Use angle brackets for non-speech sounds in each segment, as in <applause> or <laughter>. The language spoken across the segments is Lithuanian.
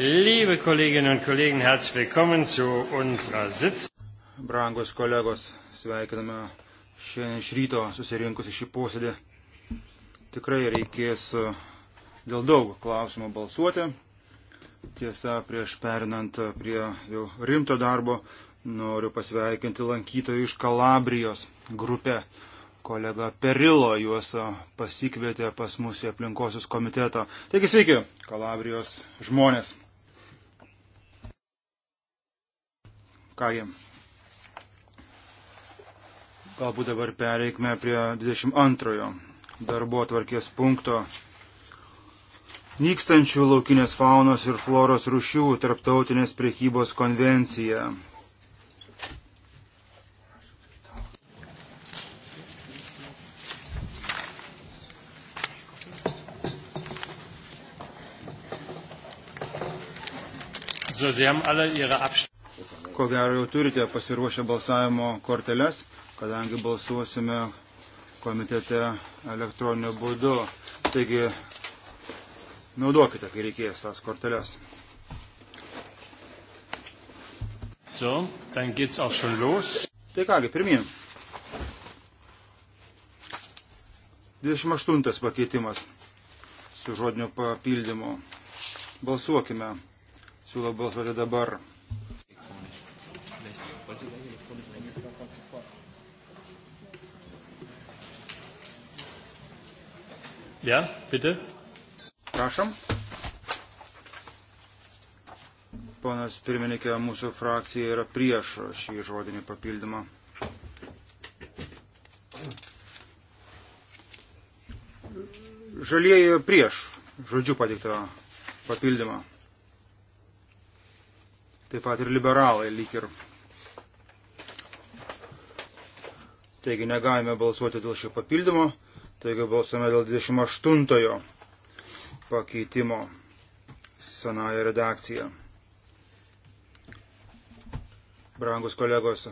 Liebe Kolleginnen und Kollegen, herzlich willkommen zu unserer Sitzung. Brangus kolegos, sveikiname šiandien iš ryto susirinkus į šį posėdį. Tikrai reikės e, dėl daug klausimų balsuoti. Tiesa, prieš perinant prie jau rimto darbo, noriu pasveikinti lankytojų iš Kalabrijos grupę. Kolega Perilo juos e, pasikvietė pas mus į aplinkosios komitetą. Taigi sveiki, Kalabrijos žmonės. Kągi. Galbūt dabar pereikime prie 22 darbo atvarkės punkto. Nykstančių laukinės faunos ir floros rušių tarptautinės priekybos konvencija. So, Sie haben alle Ihre Abstimmung ko gero jau turite pasiruošę balsavimo korteles, kadangi balsuosime komitete elektroniniu būdu. Taigi naudokite, kai reikės tas korteles. So, dann geht's auch schon los. Tai kągi, pirmyn. 28 pakeitimas su žodiniu papildymu. Balsuokime. Siūlau balsuoti dabar. Ja, bitte. Prašom. Ponas pirmininkė, mūsų frakcija yra prieš šį žodinį papildymą. Žalieji prieš žodžių patiktą papildymą. Taip pat ir liberalai lyg ir. Taigi negalime balsuoti dėl šio papildymo. Taigi balsuojame dėl 28 pakeitimo senąją redakciją. Brangus kolegos,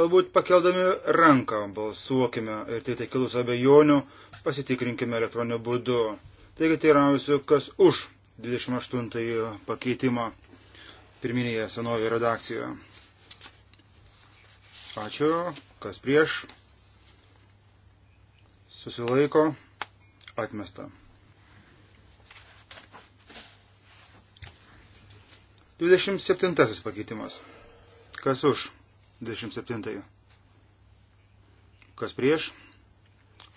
galbūt pakeldami ranką balsuokime ir tai tai kilus abejonių pasitikrinkime elektroniniu būdu. Taigi teirausiu, kas už 28 pakeitimą pirminėje senojo redakcijoje. Ačiū, kas prieš susilaiko, atmesta. 27 pakeitimas. Kas už 27? Kas prieš?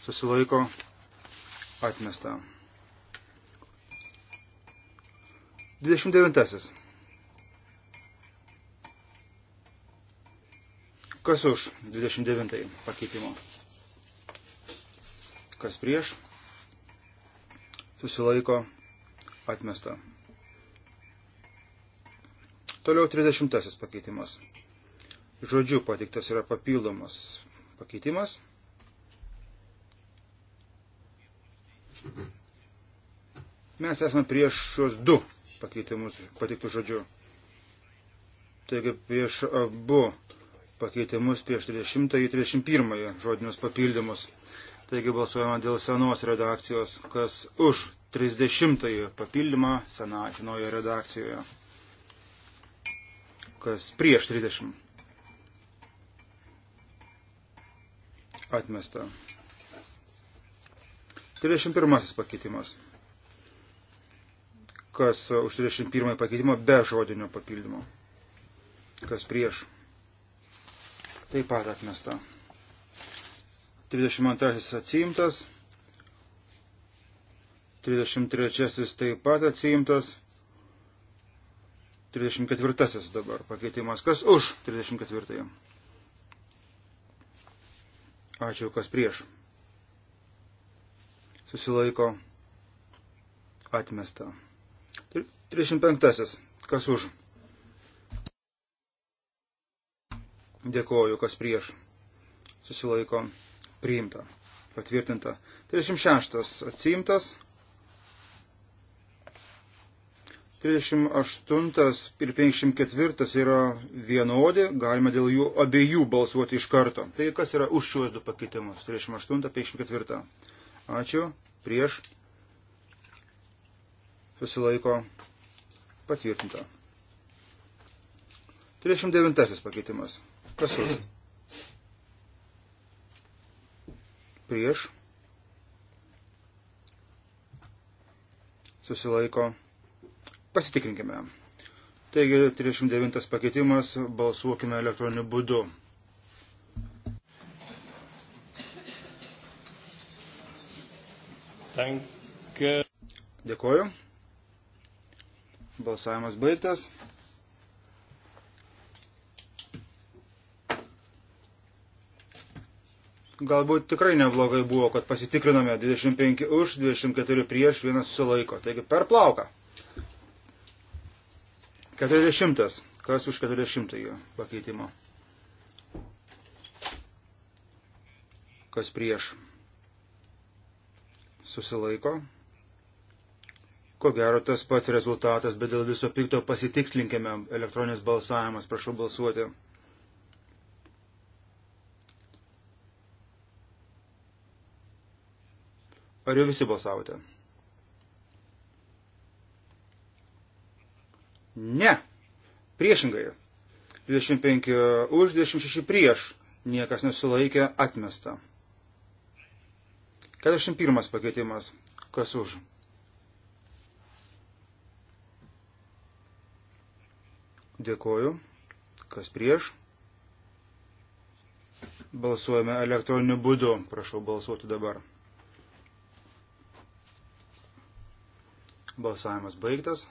Susilaiko, atmesta. 29. Kas už 29 pakeitimo? kas prieš, susilaiko atmesta. Toliau 30 pakeitimas. Žodžiu pateiktas yra papildomas pakeitimas. Mes esame prieš šios du pakeitimus pateiktų žodžių. Taigi prieš abu pakeitimus, prieš 30 ir 31 žodinius papildymus. Taigi balsuojama dėl senos redakcijos, kas už 30-ąjį papildymą senatinoje redakcijoje, kas prieš 30. Atmesta. 31 pakeitimas. Kas už 31 pakeitimą be žodinio papildymo. Kas prieš. Taip pat atmesta. 32 atsiimtas, 33 taip pat atsiimtas, 34 dabar pakeitimas. Kas už 34? Ačiū, kas prieš. Susilaiko atmesta. 35. Kas už? Dėkoju, kas prieš. Susilaiko atmesta priimta, patvirtinta. 36 atsiimtas. 38 ir 54 yra vienodi, galima dėl jų abiejų balsuoti iš karto. Tai kas yra už šiuos du pakeitimus? 38, 54. Ačiū. Prieš. Susilaiko. Patvirtinta. 39 pakeitimas. Kas už? prieš, susilaiko, pasitikrinkime. Taigi 39 pakeitimas, balsuokime elektroniniu būdu. Danke. Dėkuoju. Balsavimas baigtas. galbūt tikrai neblogai buvo, kad pasitikrinome 25 už, 24 prieš, vienas susilaiko. Taigi per plauką. 40. Kas už 40 pakeitimo? Kas prieš? Susilaiko. Ko gero tas pats rezultatas, bet dėl viso pikto pasitikslinkime elektroninis balsavimas. Prašau balsuoti. Ar jau visi balsavote? Ne. Priešingai. 25 už, 26 prieš. Niekas nesulaikė atmesta. 41 pakeitimas. Kas už? Dėkoju. Kas prieš? Balsuojame elektroniniu būdu. Prašau balsuoti dabar. Balsavimas baigtas.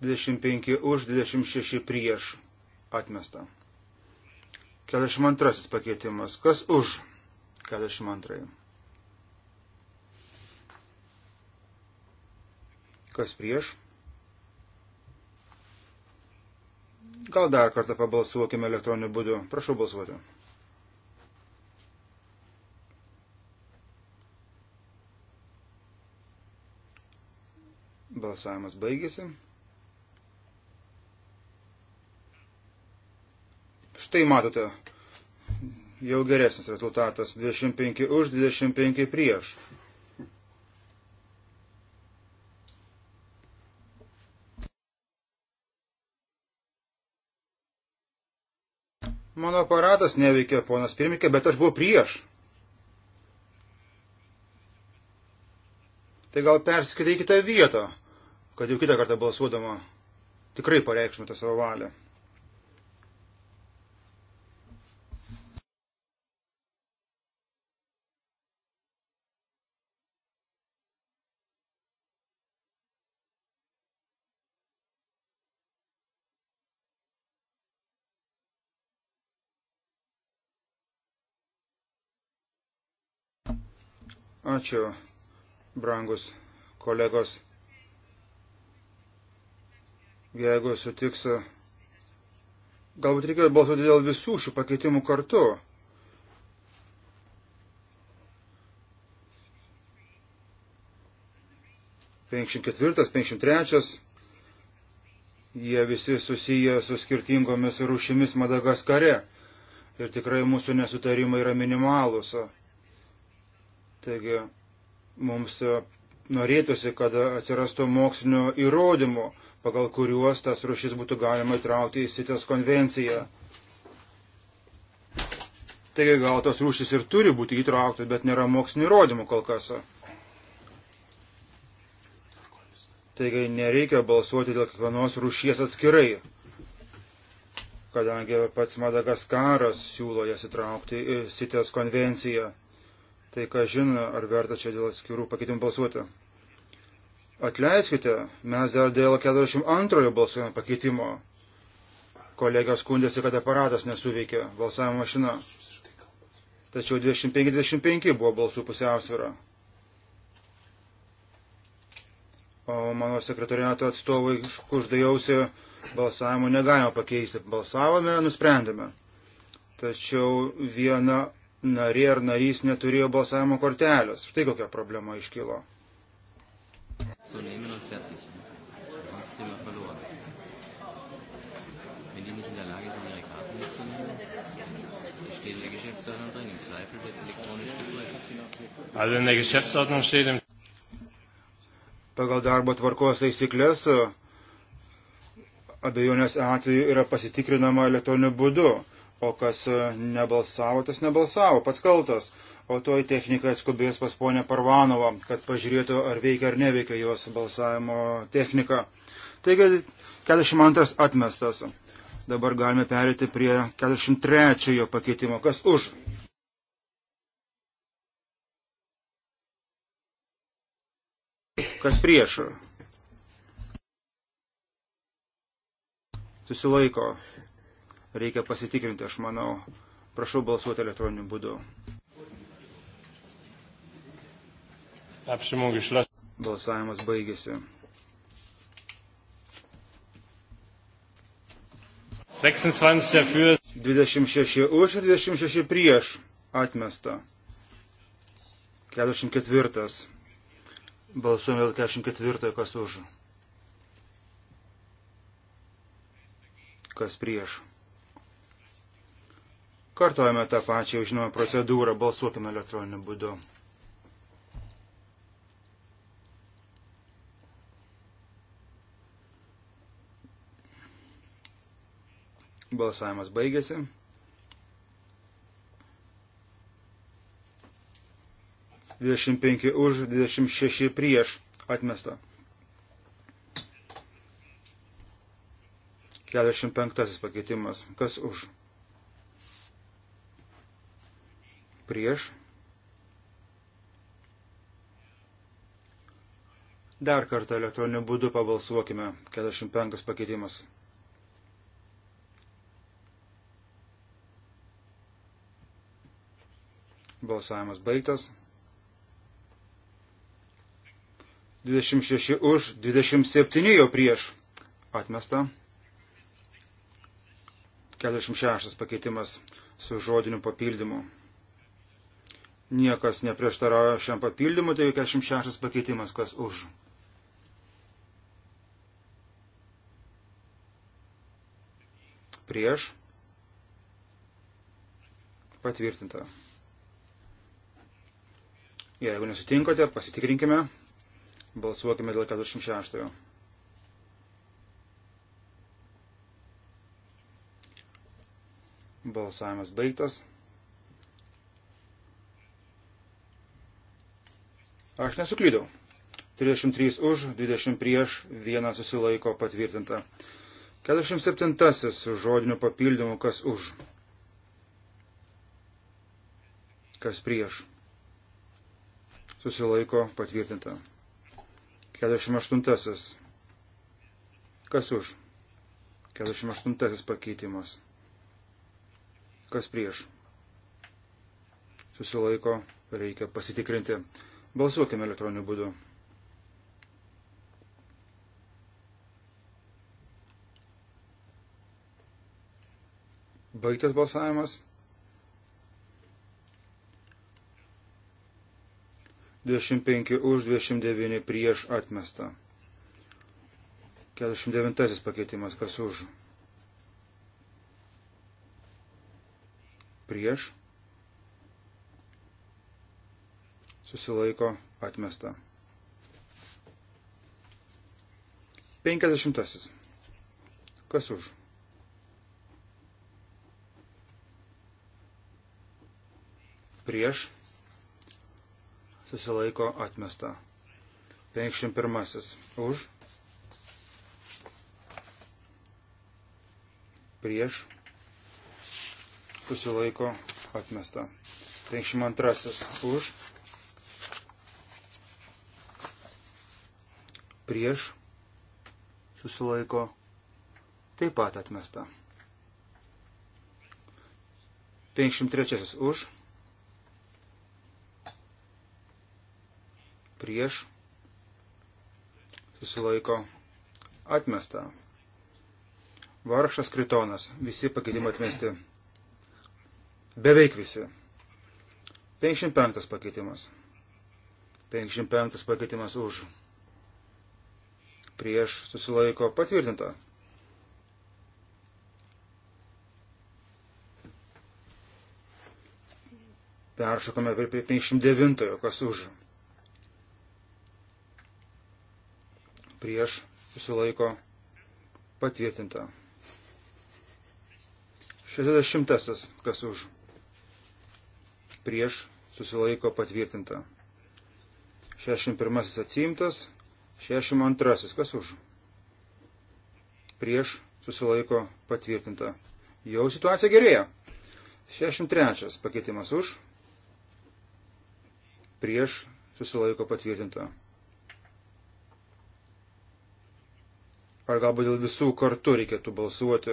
25 už, 26 prieš atmesta. 42 pakeitimas. Kas už 42? Kas prieš? Gal dar kartą pabalsuokime elektroniniu būdu. Prašau balsuoti. Balsavimas baigėsi. Štai matote, jau geresnis rezultatas 25 už 25 prieš. Mano aparatas neveikia, ponas pirmininkė, bet aš buvau prieš. Tai gal persikite į kitą vietą kad jau kitą kartą balsuodama tikrai pareikštumėte savo valią. Ačiū, brangus kolegos jeigu sutiks. Galbūt reikėjo balsuoti dėl visų šių pakeitimų kartu. Penkšim ketvirtas, penkšim trečias. Jie visi susiję su skirtingomis rūšimis Madagaskare. Ir tikrai mūsų nesutarimai yra minimalūs. Taigi mums norėtųsi, kad atsirastų mokslinio įrodymų, pagal kuriuos tas rušis būtų galima įtraukti į sitės konvenciją. Taigi gal tos rūšis ir turi būti įtrauktos, bet nėra mokslinio įrodymų kol kas. Taigi nereikia balsuoti dėl kiekvienos rūšies atskirai, kadangi pats Madagaskaras siūlo jas įtraukti į sitės konvenciją. Tai ką žino, ar verta čia dėl atskirų pakeitimų balsuoti. Atleiskite, mes dar dėl 42 balsuojame pakeitimo. Kolegijos skundėsi, kad aparatas nesuveikė, balsavimo mašina. Tačiau 25-25 buvo balsų pusiausvėra. O mano sekretoriato atstovai, kur uždėjausi, balsavimo negalima pakeisti. Balsavome, nusprendėme. Tačiau viena narė ar narys neturėjo balsavimo kortelės. Štai kokia problema iškilo. So nehmen und fertig. Du hast sie immer verloren. Wenn die nicht in der Lage sind, ihre Karten mitzunehmen, steht in der Geschäftsordnung drin. Im Zweifel wird elektronisch geprüft. Also in der Geschäftsordnung steht im Pagal darbo tvarkos taisyklės abejonės atveju yra pasitikrinama elektroniniu būdu, o kas nebalsavo, tas nebalsavo, pats kaltas o toj technika atskubės pas ponę Parvanovą, kad pažiūrėtų, ar veikia ar neveikia jos balsavimo technika. Taigi 42 atmestas. Dabar galime perėti prie 43 pakeitimo. Kas už? Kas prieš? Susilaiko. Reikia pasitikrinti, aš manau. Prašau balsuoti elektroniniu būdu. Apšimung išlas. Balsavimas baigėsi. 26 už ir 26 prieš atmesta. 44. Balsuojame dėl 44, kas už. Kas prieš. Kartojame tą pačią, žinoma, procedūrą, balsuokime elektroniniu būdu. Balsavimas baigėsi. Dvidešimt penki už, dvidešimt šeši prieš atmesta. Keturiasdešimt penktasis pakeitimas. Kas už? Prieš. Dar kartą elektroniniu būdu pabalsuokime. 45 pakeitimas. Balsavimas baigtas. 26 už, 27 jau prieš. Atmesta. 46 pakeitimas su žodiniu papildymu. Niekas neprieštarauja šiam papildymu, tai 46 pakeitimas kas už. Prieš. Patvirtinta. Jeigu nesutinkote, pasitikrinkime. Balsuokime dėl 46. Balsavimas baigtas. Aš nesuklydau. 33 už, 20 prieš, 1 susilaiko patvirtinta. 47 su žodiniu papildymu, kas už, kas prieš susilaiko patvirtinta. 48. Kas už? 48 pakeitimas. Kas prieš? Susilaiko, reikia pasitikrinti. Balsuokime elektroniniu būdu. Baigtas balsavimas. 25 už 29 prieš atmestą. 49 pakeitimas, kas už. Prieš. Susilaiko atmestą. 50. Kas už? Prieš susilaiko atmesta. 51. Už. Prieš. Susilaiko atmesta. 52. Už. Prieš. Susilaiko taip pat atmesta. 53. Už. prieš, susilaiko atmesta. Vargšas kritonas, visi pakeitimai atmesti. Beveik visi. 55 pakeitimas. 55 pakeitimas už. Prieš susilaiko patvirtinta. Peršokame prie 59, kas už. prieš susilaiko patvirtinta. 60. Kas už? Prieš susilaiko patvirtinta. 61. Atsiimtas. 62. Kas už? Prieš susilaiko patvirtinta. Jau situacija gerėja. 63. Pakeitimas už. Prieš susilaiko patvirtinta. Ar galbūt dėl visų kartu reikėtų balsuoti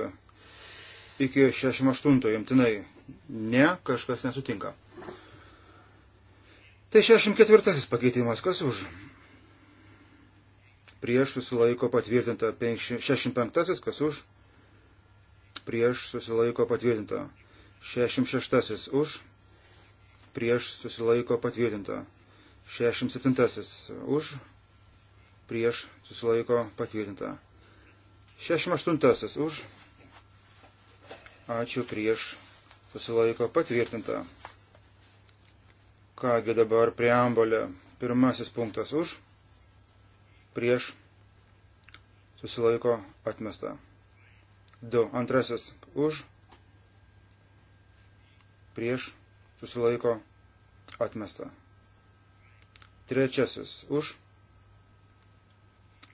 iki 68 imtinai? Ne, kažkas nesutinka. Tai 64 pakeitimas, kas už? Prieš susilaiko patvirtinta 65, kas už? Prieš susilaiko patvirtinta 66 už. Prieš susilaiko patvirtinta 67 už. Prieš susilaiko patvirtinta 68 už. Ačiū prieš susilaiko patvirtinta. Kągi dabar preambolė. Pirmasis punktas už. Prieš susilaiko atmesta. 2. Antrasis už. Prieš susilaiko atmesta. Trečiasis už.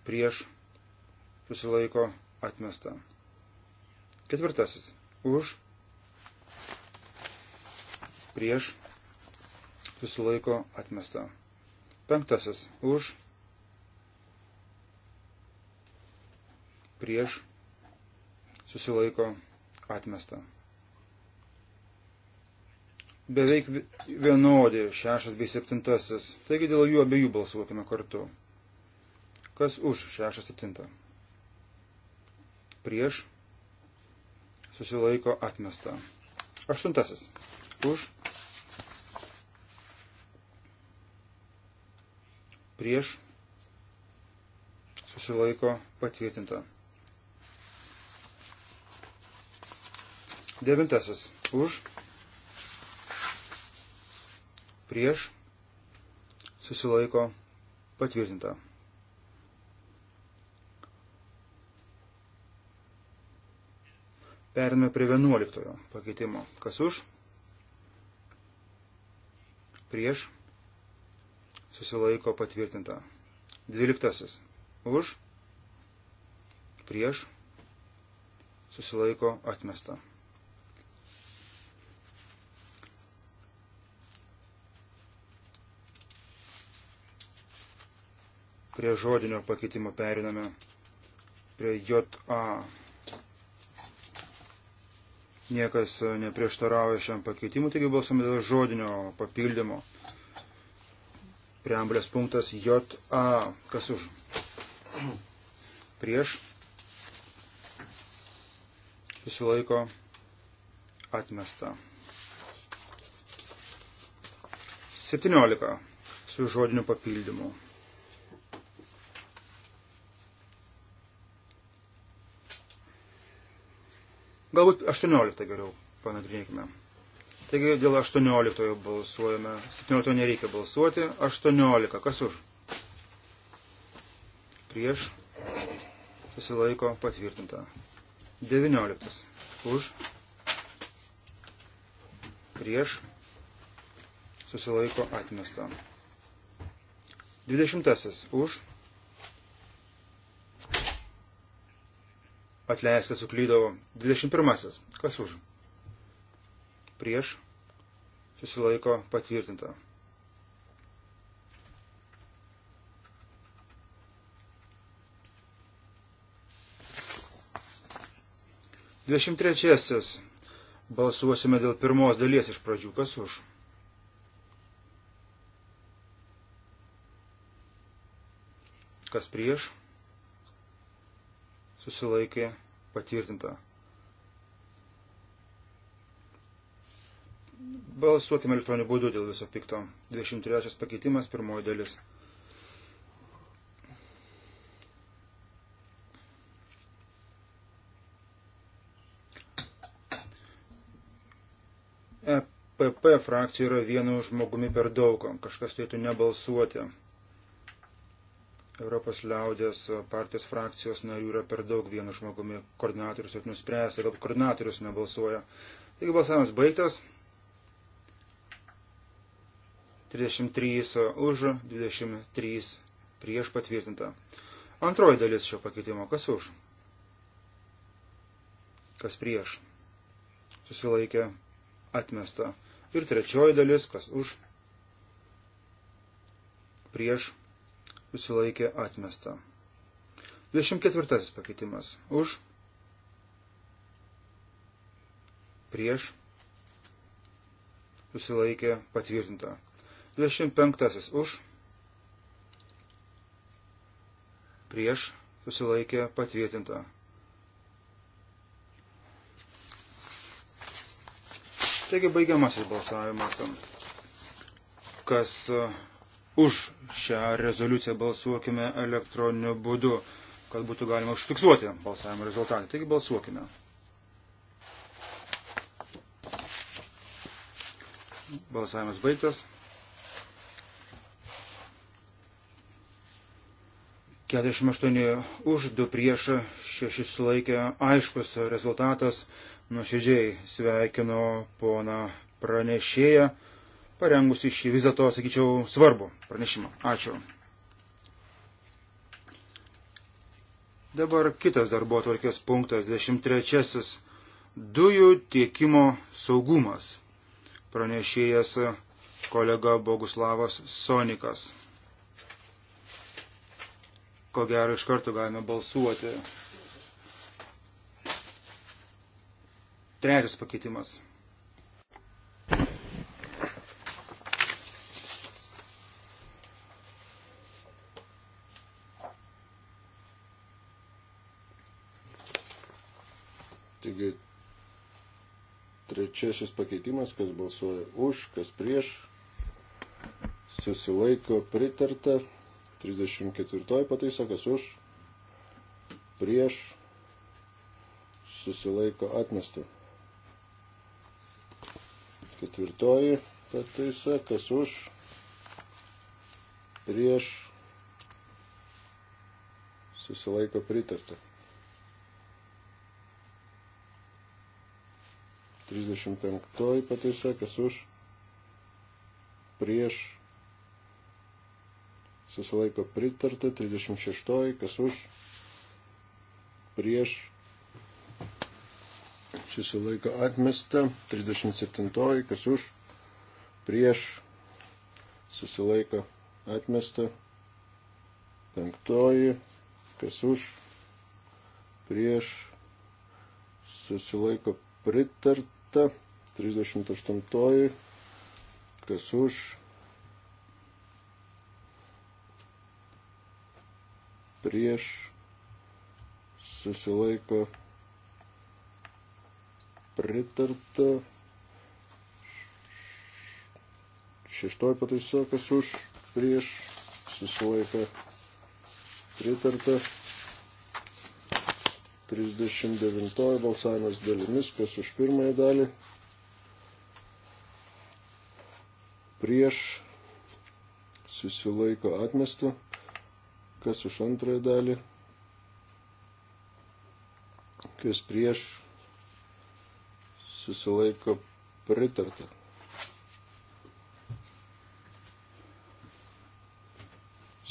Prieš susilaiko atmesta. Ketvirtasis. Už, prieš, susilaiko atmesta. Penktasis. Už, prieš, susilaiko atmesta. Beveik vienodi šešas bei septintasis. Taigi dėl jų abiejų balsuokime kartu. Kas už šešą septintą? prieš, susilaiko atmesta. Aštuntasis. Už, prieš, susilaiko patvirtinta. Devintasis. Už, prieš, susilaiko patvirtinta. Perėmė prie 11 pakeitimo. Kas už? Prieš. Susilaiko patvirtinta. 12. Už. Prieš. Susilaiko atmesta. Prie žodinio pakeitimo periname prie JA Niekas e, neprieštarauja šiam pakeitimui, taigi balsuome dėl žodinio papildymo. Preambulės punktas JA. Kas už? Prieš. Susilaiko atmesta. 17 su žodiniu papildymu. Galbūt 18 geriau panagrinėkime. Taigi dėl 18 balsuojame. 17 nereikia balsuoti. 18. Kas už? Prieš. Susilaiko patvirtinta. 19. Už. Prieš. Susilaiko atmesta. 20. Už. Atleista suklydo 21. Kas už? Prieš. Susilaiko patvirtinta. Dvidešimt trečiasis. Balsuosime dėl pirmos dalies iš pradžių. Kas už? Kas prieš? susilaikė patvirtinta. Balsuokime elektroniniu būdu dėl viso pikto. 23 pakeitimas, pirmoji dalis. EPP frakcija yra vienu žmogumi per daug, kažkas turėtų nebalsuoti. Europos liaudės partijos frakcijos narių yra per daug vienu žmogumi. Koordinatorius jau nuspręs, galbūt koordinatorius nebalsuoja. Taigi balsavimas baigtas. 33 už, 23 prieš patvirtinta. Antroji dalis šio pakeitimo. Kas už? Kas prieš? Susilaikė atmesta. Ir trečioji dalis. Kas už? Prieš susilaikė atmesta. 24 pakeitimas. Už, prieš, susilaikė patvirtinta. 25 už, prieš, susilaikė patvirtinta. Taigi baigiamasis balsavimas. Kas Už šią rezoliuciją balsuokime elektroniniu būdu, kad būtų galima užfiksuoti balsavimo rezultatą. Taigi balsuokime. Balsavimas baigtas. 48 už, 2 prieš, 6 sulaikė. Aiškus rezultatas. Nuoširdžiai sveikino pona pranešėją parengusi šį vis dėlto, sakyčiau, svarbų pranešimą. Ačiū. Dabar kitas darbo atvarkės punktas, 23. Dujų tiekimo saugumas. Pranešėjas kolega Boguslavas Sonikas. Ko gero iš karto galime balsuoti. Trečias pakeitimas. Trečiasis pakeitimas, kas balsuoja už, kas prieš, susilaiko pritarta. 34 pataisa, kas už, prieš, susilaiko atmesta. Ketvirtoji pataisa, kas už, prieš, susilaiko pritarta. 35 pataisa, kas už, prieš, susilaiko pritarta, 36, kas už, prieš, susilaiko atmesta, 37, kas už, prieš, susilaiko atmesta, 5, kas už, prieš, susilaiko pritarta. Priimta. 38. Kas už? Prieš susilaiko pritarta. Šeštoji pataisa, kas už, prieš, susilaiko pritarta. 39 balsavimas dalimis, kas už pirmąją dalį, prieš susilaiko atmestų, kas už antrąją dalį, kas prieš susilaiko pritarta.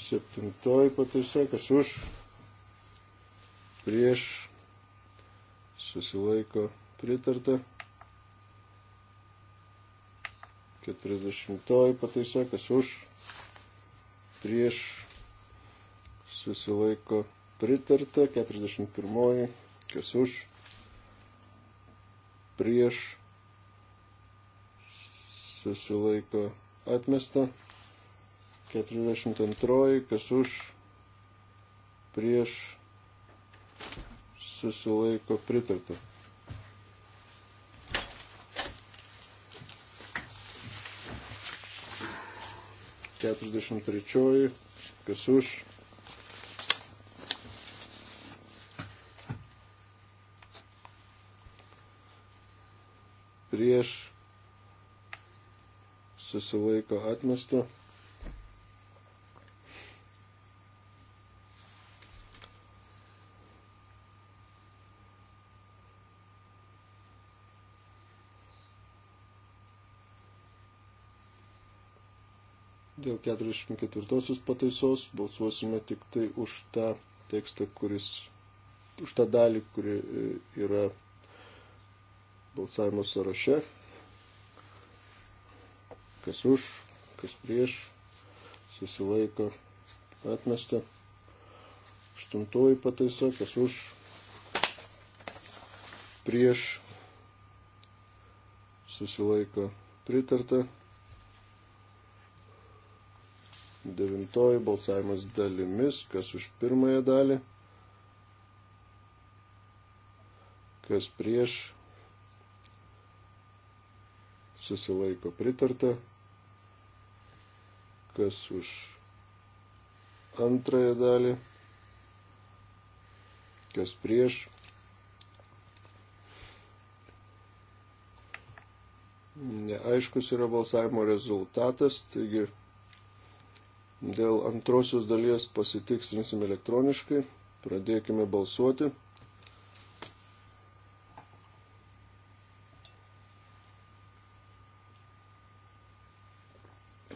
Septintoji pataisa, kas už prieš, susilaiko pritarta. 40 pataisa, kas už, prieš, susilaiko pritarta. 41, kas už, prieš, susilaiko atmesta. 42, kas už, prieš, susilaiko pritarta. Keturiasdešimt trečioji, kas už. Prieš susilaiko atmestą. Dėl 44 pataisos balsuosime tik tai už tą tekstą, kuris, už tą dalį, kuri e, yra balsavimo sąraše. Kas už, kas prieš, susilaiko atmesta. Aštuntoji pataisa, kas už, prieš, susilaiko pritarta. Devintoji balsavimas dalimis, kas už pirmąją dalį, kas prieš, susilaiko pritarta, kas už antrąją dalį, kas prieš, neaiškus yra balsavimo rezultatas, taigi Dėl antrosios dalies pasitikslinsim elektroniškai. Pradėkime balsuoti.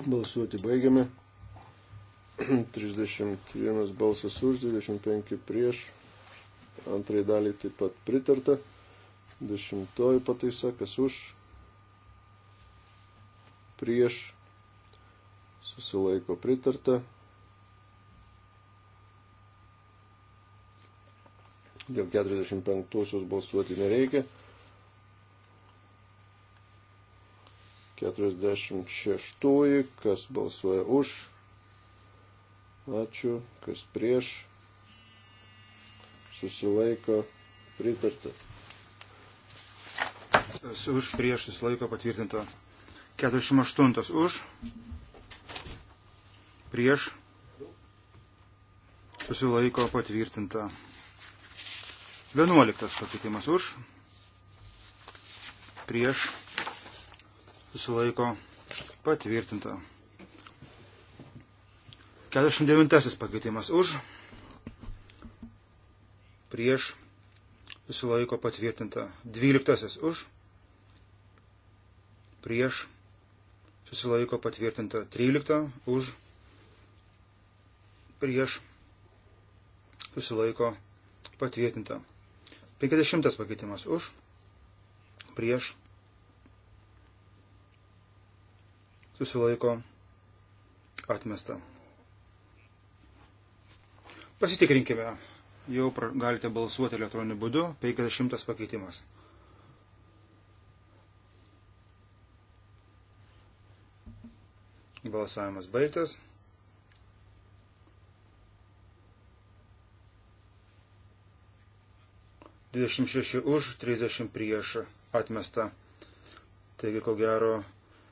Balsuoti baigiame. 31 <clears throat> balsas už, 25 prieš. Antrai daliai taip pat pritarta. Dešimtoji pataisa, kas už, prieš susilaiko pritarta. Dėl 45-osios balsuoti nereikia. 46-oji, kas balsuoja už. Ačiū, kas prieš. Susilaiko pritarta. Už prieš susilaiko patvirtinta. 48 už prieš susilaiko patvirtinta. 11 pakeitimas už, prieš susilaiko patvirtinta. 49 pakeitimas už, prieš susilaiko patvirtinta. 12 už, prieš susilaiko patvirtinta. 13 už prieš susilaiko patvirtinta. 50 pakeitimas už, prieš susilaiko atmesta. Pasitikrinkime. Jau galite balsuoti elektroniniu būdu. 50 pakeitimas. Balsavimas baigtas. 26 už, 30 prieš atmesta. Taigi, ko gero,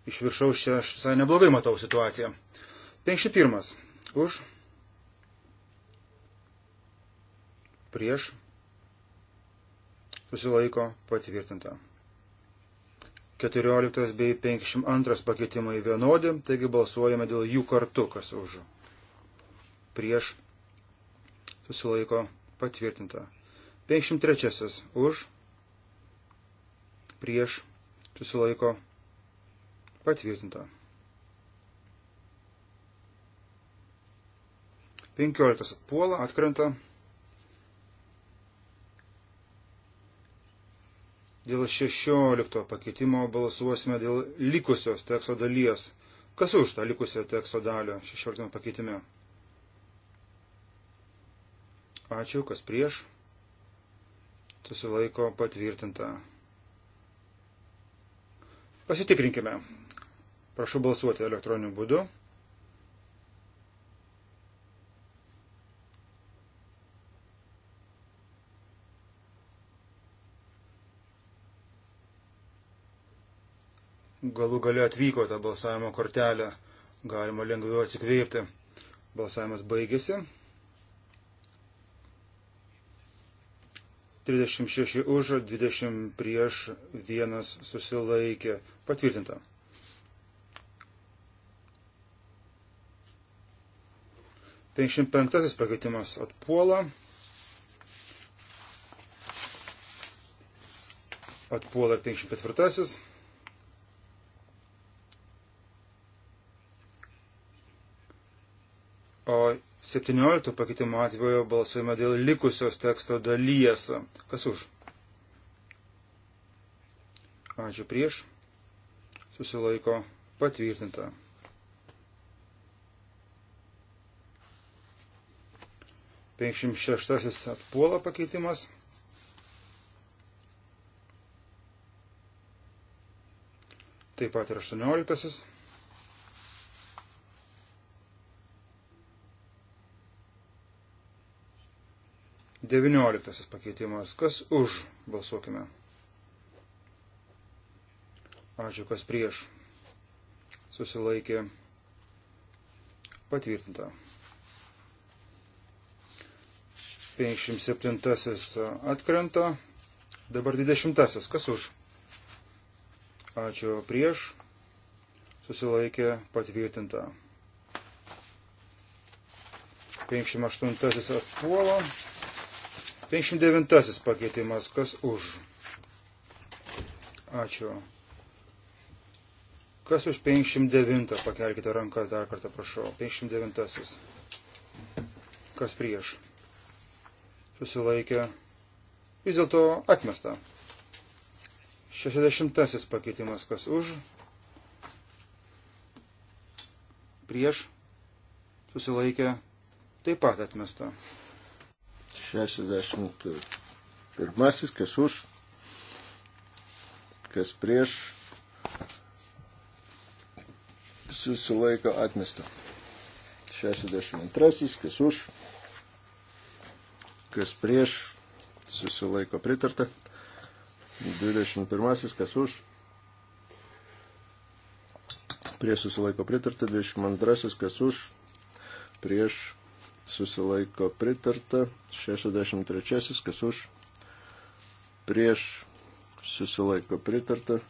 iš viršaus čia aš visai neblogai matau situaciją. 51 už, prieš, susilaiko patvirtinta. 14 bei 52 pakeitimai vienodi, taigi balsuojame dėl jų kartu, kas už. Prieš susilaiko patvirtinta. 53 už, prieš, susilaiko, patvirtinta. 15 atpuola, atkrenta. Dėl 16 pakeitimo balsuosime dėl likusios teksto dalies. Kas už tą likusią teksto dalį 16 pakeitime? Ačiū, kas prieš susilaiko patvirtinta. Pasitikrinkime. Prašau balsuoti elektroniniu būdu. Galų gale atvyko ta balsavimo kortelė. Galima lengviau atsikvėpti. Balsavimas baigėsi. 36 už, 20 prieš, 1 susilaikė. Patvirtinta. Penkiasdešimt penktasis pakeitimas atpuola. Atpuola ir penkiasdešimt ketvirtasis. O 17 pakeitimo atveju balsuojame dėl likusios teksto dalies. Kas už? Ačiū prieš. Susilaiko patvirtinta. Penkšim šeštasis atpuola pakeitimas. Taip pat ir 18. 19 pakeitimas. Kas už? Balsuokime. Ačiū, kas prieš. Susilaikė. Patvirtinta. 57 atkrenta. Dabar 20. Kas už? Ačiū prieš. Susilaikė patvirtinta. 58 atpuola. 59 pakeitimas, kas už. Ačiū. Kas už 59, pakelkite rankas dar kartą, prašau. 59. Kas prieš? Susilaikė. Vis dėlto atmesta. 60 pakeitimas, kas už. Prieš. Susilaikė. Taip pat atmesta. 61, kas už, kas prieš, susilaiko atmesta. 62, kas už, kas prieš, susilaiko pritarta. 21, kas už, prieš susilaiko pritarta. 22, kas už, prieš susilaiko pritarta, 63 kas už, prieš susilaiko pritarta.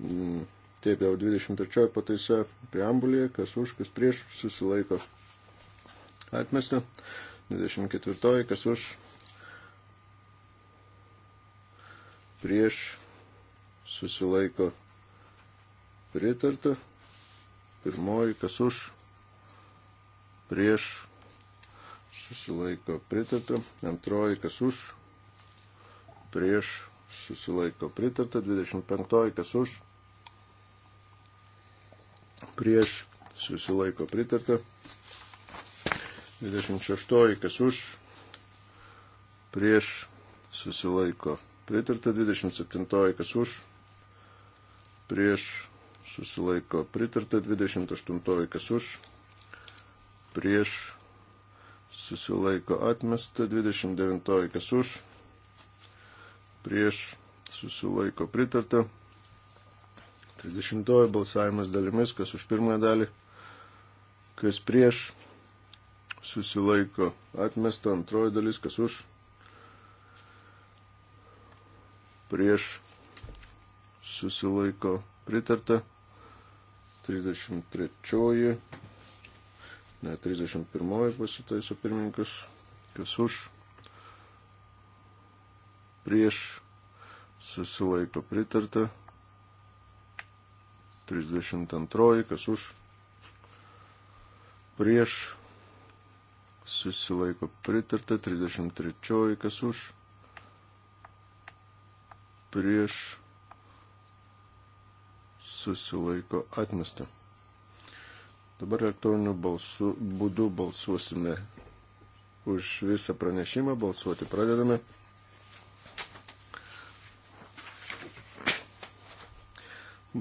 Mm, taip jau 23 pataisa preambulėje, kas už, kas prieš susilaiko atmesta. 24 kas už prieš susilaiko pritarta. Pirmoji, kas už, prieš, susilaiko pritarta. Antroji, kas už, prieš, susilaiko pritarta. 25, kas už, prieš, susilaiko pritarta. 26, kas už, prieš, susilaiko pritarta. 27, kas už, prieš, susilaiko pritarta prieš susilaiko pritarta, 28 kas už, prieš susilaiko atmesta, 29 kas už, prieš susilaiko pritarta, 30 balsavimas dalimis, kas už pirmąją dalį, kas prieš susilaiko atmesta, antroji dalis, kas už, prieš susilaiko pritarta. 33. Ne, 31 pasitaiso pirmininkas. Kas už? Prieš susilaiko pritarta. 32. Kas už? Prieš susilaiko pritarta. 33. Kas už? Prieš susilaiko atmesta. Dabar elektroniniu balsu, būdu balsuosime už visą pranešimą, balsuoti pradedame.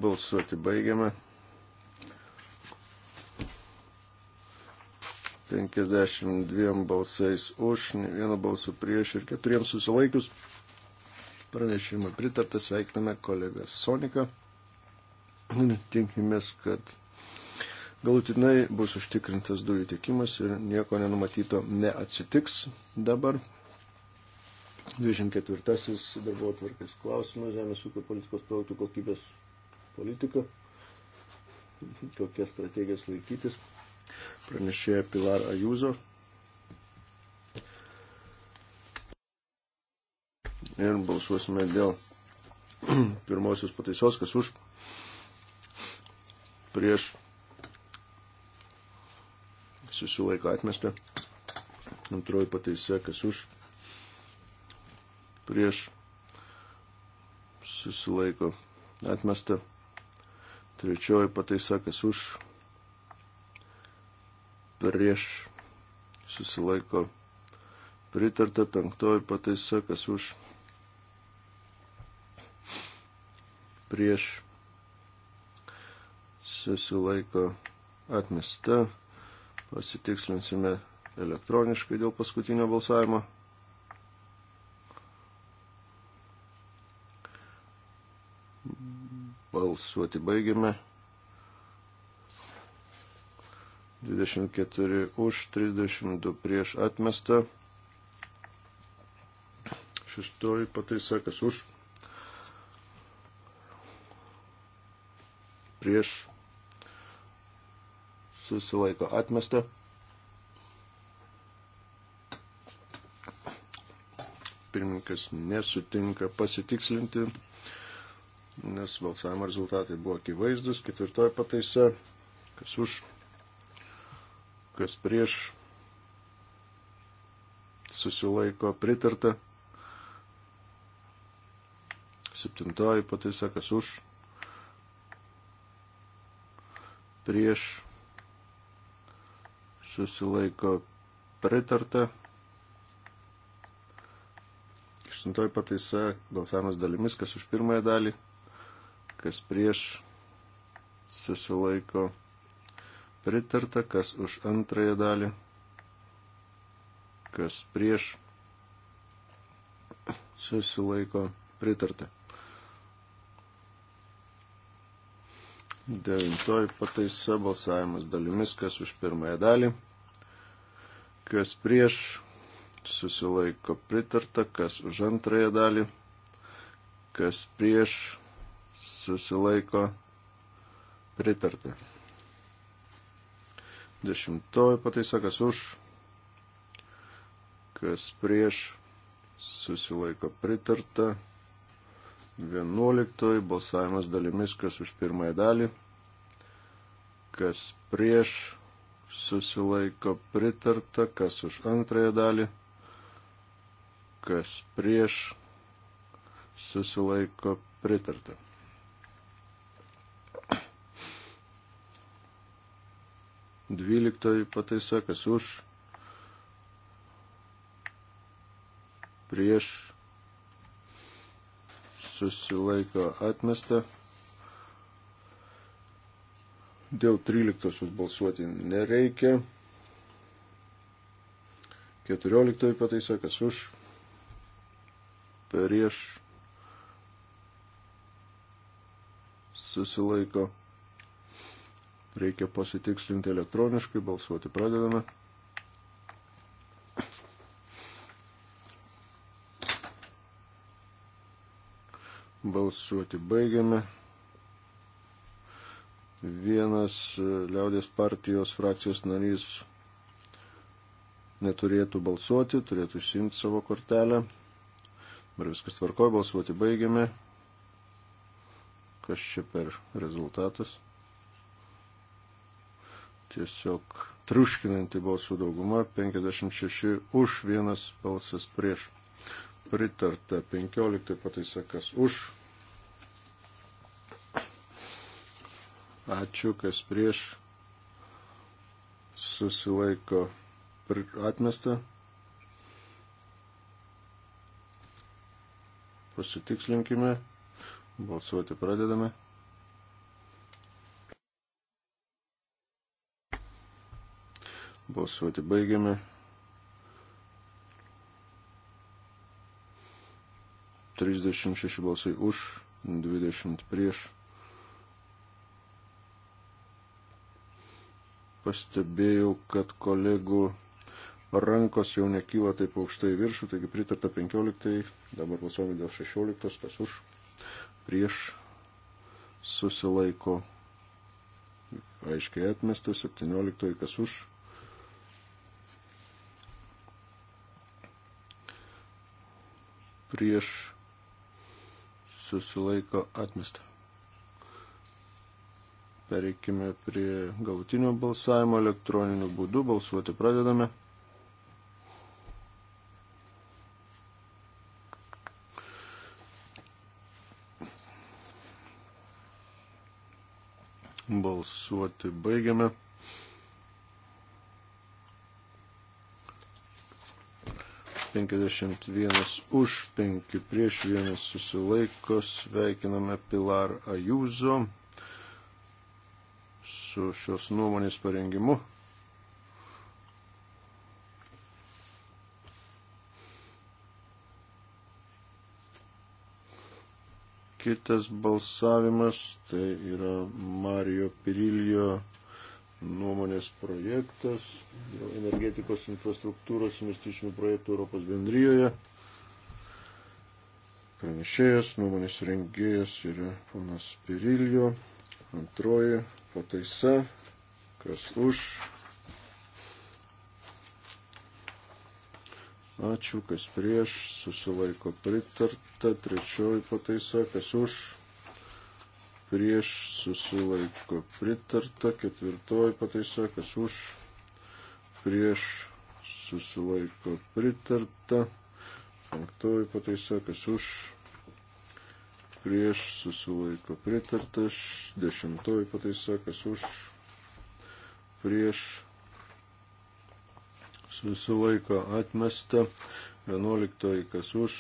Balsuoti baigiame. 52 balsais už, ne vieno balsų prieš ir keturiems susilaikius. Pranešimui pritartas, sveikiname kolegą Soniką. Tinkimės, kad galutinai bus užtikrintas dujų tiekimas ir nieko nenumatyto neatsitiks dabar. 24. darbo atvarkės klausimas, žemės ūkio politikos projektų kokybės politika, kokias strategijas laikytis, pranešėja Pilar Ajuzo. Ir balsuosime dėl <clears throat> pirmosios pataisos, kas už prieš susilaiko atmestą. Antroji pataisa, kas už, prieš susilaiko atmestą. Trečioji pataisa, kas už, prieš susilaiko pritarta. Penktoji pataisa, kas už, prieš susilaiko atmesta. Pasitikslinsime elektroniškai dėl paskutinio balsavimo. Balsuoti baigiame. 24 už, 32 prieš atmestą. Šeštoji pataisa, kas už. Prieš susilaiko atmesta. Pirmininkas nesutinka pasitikslinti, nes balsavimo rezultatai buvo akivaizdus. Ketvirtoji pataisa, kas už, kas prieš, susilaiko pritarta. Septintoji pataisa, kas už, prieš susilaiko pritarta. Aštuntoji pataisa balsavimas dalimis, kas už pirmąją dalį, kas prieš susilaiko pritarta, kas už antrąją dalį, kas prieš susilaiko pritarta. Devintoji pataisa balsavimas dalimis, kas už pirmąją dalį, kas prieš susilaiko pritarta, kas už antrąją dalį, kas prieš susilaiko pritarta. Dešimtoji pataisa, kas už, kas prieš susilaiko pritarta. 11 balsavimas dalimis, kas už pirmąją dalį, kas prieš susilaiko pritarta, kas už antrąją dalį, kas prieš susilaiko pritarta. Dvyliktoji pataisa, kas už, prieš susilaiko atmesta. Dėl 13 balsuoti nereikia. 14 pataisa, kas už, prieš, susilaiko. Reikia pasitikslinti elektroniškai, balsuoti pradedame. Balsuoti baigiame. Vienas e, liaudės partijos frakcijos narys neturėtų balsuoti, turėtų išsimti savo kortelę. Dabar viskas tvarkoja, balsuoti baigiame. Kas čia per rezultatas? Tiesiog triuškinanti balsų dauguma, 56 už vienas balsas prieš pritarta 15 pataisa, kas už. Ačiū, kas prieš susilaiko atmesta. Pasitikslinkime. Balsuoti pradedame. Balsuoti baigiame. 36 balsai už, 20 prieš. Pastebėjau, kad kolegų rankos jau nekyla taip aukštai viršų, taigi pritarta 15, dabar balsuojame dėl 16, tas už, prieš susilaiko, aiškiai atmesta, 17, kas už. Prieš susilaiko atmesta. Pereikime prie gautinio balsavimo elektroniniu būdu. Balsuoti pradedame. Balsuoti baigiame. 51 už, 5 prieš, 1 susilaiko. Sveikiname Pilar Ajūzo su šios nuomonės parengimu. Kitas balsavimas tai yra Mario Pirilio nuomonės projektas dėl energetikos infrastruktūros investicinių projektų Europos bendryjoje. Pranešėjas, nuomonės rengėjas yra ponas Pirilio. Antroji pataisa, kas už. Ačiū, kas prieš, susilaiko pritarta. Trečioji pataisa, kas už prieš susilaiko pritarta, ketvirtoji pataisa, kas už prieš susilaiko pritarta, penktoji pataisa, kas už prieš susilaiko pritarta, dešimtoji pataisa, kas už prieš susilaiko atmesta, vienuoliktoji kas už,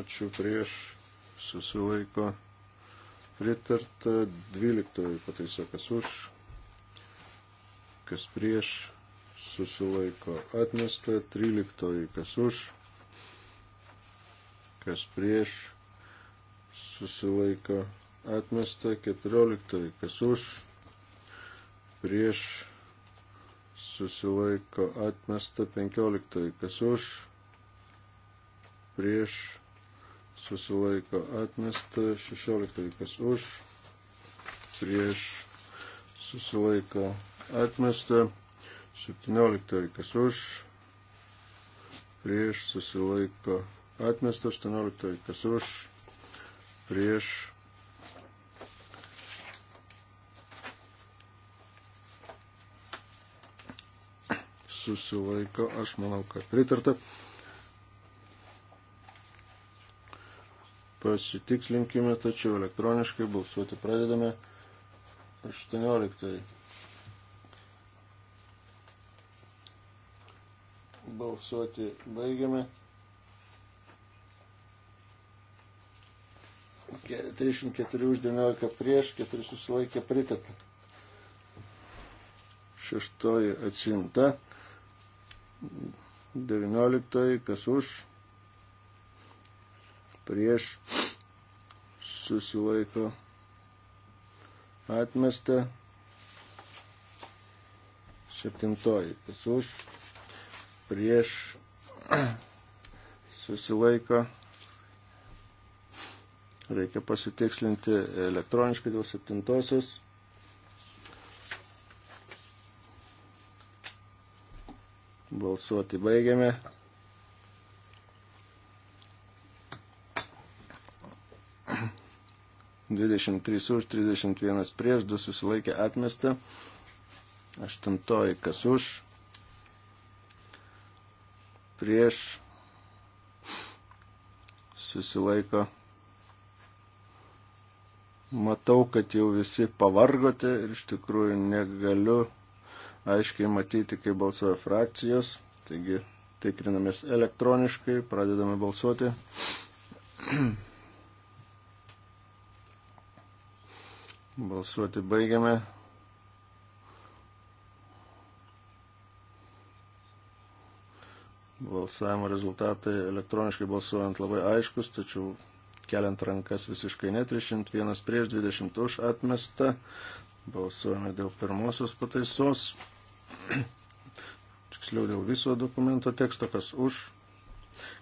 ačiū prieš susilaiko pritarta pritarta 12 pataisa, kas už, kas prieš, susilaiko atmesta, 13 kas už, kas prieš, susilaiko atmesta, 14 kas už, prieš, susilaiko atmesta, 15 kas už, prieš, susilaiko atmesta, 16 kas už, prieš susilaiko atmesta, 17 kas už, prieš susilaiko atmesta, 18 kas už, prieš susilaiko, aš manau, kad pritarta. pasitikslinkime, tačiau elektroniškai balsuoti pradedame 18. Balsuoti baigiame. 34 už 19 prieš, 4 susilaikė pritartą. Šeštoji atsimta. 19 kas už prieš susilaiko atmesta. Septintoji, kas už, prieš <clears throat> susilaiko. Reikia pasitikslinti elektroniškai dėl septintosios. Balsuoti baigiame. 23 už, 31 prieš, 2 susilaikė atmesta. Aštuntoji kas už, prieš, susilaiko. Matau, kad jau visi pavargote ir iš tikrųjų negaliu aiškiai matyti, kaip balsuoja frakcijos. Taigi tikrinamės elektroniškai, pradedame balsuoti. <clears throat> Balsuoti baigiame. Balsavimo rezultatai elektroniškai balsuojant labai aiškus, tačiau keliant rankas visiškai ne 301 prieš 20 už atmesta. Balsuojame dėl pirmosios pataisos. <clears throat> Tiksliau dėl viso dokumento teksto, kas už,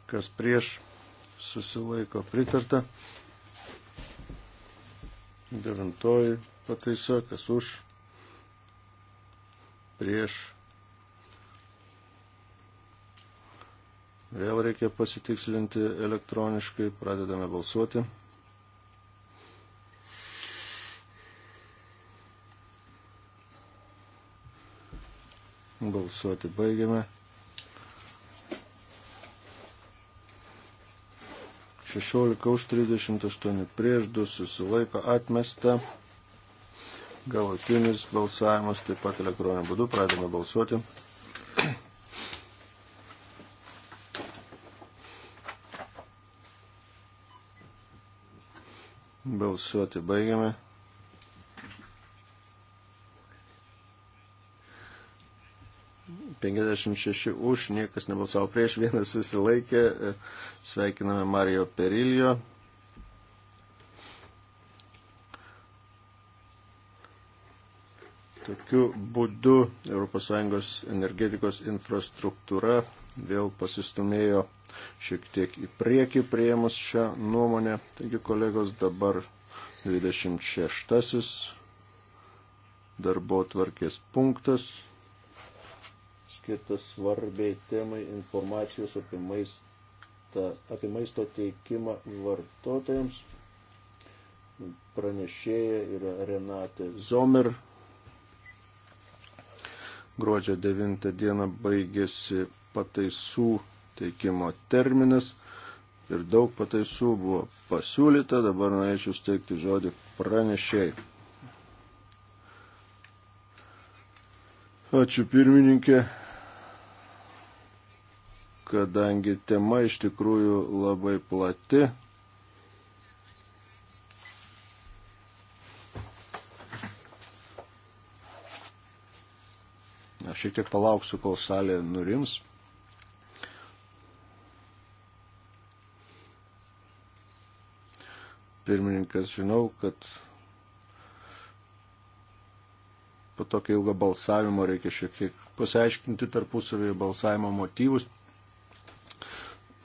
kas prieš susilaiko pritarta. Devintoji pataisa, kas už, prieš. Vėl reikia pasitikslinti elektroniškai, pradedame balsuoti. Balsuoti baigiame. 16 už 38 prieš 2 susilaiko atmesta. Galutinis balsavimas taip pat elektroniniu būdu. Pradedame balsuoti. Balsuoti baigiame. 56 už, niekas nebalsavo prieš, vienas susilaikė. Sveikiname Mario Perilio. Tokiu būdu ES energetikos infrastruktūra vėl pasistumėjo šiek tiek į priekį prieimus šią nuomonę. Taigi, kolegos, dabar 26 darbo tvarkės punktas skirtas svarbiai temai informacijos apie maistą, apie maisto teikimą vartotojams. Pranešėja yra Renate Zomer. Gruodžio 9 dieną baigėsi pataisų teikimo terminas ir daug pataisų buvo pasiūlyta, dabar norėčiau steigti žodį pranešėjai. Ačiū pirmininkė kadangi tema iš tikrųjų labai plati. Aš šiek tiek palauksiu, kol salė nurims. Pirmininkas, žinau, kad po tokio ilgo balsavimo reikia šiek tiek pasiaiškinti tarpusavėje balsavimo motyvus.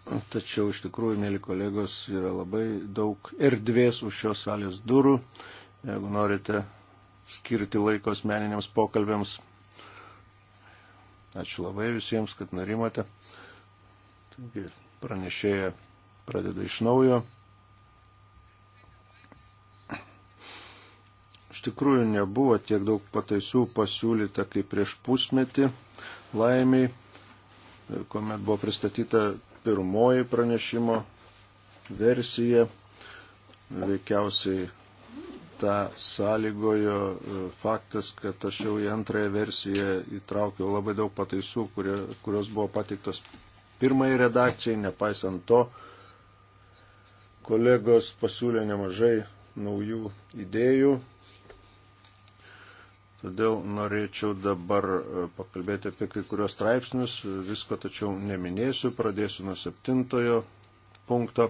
Tačiau iš tikrųjų, mėly kolegos, yra labai daug erdvės už šios salės durų. Jeigu norite skirti laiko asmeniniams pokalbėms, ačiū labai visiems, kad narimote. Taigi, pranešėja pradeda iš naujo. Iš tikrųjų, nebuvo tiek daug pataisų pasiūlyta kaip prieš pusmetį laimiai kuomet buvo pristatyta pirmoji pranešimo versija. Veikiausiai tą sąlygojo e, faktas, kad aš jau į antrąją versiją įtraukiau labai daug pataisų, kurie, kurios buvo patiktos pirmai redakcijai. Nepaisant to, kolegos pasiūlė nemažai naujų idėjų Todėl norėčiau dabar e, pakalbėti apie kai kurios straipsnius, visko tačiau neminėsiu, pradėsiu nuo septintojo punkto.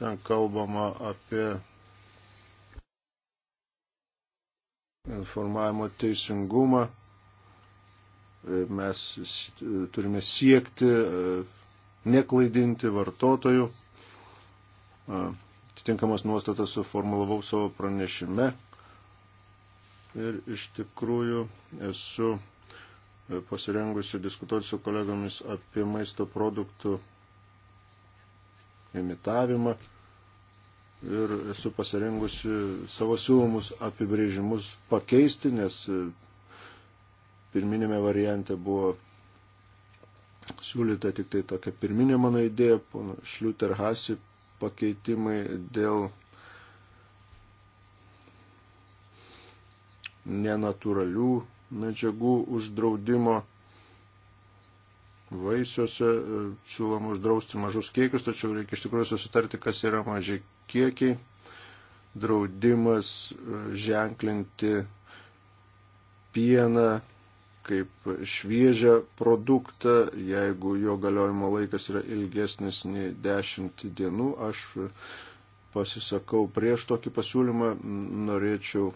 Ten kalbama apie informavimo teisingumą. E, mes e, turime siekti neklaidinti vartotojų. Atitinkamas nuostatas suformulavau savo pranešime ir iš tikrųjų esu e, pasirengusi diskutuoti su kolegomis apie maisto produktų imitavimą ir esu pasirengusi savo siūlomus apibrėžimus pakeisti, nes e, pirminėme variante buvo siūlyta tik tai tokia pirminė mano idėja, šliuterhasi pakeitimai dėl nenatūralių medžiagų uždraudimo. Vaisiuose e, siūloma uždrausti mažus kiekius, tačiau reikia iš tikrųjų susitarti, kas yra maži kiekiai. Draudimas e, ženklinti pieną kaip šviežią produktą, jeigu jo galiojimo laikas yra ilgesnis nei 10 dienų, aš pasisakau prieš tokį pasiūlymą, norėčiau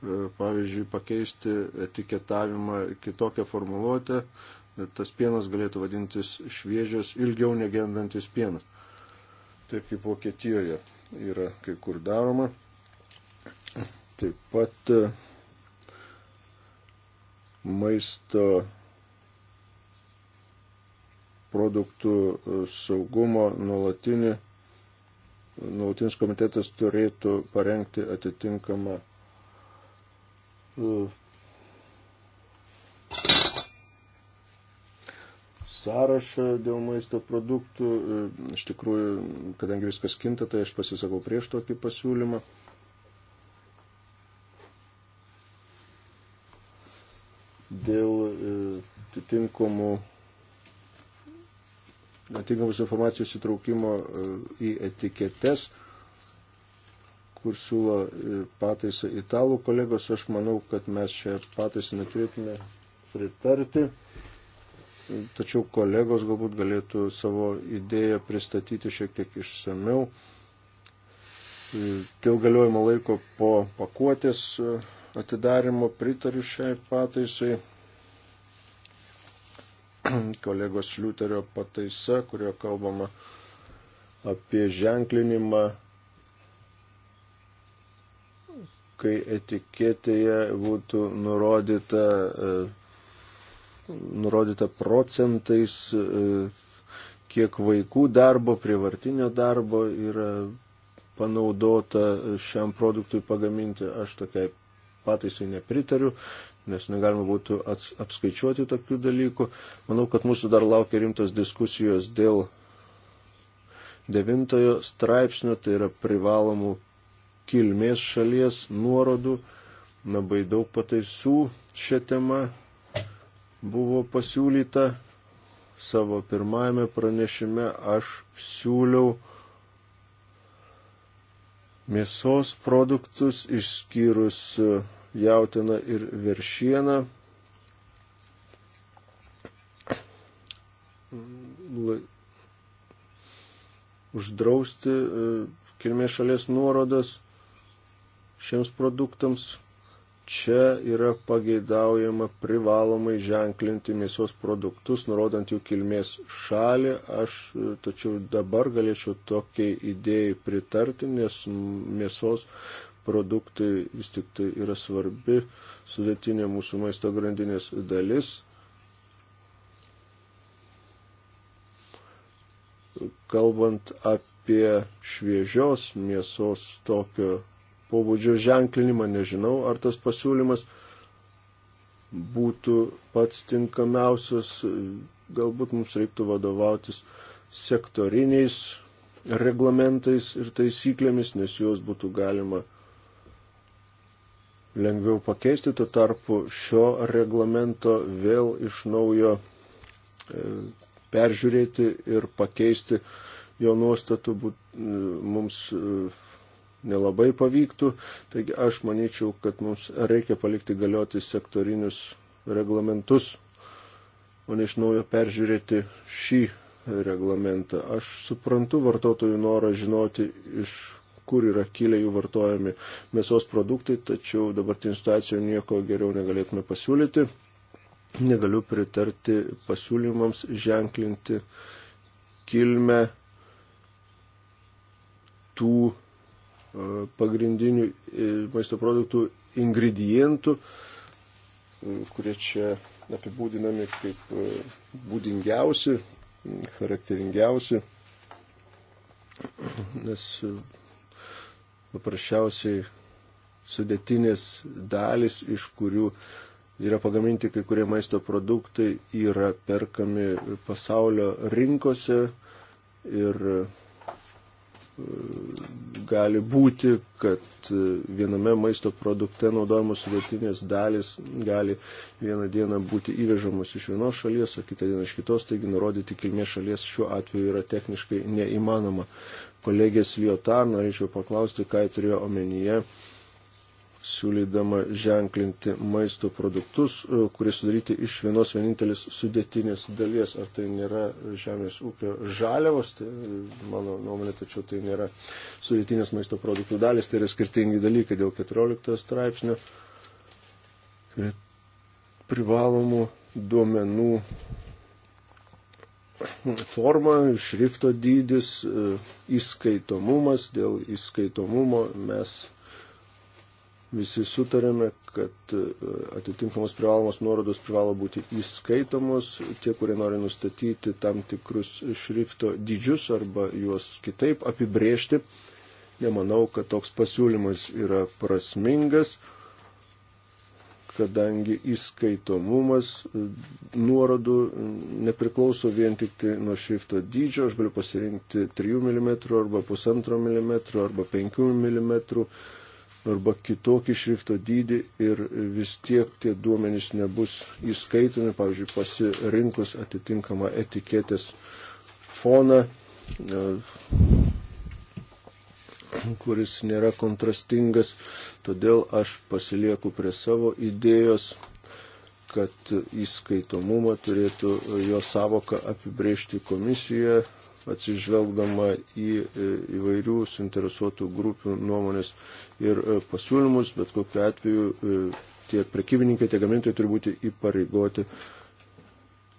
E, pavyzdžiui, pakeisti etiketavimą kitokią formuluotę, e, tas pienas galėtų vadintis šviežias, ilgiau negendantis pienas. Taip kaip Vokietijoje yra kai kur daroma. Taip pat e, maisto produktų saugumo nuolatinį, nuolatinis komitetas turėtų parengti atitinkamą sąrašą dėl maisto produktų. E, iš tikrųjų, kadangi viskas kinta, tai aš pasisakau prieš tokį pasiūlymą. Dėl e, atitinkamų atitinkamos informacijos įtraukimo e, į etiketes kur siūlo e, pataisą italų kolegos. Aš manau, kad mes šią pataisą neturėtume pritarti. Tačiau kolegos galbūt galėtų savo idėją pristatyti šiek tiek išsameu. E, dėl galiojimo laiko po pakuotės e, atidarimo pritariu šiai pataisai <clears throat> kolegos Šliuterio pataisa, kurio kalbama apie ženklinimą kai etiketėje būtų nurodyta, e, nurodyta procentais, e, kiek vaikų darbo, prievartinio darbo yra panaudota šiam produktui pagaminti. Aš tokiai pataisai nepritariu, nes negalima būtų ats, apskaičiuoti tokių dalykų. Manau, kad mūsų dar laukia rimtos diskusijos dėl devintojo straipsnio, tai yra privalomų kilmės šalies nuorodų. Labai daug pataisų šią temą buvo pasiūlyta. Savo pirmajame pranešime aš siūliau mėsos produktus išskyrus jautiną ir veršieną uždrausti e, kilmės šalies nuorodas šiems produktams. Čia yra pageidaujama privalomai ženklinti mėsos produktus, nurodant jų kilmės šalį. Aš tačiau dabar galėčiau tokiai idėjai pritarti, nes mėsos produktai vis tik tai yra svarbi sudėtinė mūsų maisto grandinės dalis. Kalbant apie šviežios mėsos tokio pobūdžio ženklinimą. Nežinau, ar tas pasiūlymas būtų pats tinkamiausias. Galbūt mums reiktų vadovautis sektoriniais reglamentais ir taisyklėmis, nes juos būtų galima lengviau pakeisti. Tuo tarpu šio reglamento vėl iš naujo e, peržiūrėti ir pakeisti jo nuostatų būt, e, mums e, nelabai pavyktų. Taigi aš manyčiau, kad mums reikia palikti galioti sektorinius reglamentus, o ne iš naujo peržiūrėti šį reglamentą. Aš suprantu vartotojų norą žinoti, iš kur yra kilę jų vartojami mėsos produktai, tačiau dabartinį situaciją nieko geriau negalėtume pasiūlyti. Negaliu pritarti pasiūlymams ženklinti kilmę tų E, pagrindinių e, maisto produktų ingredientų, e, kurie čia apibūdinami kaip būdingiausi, charakteringiausi, nes paprasčiausiai sudėtinės dalis, iš kurių yra pagaminti kai kurie maisto produktai, yra perkami pasaulio rinkose ir gali būti, kad e, viename maisto produkte naudojamos sudėtinės dalis gali vieną dieną būti įvežamos iš vienos šalies, o kitą dieną iš kitos, taigi nurodyti kilmės šalies šiuo atveju yra techniškai neįmanoma. Kolegės Liotar norėčiau paklausti, ką turėjo omenyje siūlydama ženklinti maisto produktus, e, kurie sudaryti iš vienos vienintelės sudėtinės dalies. Ar tai nėra žemės ūkio žaliavos, tai e, mano nuomonė, tačiau tai nėra sudėtinės maisto produktų dalis, tai yra skirtingi dalykai dėl 14 straipsnio. Tai privalomų duomenų forma, šrifto dydis, e, įskaitomumas, dėl įskaitomumo mes visi sutarėme, kad e, atitinkamos privalomos nuorodos privalo būti įskaitomos. Tie, kurie nori nustatyti tam tikrus šrifto dydžius arba juos kitaip apibrėžti, nemanau, kad toks pasiūlymas yra prasmingas, kadangi įskaitomumas e, nuorodų nepriklauso vien tik tai nuo šrifto dydžio. Aš galiu pasirinkti 3 mm arba 1,5 mm arba 5 mm arba kitokį šrifto dydį ir vis tiek tie duomenys nebus įskaitomi, pavyzdžiui, pasirinkus atitinkamą etiketės foną, e, kuris nėra kontrastingas, todėl aš pasilieku prie savo idėjos kad įskaitomumą turėtų jo savoką apibrėžti komisija, atsižvelgdama į e, įvairių suinteresuotų grupių nuomonės ir e, pasiūlymus, bet kokiu atveju e, tiek prekybininkai, tiek gamintojai turi būti įpareigoti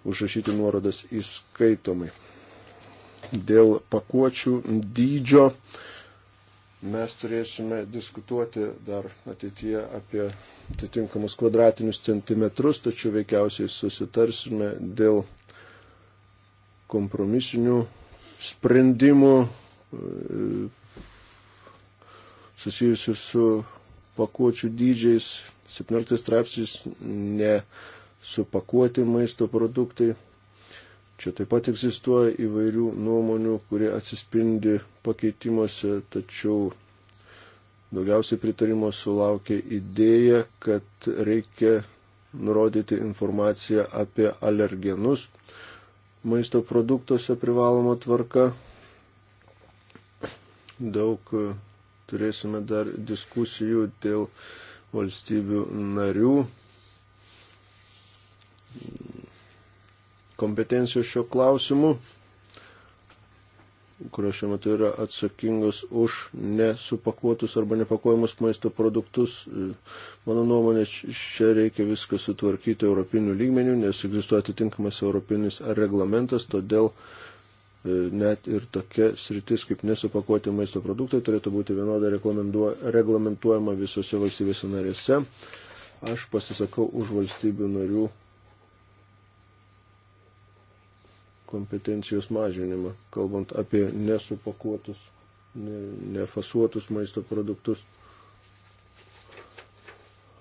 užrašyti nuorodas įskaitomai. Dėl pakuočių dydžio mes turėsime diskutuoti dar ateityje apie atitinkamus kvadratinius centimetrus, tačiau veikiausiai susitarsime dėl kompromisinių sprendimų e, susijusių su pakuočių dydžiais, 17 straipsnis nesupakuoti maisto produktai. Čia taip pat egzistuoja įvairių nuomonių, kurie atsispindi pakeitimuose, tačiau daugiausiai pritarimo sulaukė idėja, kad reikia nurodyti informaciją apie alergenus, maisto produktuose privaloma tvarka. Daug e, turėsime dar diskusijų dėl valstybių narių kompetencijos šio klausimu kurios šiuo metu yra atsakingos už nesupakuotus arba nepakuojamus maisto produktus. Mano nuomonė, čia reikia viską sutvarkyti europinių lygmenių, nes egzistuoja atitinkamas europinis reglamentas, todėl e, net ir tokia sritis kaip nesupakuoti maisto produktai turėtų būti vienodai reglamentuojama visose valstybėse narėse. Aš pasisakau už valstybių narių kompetencijos mažinimą, kalbant apie nesupakuotus, nefasuotus maisto produktus.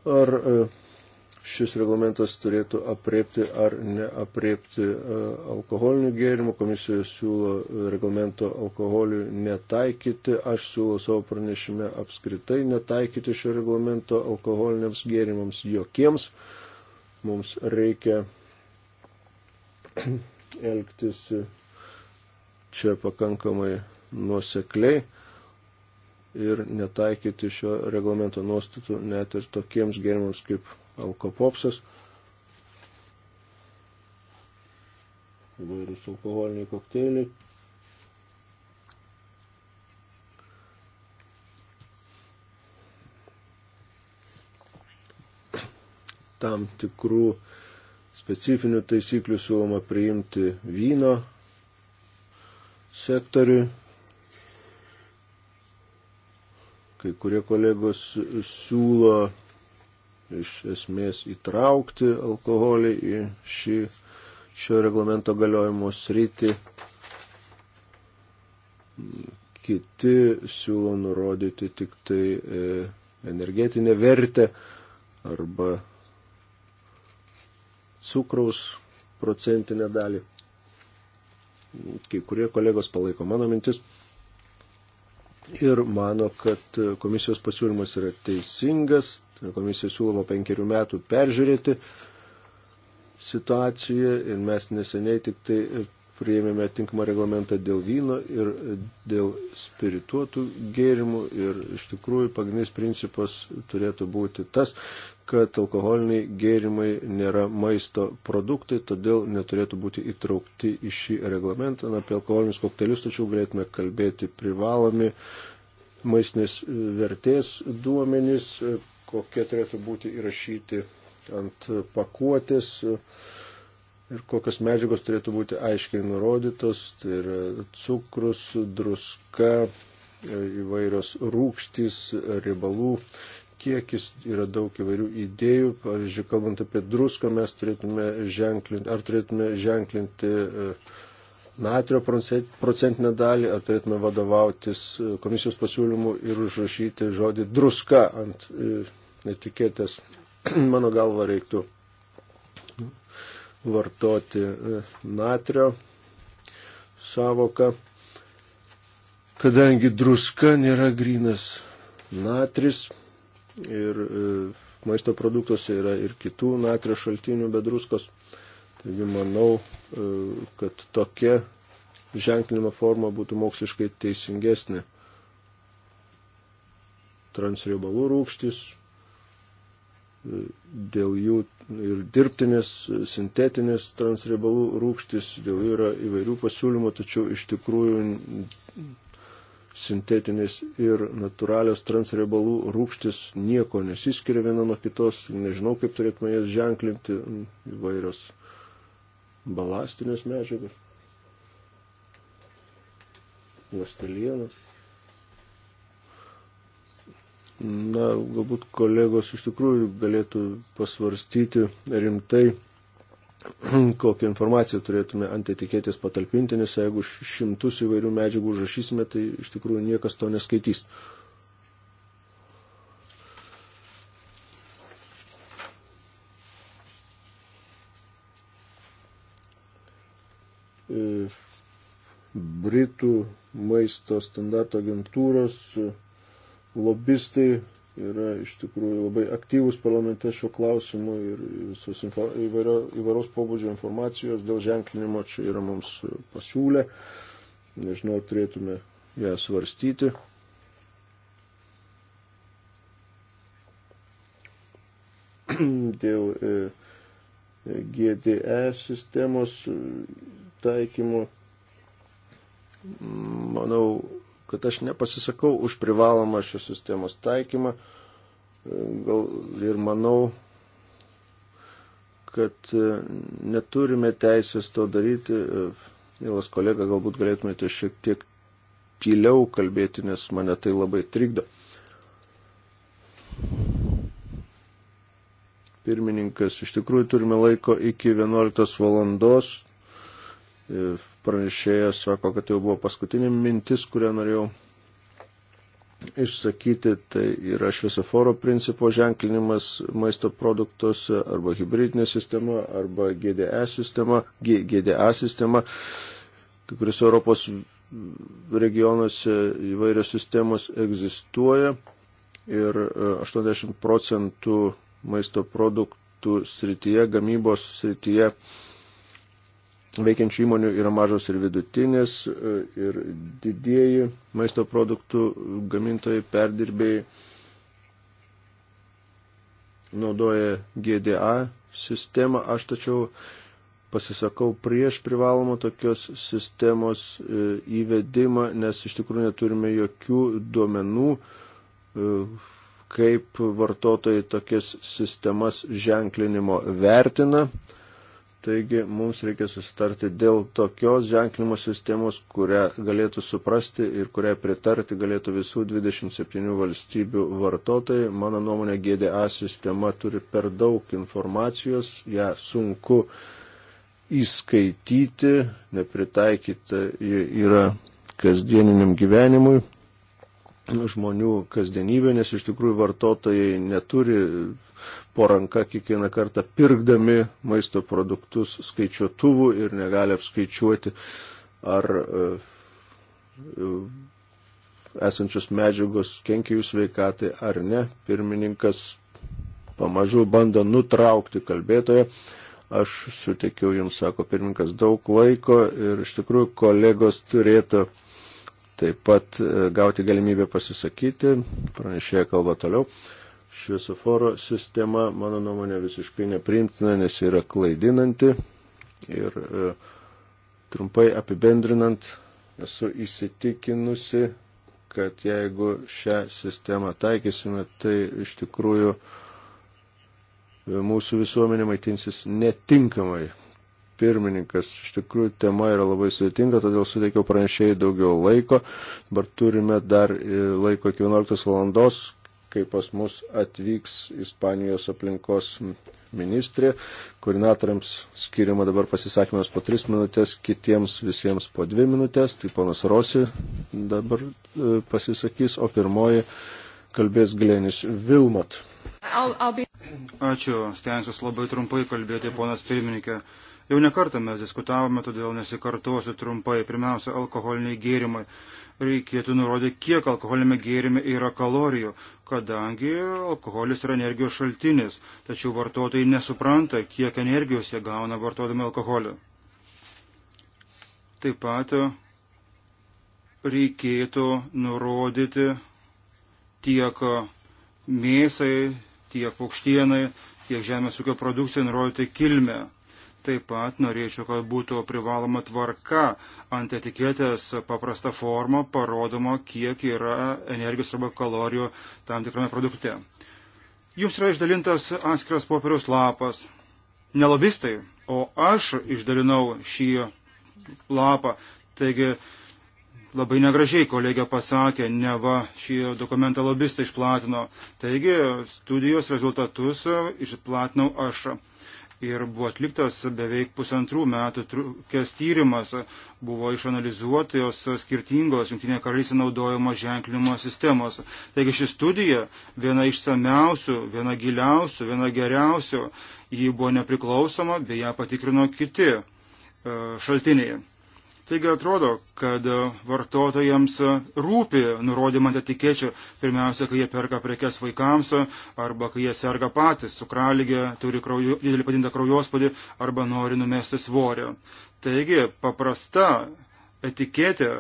Ar e, šis reglamentas turėtų apriepti ar neapriepti e, alkoholinių gėrimų. Komisija siūlo e, reglamento alkoholiui netaikyti. Aš siūlau savo pranešime apskritai netaikyti šio reglamento alkoholiniams gėrimams jokiems. Mums reikia elgtis čia pakankamai nuosekliai ir netaikyti šio reglamento nuostatų net ir tokiems gėrimams kaip alkopopsas. Įvairūs alkoholiniai kokteiliai. Tam tikrų specifinių taisyklių siūloma priimti vyno sektoriui. Kai kurie kolegos siūlo iš esmės įtraukti alkoholį į šį, šio reglamento galiojimo sritį. Kiti siūlo nurodyti tik tai e, energetinę vertę arba cukraus procentinę dalį. Kai kurie kolegos palaiko mano mintis ir mano, kad komisijos pasiūlymas yra teisingas. Komisija siūloma penkerių metų peržiūrėti situaciją ir mes neseniai tik tai priėmėme tinkamą reglamentą dėl vyno ir dėl spirituotų gėrimų ir iš tikrųjų pagrindinis principas turėtų būti tas, kad alkoholiniai gėrimai nėra maisto produktai, todėl neturėtų būti įtraukti į šį reglamentą. Na, apie alkoholinius koktelius tačiau galėtume kalbėti privalomi maistinės e, vertės duomenys, e, kokie turėtų būti įrašyti ant pakuotės e, ir kokios medžiagos turėtų būti aiškiai nurodytos. Tai yra cukrus, druska, įvairios rūkštys, ribalų kiekis, yra daug įvairių idėjų. Pavyzdžiui, kalbant apie druską, mes turėtume ženklinti, ar turėtume ženklinti e, natrio procentinę dalį, ar turėtume vadovautis e, komisijos pasiūlymu ir užrašyti žodį druska ant e, etiketės. <clears throat> Mano galva reiktų vartoti natrio savoką kadangi druska nėra grinas natris, ir e, maisto produktuose yra ir kitų natrio šaltinių bedruskos. Taigi manau, e, kad tokia ženklinimo forma būtų moksliškai teisingesnė. Transriebalų rūkštis, e, dėl jų ir dirbtinės, sintetinės transriebalų rūkštis, dėl jų yra įvairių pasiūlymų, tačiau iš tikrųjų sintetinės ir natūralios transriebalų rūkštis nieko nesiskiria viena nuo kitos, nežinau kaip turėtume jas ženklinti, įvairios balastinės medžiagos, lasteliena. Na, galbūt kolegos iš tikrųjų galėtų pasvarstyti rimtai <clears throat> kokią informaciją turėtume ant etiketės patalpinti, nes jeigu šimtus įvairių medžiagų užrašysime, tai iš tikrųjų niekas to neskaitys. E, Britų maisto standarto agentūros e, lobistai yra iš tikrųjų labai aktyvus parlamente šiuo klausimu ir visos info, įvairio, įvairaus pobūdžio informacijos dėl ženklinimo čia yra mums pasiūlę. Nežinau, turėtume ją svarstyti. <clears throat> Dėl GDE e sistemos taikymo, manau, kad aš nepasisakau už privalomą šios sistemos taikymą. Gal ir manau, kad e, neturime teisės to daryti. E, mielas kolega, galbūt galėtumėte šiek tiek tyliau kalbėti, nes mane tai labai trikdo. Pirmininkas, iš tikrųjų turime laiko iki 11 valandos. E, pranešėjas sako, kad tai jau buvo paskutinė mintis, kurią norėjau išsakyti, tai yra šviesoforo principo ženklinimas maisto produktuose arba hybridinė sistema arba GDA sistema, G, GDA sistema. Kai kuriuose Europos regionuose įvairios sistemos egzistuoja ir 80 e, procentų maisto produktų srityje, gamybos srityje veikiančių įmonių yra mažos ir vidutinės e, ir didieji maisto produktų gamintojai, perdirbėjai naudoja GDA sistemą. Aš tačiau pasisakau prieš privalomą tokios sistemos e, įvedimą, nes iš tikrųjų neturime jokių duomenų, e, kaip vartotojai tokias sistemas ženklinimo vertina. Taigi mums reikia susitarti dėl tokios ženklimo sistemos, kurią galėtų suprasti ir kurią pritarti galėtų visų 27 valstybių vartotojai. Mano nuomonė, GDA sistema turi per daug informacijos, ją sunku įskaityti, nepritaikyta yra kasdieniniam gyvenimui žmonių kasdienybė, nes iš tikrųjų vartotojai neturi po ranka kiekvieną kartą pirkdami maisto produktus skaičiuotuvų ir negali apskaičiuoti ar e, esančios medžiagos kenkia jų sveikatai ar ne. Pirmininkas pamažu bando nutraukti kalbėtoją. Aš sutikiu jums, sako pirmininkas, daug laiko ir iš tikrųjų kolegos turėtų uh, taip pat e, gauti galimybę pasisakyti, pranešėja kalba toliau. Šviesoforo sistema, mano nuomonė, visiškai nepriimtina, nes yra klaidinanti. Ir e, trumpai apibendrinant, esu įsitikinusi, kad jeigu šią sistemą taikysime, tai iš tikrųjų e, mūsų visuomenė maitinsis netinkamai pirmininkas. Iš tikrųjų, tema yra labai sudėtinga, todėl suteikiau pranešėjai daugiau laiko. Dabar turime dar e, laiko iki 11 valandos, kai pas mus atvyks Ispanijos aplinkos ministrė. Koordinatoriams skiriama dabar pasisakymas po 3 minutės, kitiems visiems po 2 minutės. Tai ponas Rosi dabar e, pasisakys, o pirmoji kalbės Glenis Vilmot. I'll, I'll be... Ačiū, stengsiuos labai trumpai kalbėti, ponas pirmininkė. Jau nekartą mes diskutavome, todėl nesikartosiu trumpai. Pirmiausia, alkoholiniai gėrimai. Reikėtų nurodyti, kiek alkoholinėme gėrime yra kalorijų, kadangi alkoholis yra energijos šaltinis, tačiau vartotojai nesupranta, kiek energijos jie gauna vartodami alkoholį. Taip pat reikėtų nurodyti tiek mėsai, tiek paukštienai, tiek žemės ūkio produkcijai nurodyti kilmę Taip pat norėčiau, kad būtų privaloma tvarka ant etiketės paprasta forma parodoma, kiek yra energijos arba kalorijų tam tikrame produkte. Jums yra išdalintas atskiras popieriaus lapas. Ne lobistai, o aš išdalinau šį lapą. Taigi labai negražiai kolegė pasakė, ne va, šį dokumentą lobistai išplatino. Taigi studijos rezultatus išplatinau aš ir buvo atliktas beveik pusantrų metų trukęs tyrimas, buvo išanalizuotos skirtingos Junktinė karalystė naudojamos ženklinimo sistemos. Taigi ši studija viena išsameusių, viena giliausių, viena geriausių, ji buvo nepriklausoma, beje patikrino kiti e, šaltiniai. Taigi atrodo, kad e, vartotojams e, rūpi nurodymą ant etikečių, pirmiausia, kai jie perka prekes vaikams e, arba kai jie serga patys, sukraligė, turi kraujo, didelį padintą kraujospūdį arba nori numesti svorio. Taigi paprasta etiketė,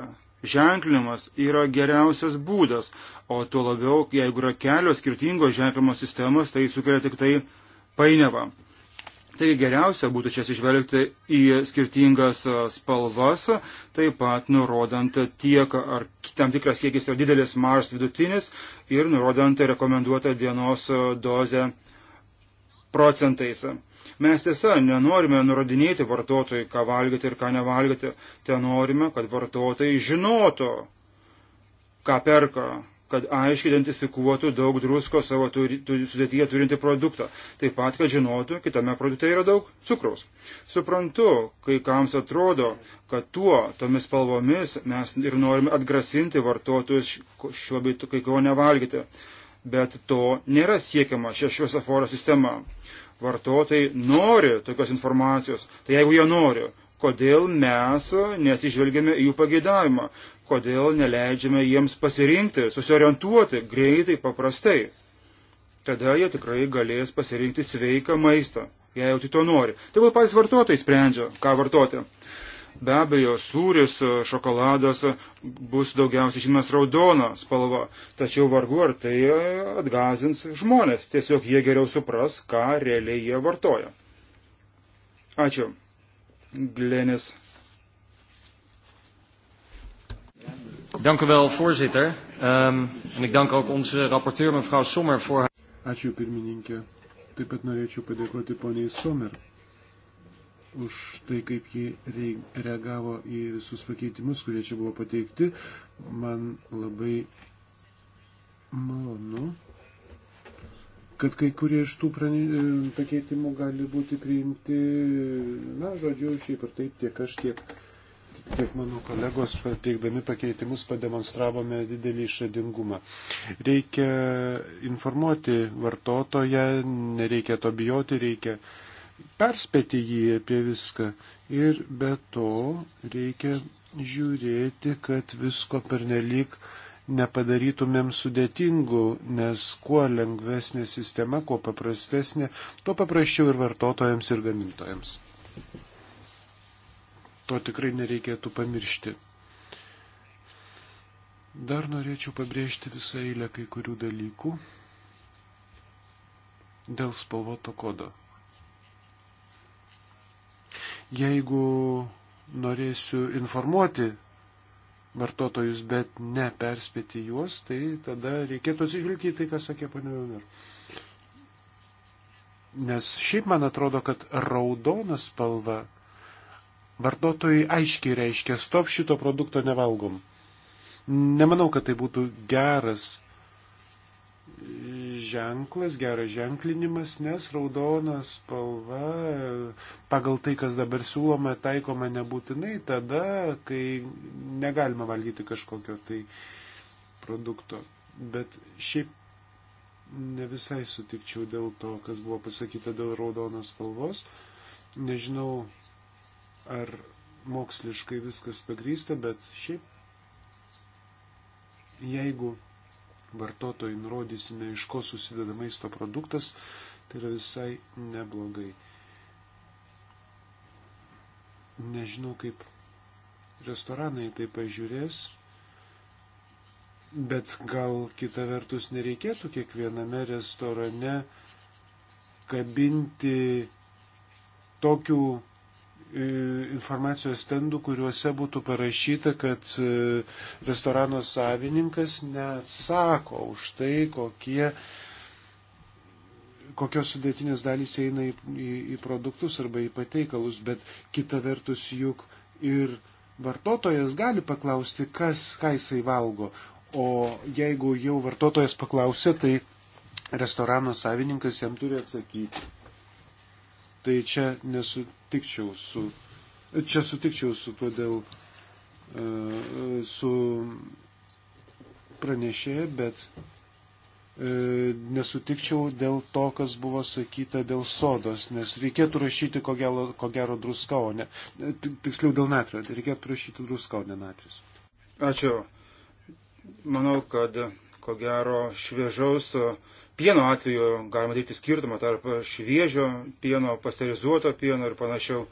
ženklinimas yra geriausias būdas, o tuo labiau, jeigu yra kelios skirtingos ženklinimo sistemos, tai sukelia tik tai painiavą. Taigi geriausia būtų čia išvelgti į skirtingas spalvas, taip pat nurodant tiek ar tam tikras kiekis yra didelis, mažas, vidutinis ir nurodant rekomenduotą dienos dozę procentais. Mes tiesa nenorime nurodinėti vartotojai, ką valgyti ir ką nevalgyti. Ten norime, kad vartotojai žinotų, ką perka, kad aiškiai identifikuotų daug drusko savo turi, turi, sudėtyje turinti produktą. Taip pat, kad žinotų, kitame produkte yra daug cukraus. Suprantu, kai kams atrodo, kad tuo, tomis spalvomis mes ir norime atgrasinti vartotojus šiuo bei kai ko nevalgyti. Bet to nėra siekiama šia šviesoforo sistema. Vartotojai nori tokios informacijos. Tai jeigu jie nori, kodėl mes nesižvelgiame į jų pageidavimą kodėl neleidžiame jiems pasirinkti, susiorientuoti greitai, paprastai. Tada jie tikrai galės pasirinkti sveiką maistą, jei jau tai to nori. Tegul patys vartotojai sprendžia, ką vartoti. Be abejo, sūris, šokoladas bus daugiausiai žymas raudona spalva, tačiau vargu ar tai atgazins žmonės, tiesiog jie geriau supras, ką realiai jie vartoja. Ačiū. Glenis Dank u wel, voorzitter. Um, en ik dank ook onze rapporteur, mevrouw Sommer, voor haar. Ačiū pirmininkė. Taip pat norėčiau padėkoti poniai Sommer už tai, kaip ji reagavo į visus pakeitimus, kurie čia buvo pateikti. Man labai malonu, kad kai kurie iš tų prane... pakeitimų gali būti priimti, na, žodžiu, šiaip ar taip tiek aš tiek Kaip mano kolegos, pateikdami pakeitimus, pademonstravome didelį išradingumą. Reikia informuoti vartotoją, nereikia to bijoti, reikia perspėti jį apie viską. Ir be to reikia žiūrėti, kad visko pernelyg nepadarytumėm sudėtingų, nes kuo lengvesnė sistema, kuo paprastesnė, tuo paprasčiau ir vartotojams, ir gamintojams. To tikrai nereikėtų pamiršti. Dar norėčiau pabrėžti visą eilę kai kurių dalykų dėl spalvoto kodo. Jeigu norėsiu informuoti vartotojus, bet ne perspėti juos, tai tada reikėtų atsižvelgti į tai, ką sakė ponė Vilner. Nes šiaip man atrodo, kad raudona spalva vartotojai aiškiai reiškia, stop šito produkto nevalgom. Nemanau, kad tai būtų geras e, ženklas, geras ženklinimas, nes raudonas spalva e, pagal tai, kas dabar siūloma, taikoma nebūtinai tada, kai negalima valgyti kažkokio tai produkto. Bet šiaip ne visai sutikčiau dėl to, kas buvo pasakyta dėl raudonos spalvos. Nežinau, ar moksliškai viskas pagrysta, bet šiaip jeigu vartotojai nurodysime, iš ko susideda maisto produktas, tai yra visai neblogai. Nežinau, kaip restoranai tai pažiūrės, bet gal kita vertus nereikėtų kiekviename restorane kabinti tokių informacijos stendų, kuriuose būtų parašyta, kad e, restorano savininkas neatsako už tai, kokie, kokios sudėtinės dalys eina į, į, į produktus arba į pateikalus, bet kita vertus juk ir vartotojas gali paklausti, kas, ką jisai valgo. O jeigu jau vartotojas paklausė, tai restorano savininkas jam turi atsakyti. Tai čia nesutikčiau su, čia sutikčiau su tuo dėl, e, su pranešėja, bet e, nesutikčiau dėl to, kas buvo sakyta dėl sodos, nes reikėtų rašyti ko gero, ko gero druska, o ne, tiksliau dėl natrio, reikėtų rašyti druska, o ne natris. Ačiū. Manau, kad ko gero šviežaus uh, Pieno atveju galima daryti skirtumą tarp šviežio pieno, pasterizuoto pieno ir panašiau.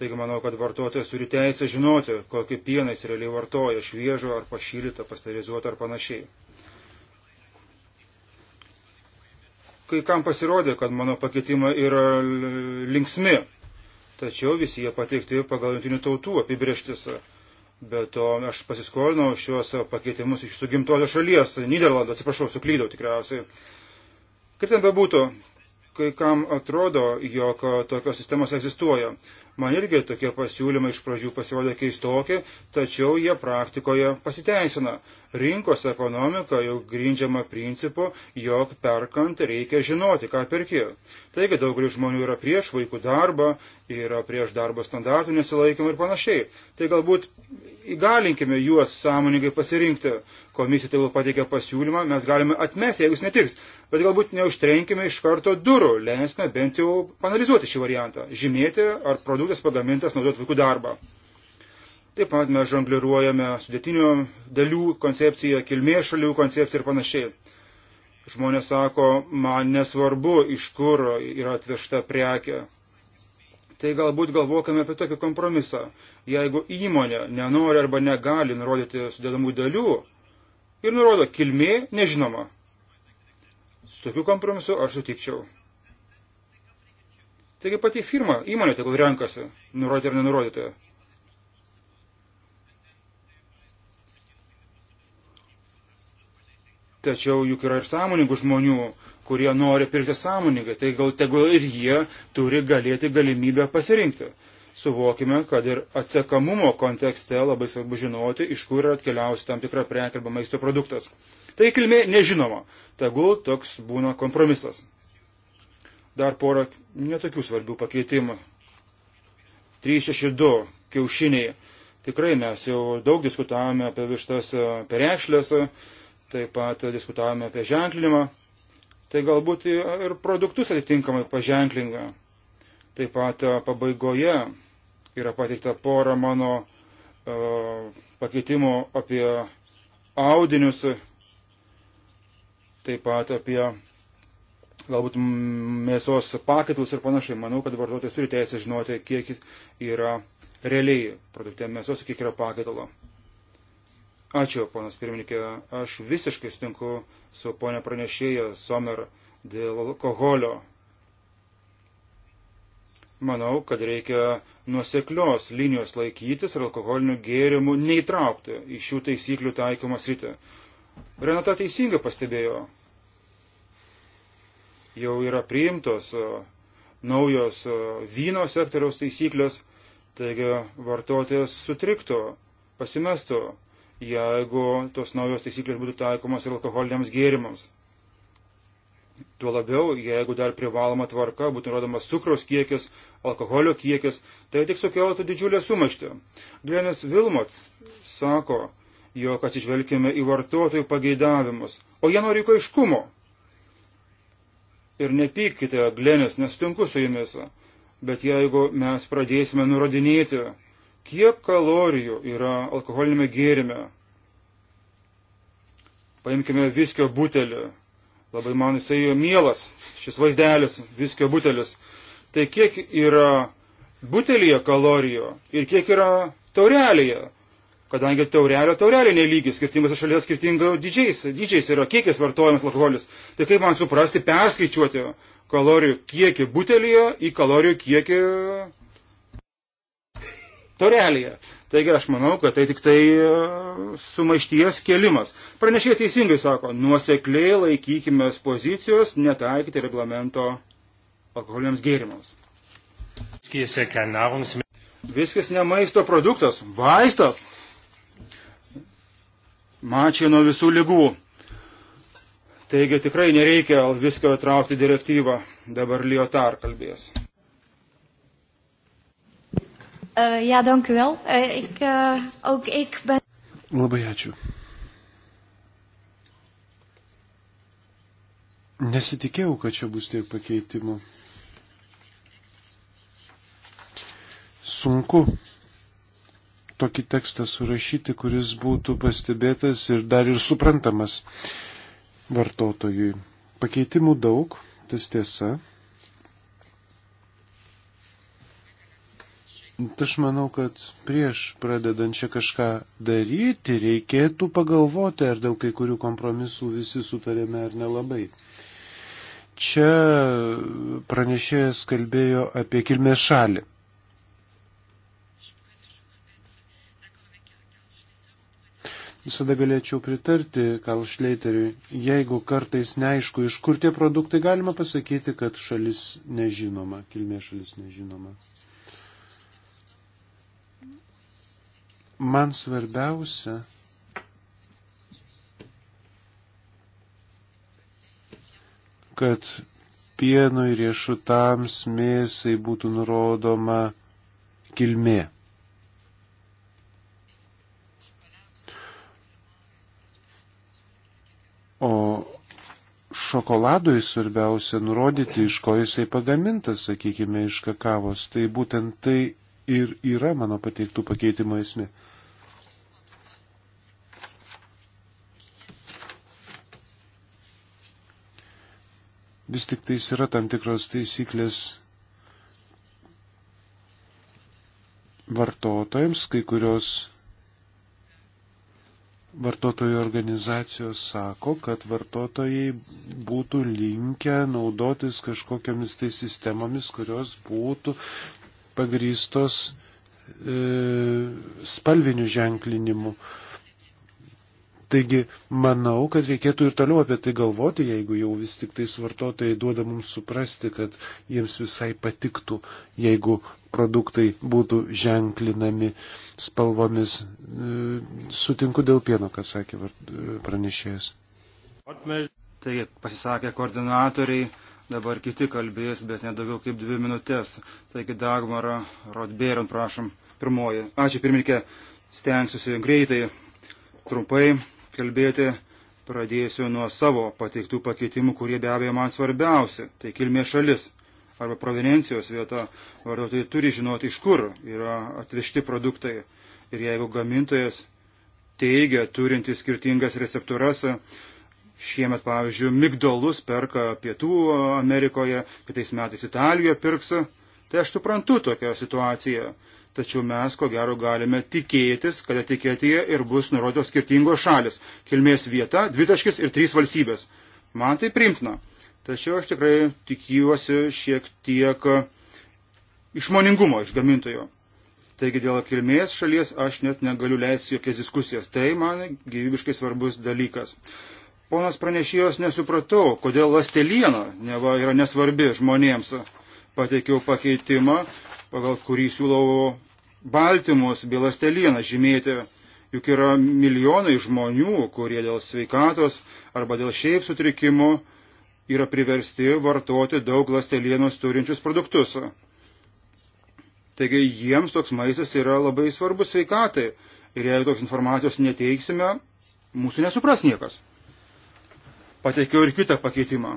Taigi manau, kad vartotojas turi teisę žinoti, kokį pieną jis realiai vartoja, šviežio ar pašylytą, pasterizuotą ar panašiai. Kai kam pasirodė, kad mano pakeitimai yra linksmi, tačiau visi jie pateikti pagal jungtinių tautų apibrieštis. Be to, aš pasiskolinau šiuos pakeitimus iš sugimtosios šalies, Niderlandų, atsiprašau, suklydau tikriausiai. Kaip ten bebūtų, kai kam atrodo, jog tokios sistemos egzistuoja. Man irgi tokie pasiūlymai iš pradžių pasirodė keistokie, tačiau jie praktikoje pasiteisina. Rinkos ekonomika jau grindžiama principu, jog perkant reikia žinoti, ką perki. Taigi daugelis žmonių yra prieš vaikų darbą, yra prieš darbo standartų nesilaikymą ir panašiai. Tai galbūt įgalinkime juos sąmoningai pasirinkti. Komisija tegul pateikia pasiūlymą, mes galime atmesti, jeigu jis netiks, bet galbūt neužtrenkime iš karto durų, leiskime bent jau panalizuoti šį variantą, žymėti, ar produktas pagamintas naudot vaikų darbą. Taip pat mes žongliruojame sudėtinių dalių koncepciją, kilmės šalių koncepciją ir panašiai. Žmonės sako, man nesvarbu, iš kur yra atvežta prekė. Tai galbūt galvokime apie tokį kompromisą. Jeigu įmonė nenori arba negali nurodyti sudėdamų dalių ir nurodo kilmė nežinoma, su tokiu kompromisu aš sutikčiau. Taigi pati firma, įmonė tegul renkasi, nurodyti ar nenurodyti. Tačiau juk yra ir sąmoningų žmonių, kurie nori pirkti sąmoningai, tai gal tegul ir jie turi galėti galimybę pasirinkti. Suvokime, kad ir atsekamumo kontekste labai svarbu žinoti, iš kur atkeliausi tam tikrą prekį arba maisto produktas. Tai kilmė nežinoma, tegul toks būna kompromisas. Dar pora netokių svarbių pakeitimų. 362 kiaušiniai. Tikrai mes jau daug diskutavome apie vištas e, perekšlės. Per Taip pat diskutavome apie ženklinimą. Tai galbūt ir produktus atitinkamai paženklinga. Taip pat e, pabaigoje yra pateikta pora mano uh, pakeitimų apie audinius, taip pat apie galbūt mėsos pakitlus ir panašiai. Manau, kad vartotojas turi teisę žinoti, kiek yra realiai produkte mėsos, kiek yra pakitalo. Ačiū, ponas pirmininkė. Aš visiškai sutinku su ponia pranešėja Somer dėl alkoholio. Manau, kad reikia nuoseklios linijos laikytis ir alkoholinių gėrimų neįtraukti į šių taisyklių taikymą sritį. Renata teisingai pastebėjo. Jau yra priimtos naujos vyno sektoriaus taisyklės, taigi vartotojas sutriktų, pasimestų jeigu tos naujos taisyklės būtų taikomos ir alkoholiniams gėrimams. Tuo labiau, jeigu dar privaloma tvarka būtų rodomas cukraus kiekis, alkoholio kiekis, tai tik sukeltų didžiulę sumaištį. Glenis Vilmot sako, jog atsižvelgime į vartotojų pageidavimus, o jie nori aiškumo. Ir nepykite, Glenis, nesutinku su jumis, bet jeigu mes pradėsime nurodinėti, kiek kalorijų yra alkoholinėme gėrime. Paimkime viskio butelį. Labai man jisai mielas, šis vaizdelis, viskio butelis. Tai kiek yra butelėje kalorijų ir kiek yra taurelėje. Kadangi taurelio taurelė nelygis, skirtingose šalyse skirtingo didžiais, didžiais yra kiekis vartojamas alkoholis. Tai kaip man suprasti, perskaičiuoti kalorijų kiekį butelėje į kalorijų kiekį torelėje. Taigi aš manau, kad tai tik tai e, sumaišties kelimas. Pranešėjai teisingai sako, nuosekliai laikykime pozicijos, netaikyti reglamento alkoholiams gėrimams. Viskas ne maisto produktas, vaistas. Mačia nuo visų lygų. Taigi tikrai nereikia visko traukti direktyvą. Dabar Liotar kalbės. Uh, ja, dank u wel. Uh, ik, uh, ook ik ben. Labai ačiū. Nesitikėjau, kad čia bus tiek pakeitimų. Sunku tokį tekstą surašyti, kuris būtų pastebėtas ir dar ir suprantamas vartotojui. Pakeitimų daug, tas tiesa. Aš manau, kad prieš pradedant čia kažką daryti, reikėtų pagalvoti, ar dėl kai kurių kompromisų visi sutarėme ar nelabai. Čia pranešėjas kalbėjo apie kilmės šalį. Visada galėčiau pritarti Kalšleiteriui, jeigu kartais neaišku, iš kur tie produktai galima pasakyti, kad šalis nežinoma, kilmė šalis nežinoma. man svarbiausia, kad pienui riešutams mėsai būtų nurodoma kilmė. O šokoladui svarbiausia nurodyti, iš ko jisai pagamintas, sakykime, iš kakavos. Tai būtent tai ir yra mano pateiktų pakeitimo esmė. vis tik tais yra tam tikros taisyklės vartotojams, kai kurios vartotojų organizacijos sako, kad vartotojai būtų linkę naudotis kažkokiamis tai sistemomis, kurios būtų pagrystos e, spalviniu ženklinimu. E, Taigi manau, kad reikėtų ir toliau apie tai galvoti, jeigu jau vis tik tais vartotojai duoda mums suprasti, kad jiems visai patiktų, jeigu produktai būtų ženklinami spalvomis. E, sutinku dėl pieno, ką sakė e, pranešėjas. Taigi pasisakė koordinatoriai, dabar kiti kalbės, bet nedaugiau kaip dvi minutės. Taigi Dagmara Rodbėrin, prašom, pirmoji. Ačiū pirmininkė, stengsiuosi greitai trumpai kalbėti, pradėsiu nuo savo pateiktų pakeitimų, kurie be abejo man svarbiausi. Tai kilmės šalis arba provenencijos vieta. Vartotojai turi žinoti, iš kur yra atvežti produktai. Ir jeigu gamintojas teigia, turinti skirtingas receptūras, šiemet, pavyzdžiui, migdolus perka Pietų Amerikoje, kitais metais Italijoje pirks, tai aš suprantu tokią situaciją tačiau mes ko gero galime tikėtis, kad etiketėje ir bus nurodytos skirtingos šalis - kilmės vieta, dvitaškis ir trys valstybės. Man tai primtina, tačiau aš tikrai tikiuosi šiek tiek išmoningumo iš gamintojo. Taigi dėl kilmės šalies aš net negaliu leisti jokias diskusijas. Tai man gyvybiškai svarbus dalykas. Ponas pranešėjos nesupratau, kodėl lasteliena neva yra nesvarbi žmonėms. Pateikiau pakeitimą, pagal kurį siūlau baltymus, bilastelieną žymėti. Juk yra milijonai žmonių, kurie dėl sveikatos arba dėl šiaip sutrikimų yra priversti vartoti daug lastelienos turinčius produktus. Taigi jiems toks maistas yra labai svarbus sveikatai. Ir jeigu tokios informacijos neteiksime, mūsų nesupras niekas. Pateikiau ir kitą pakeitimą.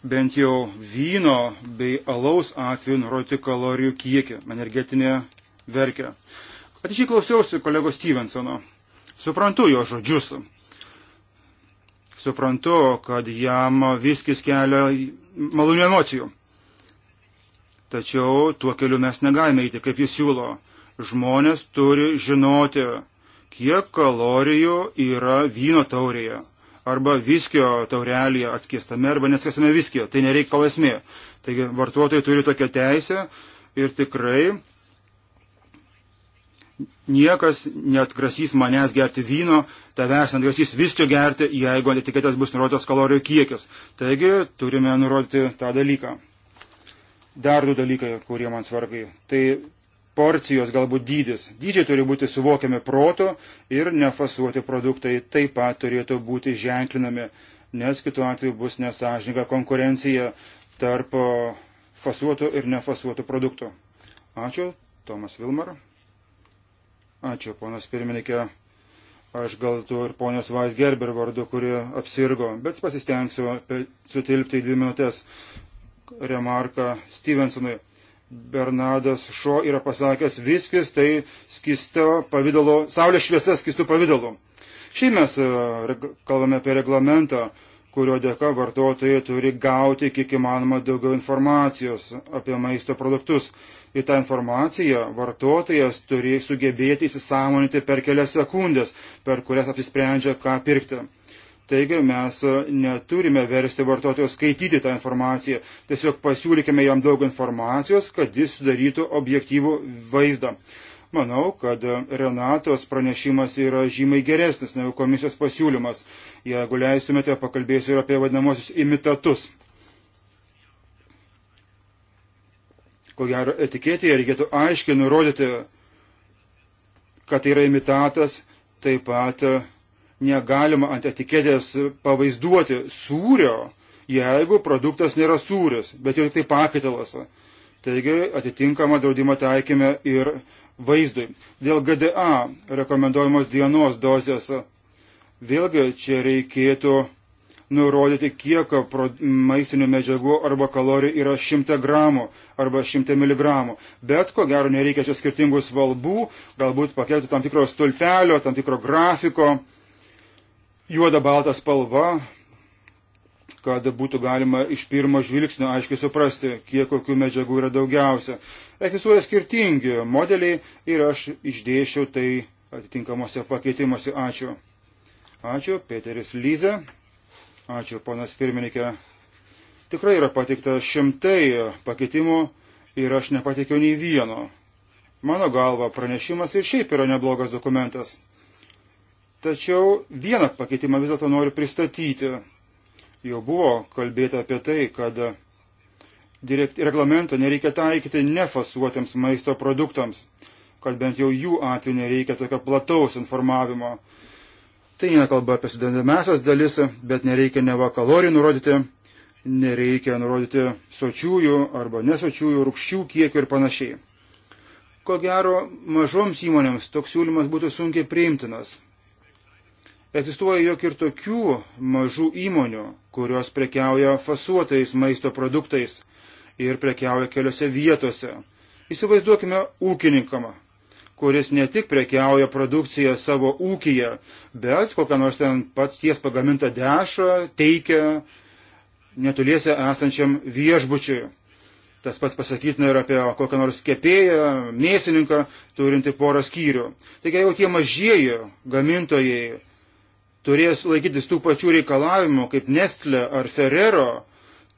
Bent jau vyno bei alaus atveju nurodyti kalorijų kiekį, energetinė verkia. Atičiai klausiausi kolego Stevensono. Suprantu jo žodžius. Suprantu, kad jam viskis kelia malonių emocijų. Tačiau tuo keliu mes negalime eiti, kaip jis siūlo. Žmonės turi žinoti, kiek kalorijų yra vyno taurėje arba viskio taurelėje atskistame arba neskistame viskio. Tai nereikalo esmė. Taigi vartotojai turi tokią teisę ir tikrai Niekas netgrasys manęs gerti vyno, tavęs netgrasys viskio gerti, jeigu ant etiketės bus nurodytas kalorijų kiekis. Taigi turime nurodyti tą dalyką. Dar du dalykai, kurie man svarbiai. Tai porcijos galbūt dydis. Dydžiai turi būti suvokiami proto ir nefasuoti produktai taip pat turėtų būti ženklinami, nes kitu atveju bus nesažininga konkurencija tarp fasuotų ir nefasuotų produktų. Ačiū, Tomas Vilmar. Ačiū, ponas pirmininkė. Aš gal tu ir ponios Weisgerber vardu, kuri apsirgo, bet pasistengsiu sutilpti į dvi minutės remarką Stevensonui. Bernardas Šo yra pasakęs, viskis tai skisto pavydalo, saulės šviesa skistų pavydalu. Šiaip mes e, kalbame apie reglamentą, kurio dėka vartotojai turi gauti kiek įmanoma daugiau informacijos apie maisto produktus. Ir tą informaciją vartotojas turi sugebėti įsisamoninti per kelias sekundės, per kurias apsisprendžia, ką pirkti. Taigi mes neturime versti vartotojo skaityti tą informaciją, tiesiog pasiūlykime jam daug informacijos, kad jis sudarytų objektyvų vaizdą. Manau, kad Renatos pranešimas yra žymiai geresnis negu komisijos pasiūlymas. Jeigu leistumėte, pakalbėsiu ir apie vadinamosius imitatus. Ko gero, etiketėje reikėtų aiškiai nurodyti, kad tai yra imitatas, taip pat negalima ant etiketės pavaizduoti sūrio, jeigu produktas nėra sūris, bet jau tik tai pakitalas. Taigi atitinkamą draudimą taikėme ir vaizdui. Dėl GDA rekomenduojamos dienos dozės vėlgi čia reikėtų nurodyti, kiek maistinių medžiagų arba kalorijų yra 100 gramų arba 100 mg. Bet ko gero nereikia čia skirtingų svalbų, galbūt pakelti tam tikro stulpelio, tam tikro grafiko, juoda balta spalva, kad būtų galima iš pirmo žvilgsnio aiškiai suprasti, kiek kokių medžiagų yra daugiausia. Egzistuoja skirtingi modeliai ir aš išdėšiau tai atitinkamuose pakeitimuose. Ačiū. Ačiū, Peteris Lyze. Ačiū, ponas pirmininkė. Tikrai yra pateikta šimtai pakeitimų ir aš nepateikiau nei vieno. Mano galva, pranešimas ir šiaip yra neblogas dokumentas. Tačiau vieną pakeitimą vis dėlto noriu pristatyti. Jau buvo kalbėta apie tai, kad direkt, reglamento nereikia taikyti nefasuotiems maisto produktams, kad bent jau jų atveju nereikia tokio plataus informavimo. Tai nekalba apie sudedamesias dalis, bet nereikia neva kalorijų nurodyti, nereikia nurodyti sočiųjų arba nesočiųjų rūkščių kiekių ir panašiai. Ko gero, mažoms įmonėms toks siūlymas būtų sunkiai priimtinas. Egzistuoja jok ir tokių mažų įmonių, kurios prekiauja fasuotais maisto produktais ir prekiauja keliose vietose. Įsivaizduokime ūkininkamą, kuris ne tik prekiauja produkciją savo ūkiją, bet kokią nors ten pats ties pagamintą dešrą teikia netoliese esančiam viešbučiui. Tas pats pasakytina ir apie kokią nors kepėją, mėsininką, turinti porą skyrių. Taigi jau tie mažieji gamintojai turės laikytis tų pačių reikalavimų kaip Nestle ar Ferrero,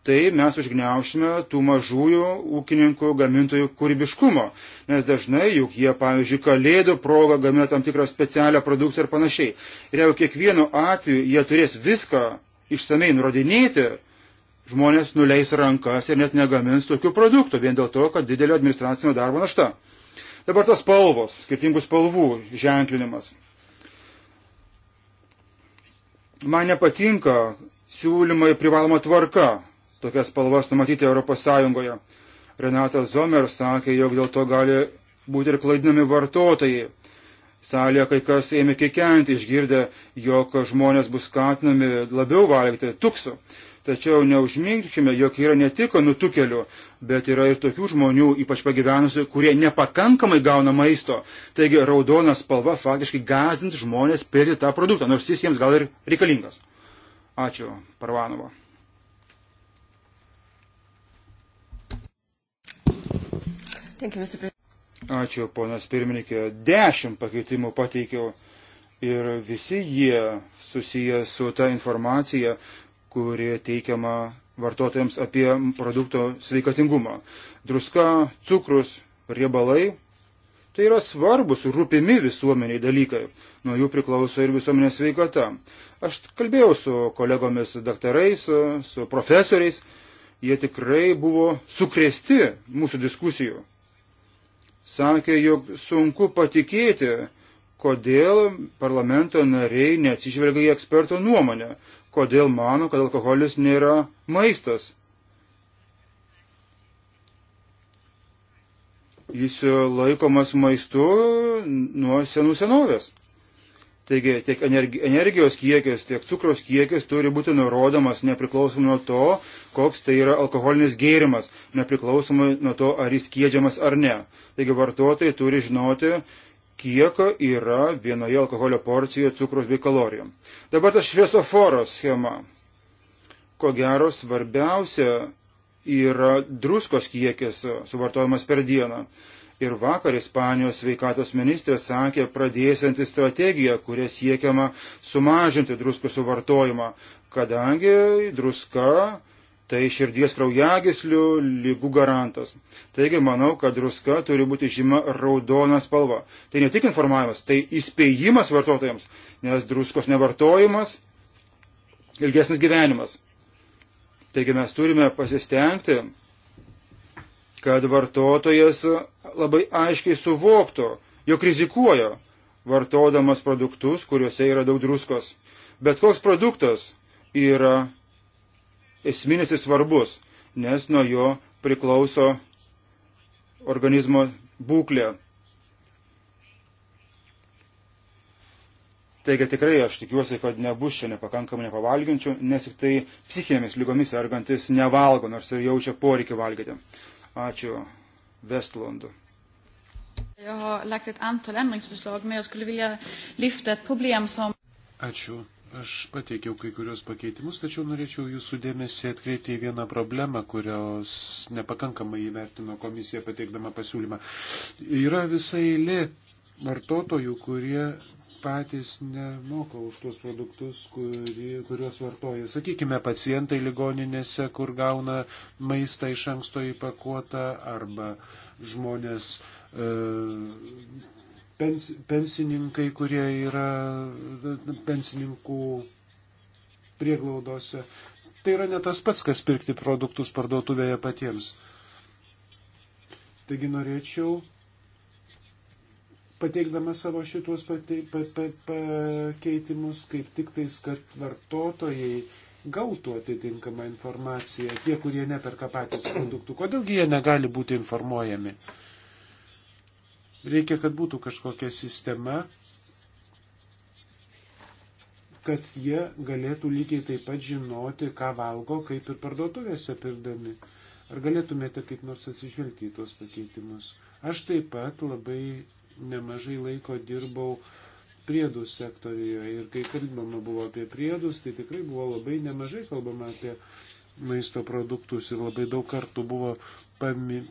tai mes užgneušime tų mažųjų ūkininkų gamintojų kūrybiškumo, nes dažnai juk jie, pavyzdžiui, kalėdų progą gamina tam tikrą specialią produkciją ir panašiai. Ir jeigu kiekvienu atveju jie turės viską išsamei nurodinėti, žmonės nuleis rankas ir net negamins tokių produktų vien dėl to, kad didelio administracinio darbo našta. Dabar tos spalvos, skirtingų spalvų ženklinimas. Man nepatinka siūlymai privaloma tvarka tokias spalvas numatyti ES. Renata Zomer sakė, jog dėl to gali būti ir klaidinami vartotojai. Salėje kai kas ėmė kikenti, išgirdę, jog žmonės bus skatinami labiau valgyti tuksu. Tačiau neužminkime, jog yra ne tik nutukelių, bet yra ir tokių žmonių, ypač pagyvenusių, kurie nepakankamai gauna maisto. Taigi raudona spalva faktiškai gazins žmonės pirkti tą produktą, nors jis jiems gal ir reikalingas. Ačiū, Parvanova. Ačiū, ponas pirmininkė. Dešimt pakeitimų pateikiau ir visi jie susiję su ta informacija, kuri teikiama vartotojams apie produkto sveikatingumą. Druska, cukrus, riebalai - tai yra svarbus, rūpimi visuomeniai dalykai. Nuo jų priklauso ir visuomenės sveikata. Aš kalbėjau su kolegomis daktarais, su profesoriais. Jie tikrai buvo sukrėsti mūsų diskusijų sakė, jog sunku patikėti, kodėl parlamento nariai neatsižvelgia į eksperto nuomonę, kodėl mano, kad alkoholis nėra maistas. Jis laikomas maistu nuo senų senovės. Taigi tiek energijos kiekis, tiek cukros kiekis turi būti nurodomas nepriklausom nuo to, koks tai yra alkoholinis gėrimas, nepriklausomai nuo to, ar jis kėdžiamas ar ne. Taigi vartotojai turi žinoti, kiek yra vienoje alkoholio porcijoje cukrus bei kalorijų. Dabar ta šviesoforo schema. Ko gero svarbiausia yra druskos kiekis suvartojamas per dieną. Ir vakar Ispanijos sveikatos ministrė sakė pradėsianti strategiją, kuria siekiama sumažinti druskų suvartojimą, kadangi druska Tai širdies kraujagislių lygų garantas. Taigi manau, kad druska turi būti žyma raudona spalva. Tai ne tik informavimas, tai įspėjimas vartotojams, nes druskos nevartojimas ilgesnis gyvenimas. Taigi mes turime pasistengti, kad vartotojas labai aiškiai suvoktų, jog rizikuoja vartodamas produktus, kuriuose yra daug druskos. Bet koks produktas yra esminis ir svarbus, nes nuo jo priklauso organizmo būklė. Taigi tikrai aš tikiuosi, kad nebus čia nepakankamai nepavalginčių, nes tik tai psichinėmis lygomis sergantis nevalgo, nors ir jaučia poreikį valgyti. Ačiū Vestlundu. Jag har lagt ett antal ändringsförslag, men jag skulle vilja lyfta ett problem som... Ačiū. Aš pateikiau kai kurios pakeitimus, tačiau norėčiau jūsų dėmesį atkreipti į vieną problemą, kurios nepakankamai įvertino komisija pateikdama pasiūlymą. Yra visai eilė vartotojų, kurie patys nemoka už tuos produktus, kuri, kuriuos vartoja. Sakykime, pacientai ligoninėse, kur gauna maistą iš anksto įpakuotą, arba žmonės. E, pens, pensininkai, kurie yra pensininkų prieglaudose. Tai yra ne tas pats, kas pirkti produktus parduotuvėje patiems. Taigi norėčiau, pateikdama savo šitos pakeitimus, kaip tik tais, kad vartotojai gautų atitinkamą informaciją, tie, kurie neperka patys produktų. Kodėlgi jie negali būti informuojami? Uh, Reikia, kad būtų kažkokia sistema, kad jie galėtų lygiai taip pat žinoti, ką valgo, kaip ir parduotuvėse pirdami. Ar galėtumėte kaip nors atsižvelgti į tuos pakeitimus? Aš taip pat labai nemažai laiko dirbau priedų sektorijoje ir kai kalbama buvo apie priedus, tai tikrai buvo labai nemažai kalbama apie maisto produktus ir labai daug kartų buvo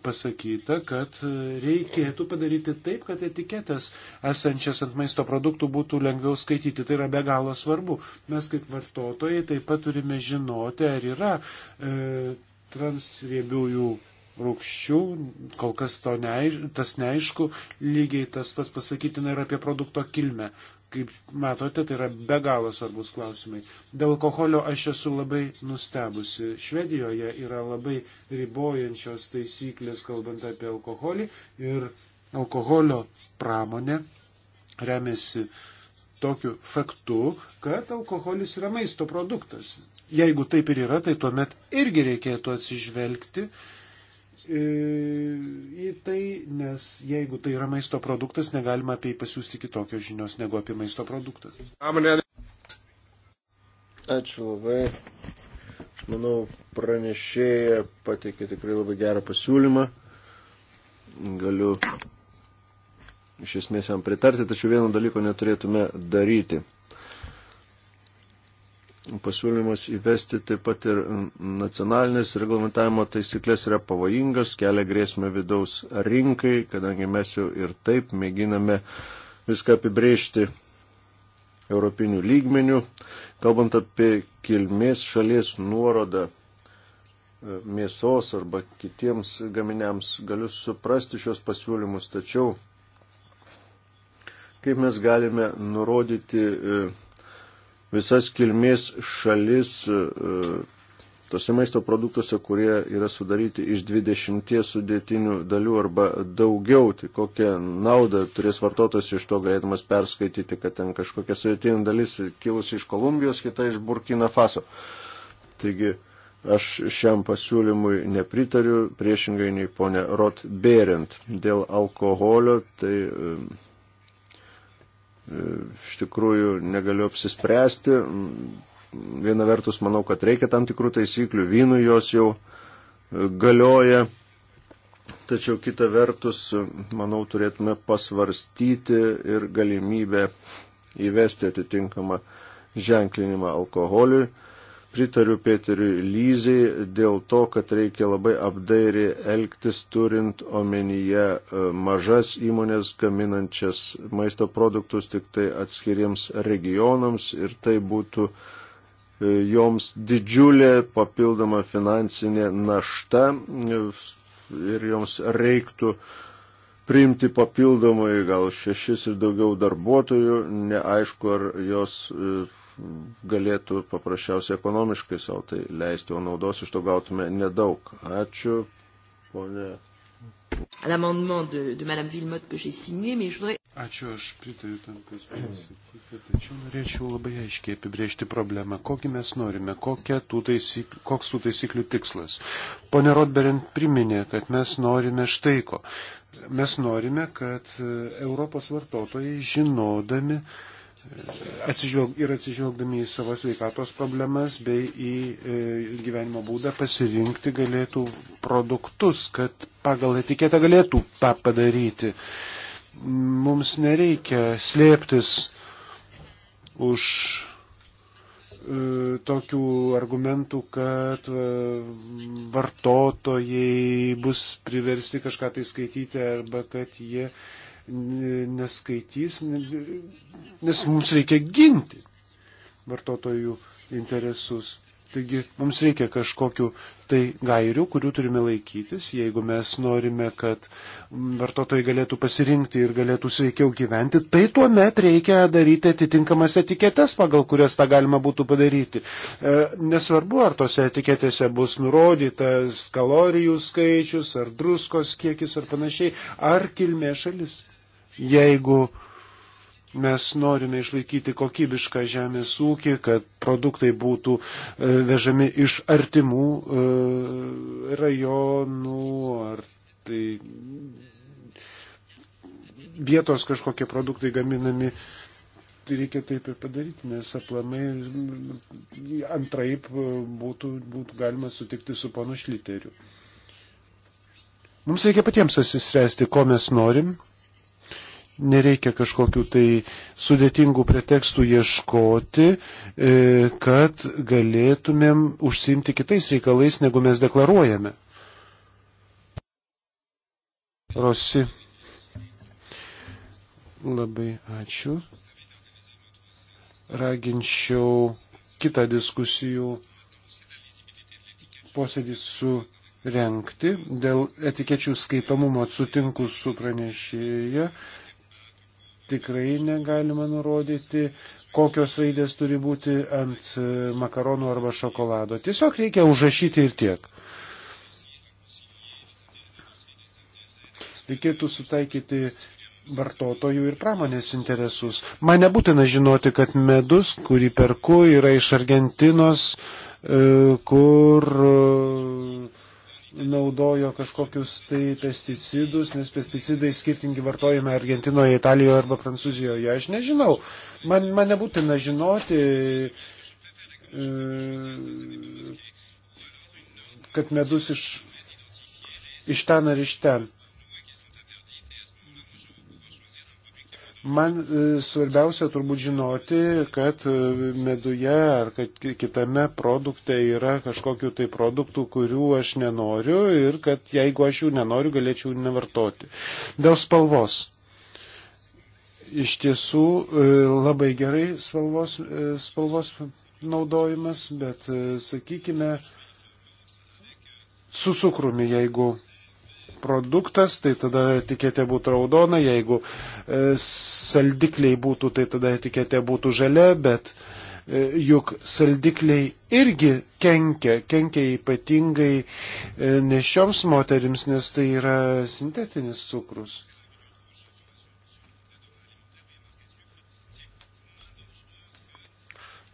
pasakyta, kad e, reikėtų padaryti taip, kad etiketės esančias ant maisto produktų būtų lengviau skaityti. Tai yra be galo svarbu. Mes kaip vartotojai taip pat turime žinoti, ar yra e, transriebiųjų rūkščių, kol kas to neaiš, tas neaišku, lygiai tas pats pasakytina ir apie produkto kilmę. Kaip matote, tai yra be galo svarbus klausimai. Dėl alkoholio aš esu labai nustebusi. Švedijoje yra labai ribojančios taisyklės, kalbant apie alkoholį, ir alkoholio pramonė remiasi tokiu faktu, kad alkoholis yra maisto produktas. Jeigu taip ir yra, tai tuomet irgi reikėtų atsižvelgti uh, į tai, nes jeigu tai yra maisto produktas, negalima apie jį pasiūsti kitokios žinios negu apie maisto produktą. Ačiū labai. Manau, pranešėja pateikė tikrai labai gerą pasiūlymą. Galiu iš esmės jam pritarti, tačiau vieno dalyko neturėtume daryti pasiūlymas įvesti taip pat ir nacionalinės reglamentavimo taisyklės yra pavojingas, kelia grėsmę vidaus rinkai, kadangi mes jau ir taip mėginame viską apibrėžti europinių lygmenių. Kalbant apie kilmės šalies nuorodą e, mėsos arba kitiems gaminiams, galiu suprasti šios pasiūlymus, tačiau kaip mes galime nurodyti e, visas kilmės šalis e, tose maisto produktuose, kurie yra sudaryti iš 20 sudėtinių dalių arba daugiau, tai kokią naudą turės vartotojas iš to galėdamas perskaityti, kad ten kažkokia sudėtinė dalis kilusi iš Kolumbijos, kita iš Burkina Faso. Taigi aš šiam pasiūlymui nepritariu, priešingai nei ponė Rot Berent. Dėl alkoholio, tai e, iš tikrųjų negaliu apsispręsti. Viena vertus, manau, kad reikia tam tikrų taisyklių, vynų jos jau galioja, tačiau kita vertus, manau, turėtume pasvarstyti ir galimybę įvesti atitinkamą ženklinimą alkoholiui. Pritariu Peteriui Lyzai dėl to, kad reikia labai apdairiai elgtis turint omenyje e, mažas įmonės gaminančias maisto produktus tik tai atskiriems regionams ir tai būtų e, joms didžiulė papildoma finansinė našta e, ir joms reiktų priimti papildomai gal šešis ir daugiau darbuotojų, neaišku, ar jos galėtų paprasčiausiai ekonomiškai savo tai leisti, o naudos iš to gautume nedaug. Ačiū, ponė. Ačiū, aš pritariu tam, kas pasakyti, tačiau norėčiau labai aiškiai apibriežti problemą, kokį mes norime, tų taisyklių, koks tų taisyklių tikslas. Pone Rodberint priminė, kad mes norime štai ko. Mes norime, kad e, Europos vartotojai žinodami, uh, atsižvelg, ir atsižvelgdami į savo sveikatos problemas bei į e, gyvenimo būdą pasirinkti galėtų produktus, kad pagal etiketą galėtų tą padaryti. Mums nereikia slėptis už e, tokių argumentų, kad e, vartotojai bus priversti kažką tai skaityti arba kad jie neskaitys, nes mums reikia ginti vartotojų interesus. Taigi mums reikia kažkokių tai gairių, kurių turime laikytis, jeigu mes norime, kad vartotojai galėtų pasirinkti ir galėtų sveikiau gyventi, tai tuomet reikia daryti atitinkamas etiketes, pagal kurias tą galima būtų padaryti. E, nesvarbu, ar tose etiketėse bus nurodytas kalorijų skaičius, ar druskos kiekis, ar panašiai, ar kilmė šalis jeigu mes norime išlaikyti kokybišką žemės ūkį, kad produktai būtų e, vežami iš artimų e, rajonų ar tai vietos kažkokie produktai gaminami. Tai reikia taip ir padaryti, nes aplamai antraip e, būtų, būtų galima sutikti su ponu Šliteriu. Mums reikia patiems asispręsti, ko mes norim, Nereikia kažkokių tai sudėtingų pretekstų ieškoti, e, kad galėtumėm užsimti kitais reikalais, negu mes deklaruojame. Rosi. Labai ačiū. Raginčiau kitą diskusijų posėdį surenkti. Dėl etikečių skaitomumo sutinku su pranešėja tikrai negalima nurodyti, kokios raidės turi būti ant makaronų arba šokolado. Tiesiog reikia užrašyti ir tiek. Reikėtų sutaikyti vartotojų ir pramonės interesus. Man nebūtina žinoti, kad medus, kurį perku, yra iš Argentinos, e, kur naudojo kažkokius tai pesticidus, nes pesticidai skirtingi vartojame Argentinoje, Italijoje arba Prancūzijoje. Aš nežinau. Man, man nebūtina žinoti, e, kad medus iš, iš ten ar iš ten. Man e, svarbiausia turbūt žinoti, kad e, meduje ar kad kitame produkte yra kažkokių tai produktų, kurių aš nenoriu ir kad jeigu aš jų nenoriu, galėčiau jų nevartoti. Dėl spalvos. Iš tiesų e, labai gerai spalvos, spalvos naudojimas, bet sakykime, su cukrumi, jeigu produktas, tai tada etiketė būtų raudona, jeigu e, saldikliai būtų, tai tada etiketė būtų žalia, bet e, juk saldikliai irgi kenkia, kenkia ypatingai e, nešioms moterims, nes tai yra sintetinis cukrus.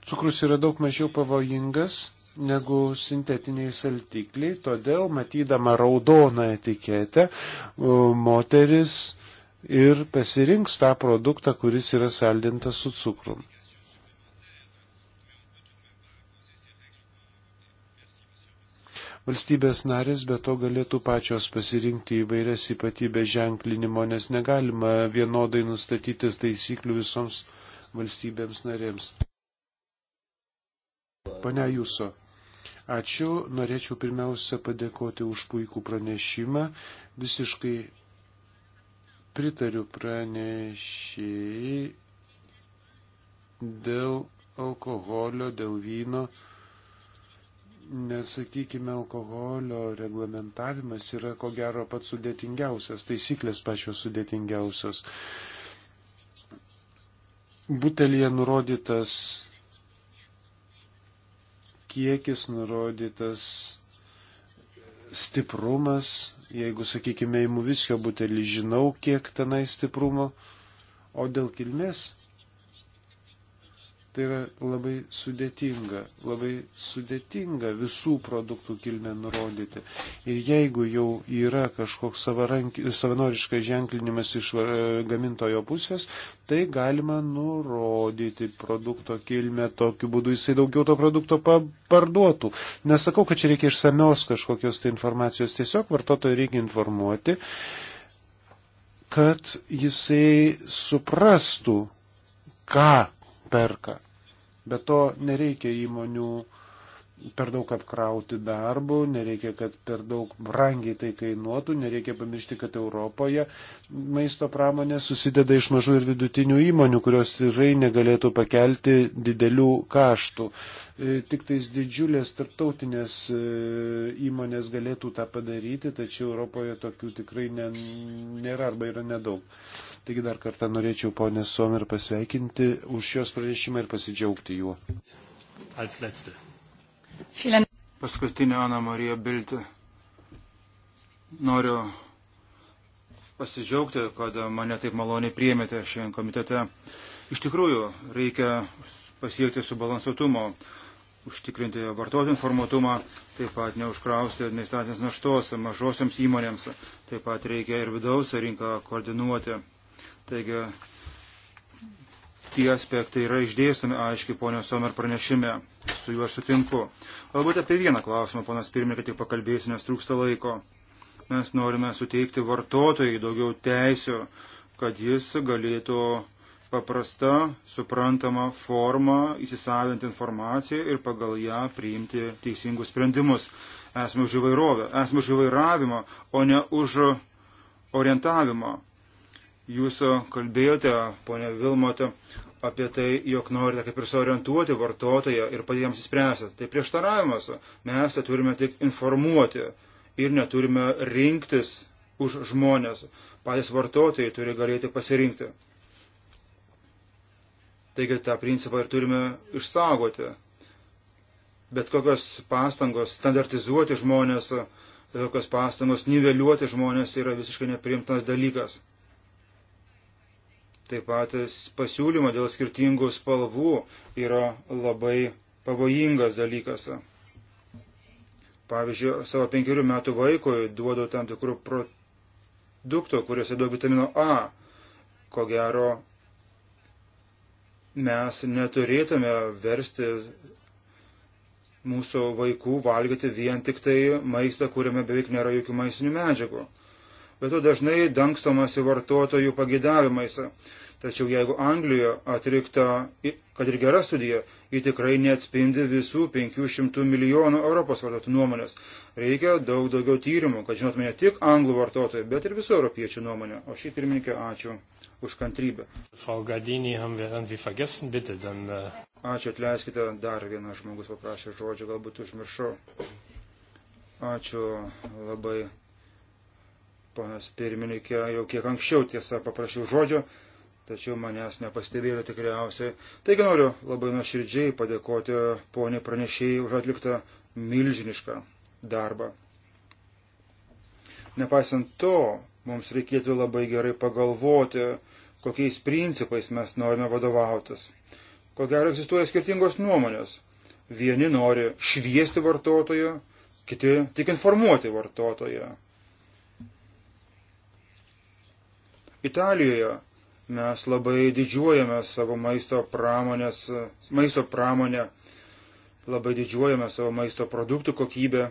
Cukrus yra daug mažiau pavojingas negu sintetiniai saltikliai, todėl matydama raudoną etiketę moteris ir pasirinks tą produktą, kuris yra saldintas su cukrum. Valstybės narės be to galėtų pačios pasirinkti įvairias ypatybės ženklinimo, nes negalima vienodai nustatyti taisyklių visoms valstybėms narėms. Pane Jūso. Ačiū. Norėčiau pirmiausia padėkoti už puikų pranešimą. Visiškai pritariu pranešėjai dėl alkoholio, dėl vyno. Nesakykime, alkoholio reglamentavimas yra ko gero pats sudėtingiausias, taisyklės pačios sudėtingiausios. Butelėje nurodytas kiekis nurodytas, stiprumas, jeigu, sakykime, įmu viskio butelį, žinau, kiek tenai stiprumo, o dėl kilmės Tai yra labai sudėtinga, labai sudėtinga visų produktų kilmę nurodyti. Ir jeigu jau yra kažkoks savanoriškas ženklinimas iš e, gamintojo pusės, tai galima nurodyti produkto kilmę, tokiu būdu jisai daugiau to produkto parduotų. Nesakau, kad čia reikia išsamios kažkokios tai informacijos, tiesiog vartotojai reikia informuoti kad jisai suprastų, ką perka. Be to nereikia įmonių per daug apkrauti darbų, nereikia, kad per daug brangiai tai kainuotų, nereikia pamiršti, kad Europoje maisto pramonė susideda iš mažų ir vidutinių įmonių, kurios tikrai negalėtų pakelti didelių kaštų. E, tik tais didžiulės tarptautinės e, įmonės galėtų tą padaryti, tačiau Europoje tokių tikrai nėra arba yra nedaug. Taigi dar kartą norėčiau ponę Somer pasveikinti už jos pranešimą ir pasidžiaugti juo. Paskutinė Ana Marija Bilti. Noriu pasidžiaugti, kad mane taip maloniai priėmėte šiandien komitete. Iš tikrųjų, reikia pasiekti subalansuotumo, užtikrinti vartotojų informatumą, taip pat neužkrausti administracinės naštos mažosiams įmonėms, taip pat reikia ir vidaus rinką koordinuoti. Taigi tie aspektai yra išdėstami aiškiai ponios Somer pranešime. Su juo aš sutinku. Galbūt apie vieną klausimą, ponas pirmininkai, tik pakalbėsiu, nes trūksta laiko. Mes norime suteikti vartotojai daugiau teisų, kad jis galėtų paprasta, suprantama forma įsisavinti informaciją ir pagal ją priimti teisingus sprendimus. Esame už įvairovę, esame už įvairavimą, o ne už orientavimą. Jūs kalbėjote, ponė Vilmote, apie tai, jog norite kaip ir suorientuoti vartotoją ir padėti jam įspręsti. Tai prieštaravimas. Mes tai turime tik informuoti ir neturime rinktis už žmonės. Patys vartotojai turi galėti pasirinkti. Taigi tą principą ir turime išsaugoti. Bet kokios pastangos standartizuoti žmonės, kokios pastangos niveliuoti žmonės yra visiškai neprimtas dalykas. Taip pat pasiūlymo dėl skirtingų spalvų yra labai pavojingas dalykas. Pavyzdžiui, savo penkerių metų vaikui duodu tam tikrų produktų, kuriuose daug vitamino A. Ko gero, mes neturėtume versti mūsų vaikų valgyti vien tik tai maistą, kuriame beveik nėra jokių maistinių medžiagų. Bet to dažnai dangstomasi vartotojų pagidavimais. Tačiau jeigu Anglijoje atlikta, kad ir gera studija, ji tikrai neatspindi visų 500 milijonų Europos vartotojų nuomonės. Reikia daug daugiau tyrimų, kad žinotume ne tik anglų vartotojų, bet ir visų europiečių nuomonę. O šį pirmininkę ačiū už kantrybę. Äh, ačiū, atleiskite, dar vienas žmogus paprašė žodžio, galbūt užmiršau. Ačiū labai, panas pirmininkė, jau kiek anksčiau tiesa paprašiau žodžio tačiau manęs nepastebėjo tikriausiai. Taigi noriu labai nuoširdžiai padėkoti poniai pranešėjai už atliktą milžinišką darbą. Nepaisant to, mums reikėtų labai gerai pagalvoti, kokiais principais mes norime vadovautis. Ko gero egzistuoja skirtingos nuomonės. Vieni nori šviesti vartotoją, kiti tik informuoti vartotoją. Italijoje Mes labai didžiuojame savo maisto, pramonės, maisto pramonę, labai didžiuojame savo maisto produktų kokybę,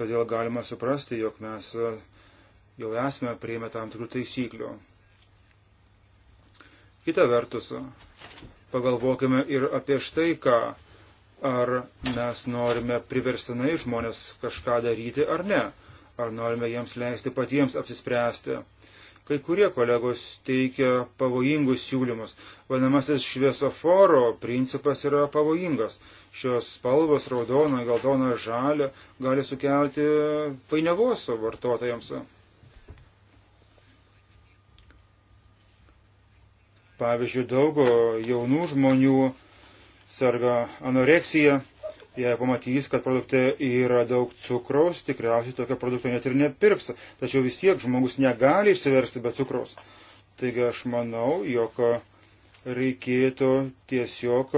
todėl galima suprasti, jog mes e, jau esame prieimę tam tikrų taisyklių. Kita vertus, pagalvokime ir apie štai ką, ar mes norime priversinai žmonės kažką daryti ar ne, ar norime jiems leisti patiems apsispręsti. Kai kurie kolegos teikia pavojingus siūlymus. Vadinamasis šviesoforo principas yra pavojingas. Šios spalvos raudona, geltona, žalia gali sukelti painiavos vartotojams. Pavyzdžiui, daug jaunų žmonių serga anoreksija, Jei pamatys, kad produkte yra daug cukraus, tikriausiai tokio produkto net ir nepirks. Tačiau vis tiek žmogus negali išsiversti be cukraus. Taigi aš manau, jog reikėtų tiesiog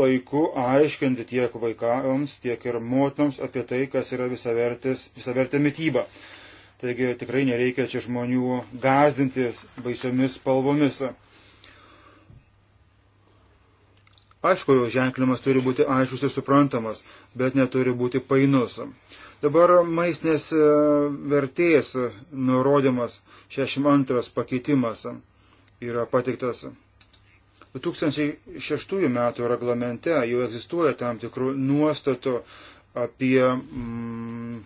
laiku aiškinti tiek vaikams, tiek ir motinoms apie tai, kas yra visavertis, visavertė mytyba. Taigi tikrai nereikia čia žmonių gazdintis baisiomis spalvomis. Aišku, ženklimas turi būti aiškus ir suprantamas, bet neturi būti painus. Dabar maistinės e, vertės nurodymas 62 pakeitimas yra pateiktas. 2006 metų reglamente jau egzistuoja tam tikrų nuostatų apie mm,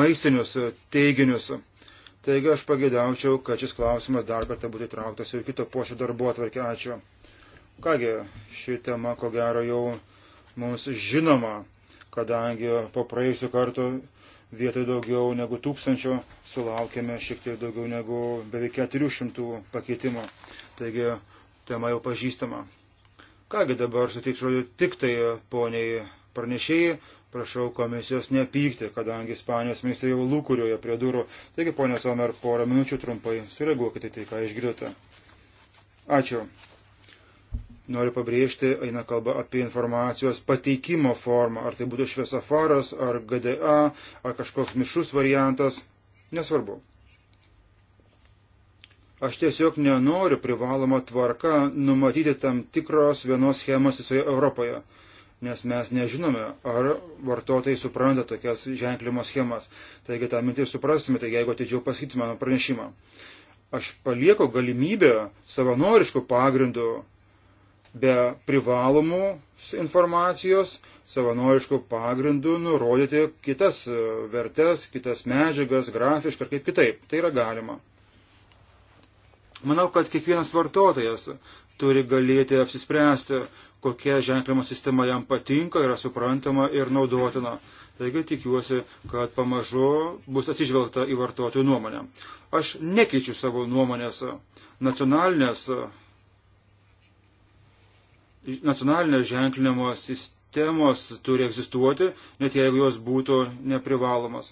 maistinius teiginius. Taigi aš pagėdaučiau, kad šis klausimas dar kartą būtų įtrauktas ir kito pošio darbo atvarkė. Ačiū. Kągi, ši tema ko gero jau mums žinoma, kadangi po praėjusiu kartu vietoj daugiau negu tūkstančio sulaukėme šiek tiek daugiau negu beveik 400 pakeitimų. Taigi tema jau pažįstama. Kągi dabar sutiksiu žodžiu tik tai poniai pranešėjai, prašau komisijos nepykti, kadangi Ispanijos ministrai jau lūkurioje prie durų. Taigi, ponė Somer, porą minučių trumpai sureaguokite tai, ką išgirdote. Ačiū noriu pabrėžti, eina kalba apie informacijos pateikimo formą, ar tai būtų šviesoforas, ar GDA, ar kažkoks mišus variantas, nesvarbu. Aš tiesiog nenoriu privaloma tvarka numatyti tam tikros vienos schemos visoje Europoje, nes mes nežinome, ar vartotojai supranta tokias ženklimo schemas. Taigi tą mintį ir suprastumėte, jeigu atidžiau pasakytume pranešimą. Aš palieku galimybę savanoriškų pagrindų be privalomų informacijos savanoriškų pagrindų nurodyti kitas e, vertes, kitas medžiagas, grafiškai ar kaip kitaip. Tai yra galima. Manau, kad kiekvienas vartotojas turi galėti apsispręsti, kokia ženklimo sistema jam patinka, yra suprantama ir naudotina. Taigi tikiuosi, kad pamažu bus atsižvelgta į vartotojų nuomonę. Aš nekeičiu savo nuomonės. Nacionalinės nacionalinio ženklinimo sistemos turi egzistuoti, net jeigu jos būtų neprivalomas.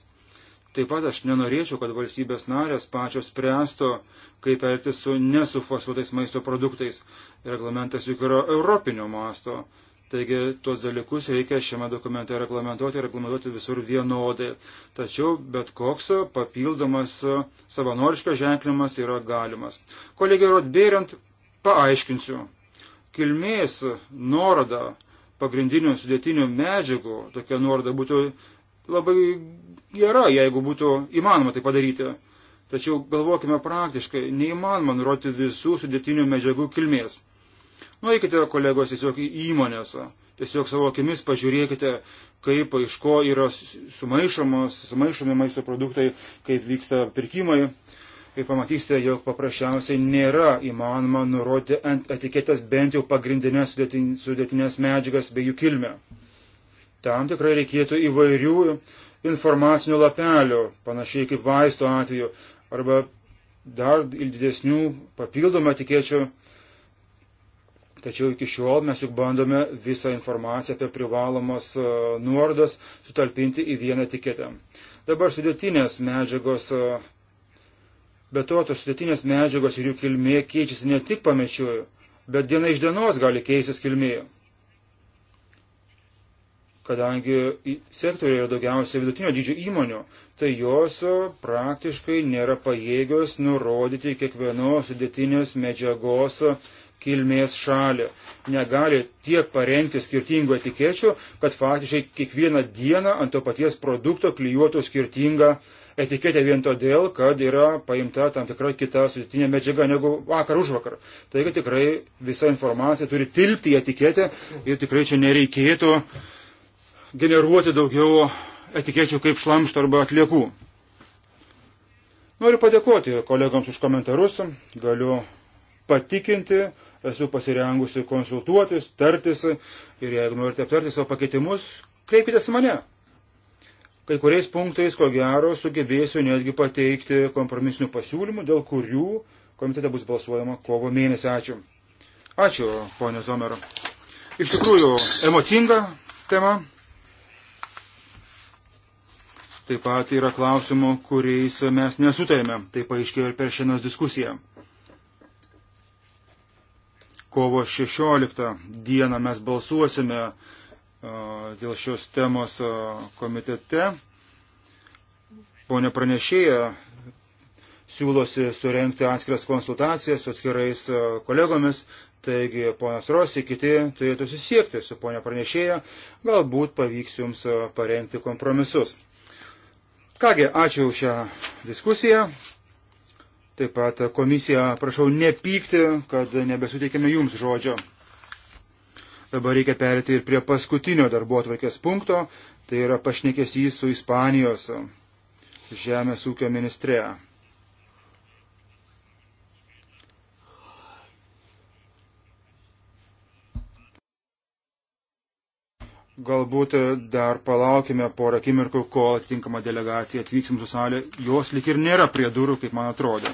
Taip pat aš nenorėčiau, kad valstybės narės pačios spręsto, kaip elgtis su nesufasuotais maisto produktais. Reglamentas juk yra europinio masto. Taigi tuos dalykus reikia šiame dokumente reglamentuoti ir reglamentuoti visur vienodai. Tačiau bet koks papildomas savanoriškas ženklimas yra galimas. Kolegė Rotbėrint, paaiškinsiu, kilmės nuoroda pagrindinių sudėtinių medžiagų, tokia nuoroda būtų labai gera, jeigu būtų įmanoma tai padaryti. Tačiau galvokime praktiškai, neįmanoma nurodyti visų sudėtinių medžiagų kilmės. Nueikite, kolegos, tiesiog į įmonėse. Tiesiog savo akimis pažiūrėkite, kaip iš ko yra sumaišomos, sumaišomi maisto produktai, kaip vyksta pirkimai kai pamatysite, jog paprasčiausiai nėra įmanoma nurodyti ant etiketės bent jau pagrindinės sudėtinės medžiagas bei jų kilmę. Tam tikrai reikėtų įvairių informacinių lapelių, panašiai kaip vaisto atveju, arba dar didesnių papildomų etikėčių. Tačiau iki šiol mes juk bandome visą informaciją apie privalomas e, nuorodas sutalpinti į vieną etiketę. Dabar sudėtinės medžiagos e, Be to, tos sudėtinės medžiagos ir jų kilmė keičiasi ne tik pamečiuoju, bet diena iš dienos gali keistis kilmė. Kadangi sektoriuje yra daugiausia vidutinio dydžio įmonių, tai jos praktiškai nėra pajėgios nurodyti kiekvienos sudėtinės medžiagos kilmės šalį. Negali tiek parengti skirtingų etikečių, kad faktiškai kiekvieną dieną ant to paties produkto klyjuotų skirtingą uh, etiketę vien todėl, kad yra paimta tam tikra kita sudėtinė medžiaga negu vakar už vakar. Taigi tikrai visa informacija turi tilpti į etiketę ir tikrai čia nereikėtų generuoti daugiau etikečių kaip šlamšto arba atliekų. Noriu padėkoti kolegams už komentarus, galiu patikinti, esu pasirengusi konsultuotis, tartis ir jeigu norite aptarti savo pakeitimus, kreipkitės į mane kai kuriais punktais, ko gero, sugebėsiu netgi pateikti kompromisinių pasiūlymų, dėl kurių komitete bus balsuojama kovo mėnesį. Ačiū. Ačiū, ponė Zomero. Iš tikrųjų, emocinga tema. Taip pat yra klausimų, kuriais mes nesutarėme. Tai paaiškėjo ir per šiandienos diskusiją. Kovo 16 dieną mes balsuosime dėl šios temos komitete. Pone pranešėja siūlosi surenkti atskiras konsultacijas su atskirais kolegomis, taigi ponas Rosi, kiti turėtų susiekti su ponia pranešėja, galbūt pavyks jums parengti kompromisus. Kągi, ačiū už šią diskusiją. Taip pat komisija, prašau, nepykti, kad nebesuteikėme jums žodžio. Dabar reikia perėti ir prie paskutinio darbo atvarkės punkto, tai yra pašnekesys su Ispanijos žemės ūkio ministre. Galbūt dar palaukime porą akimirkų, kol atitinkama delegacija atvyks mūsų salė. Jos lik ir nėra prie durų, kaip man atrodo.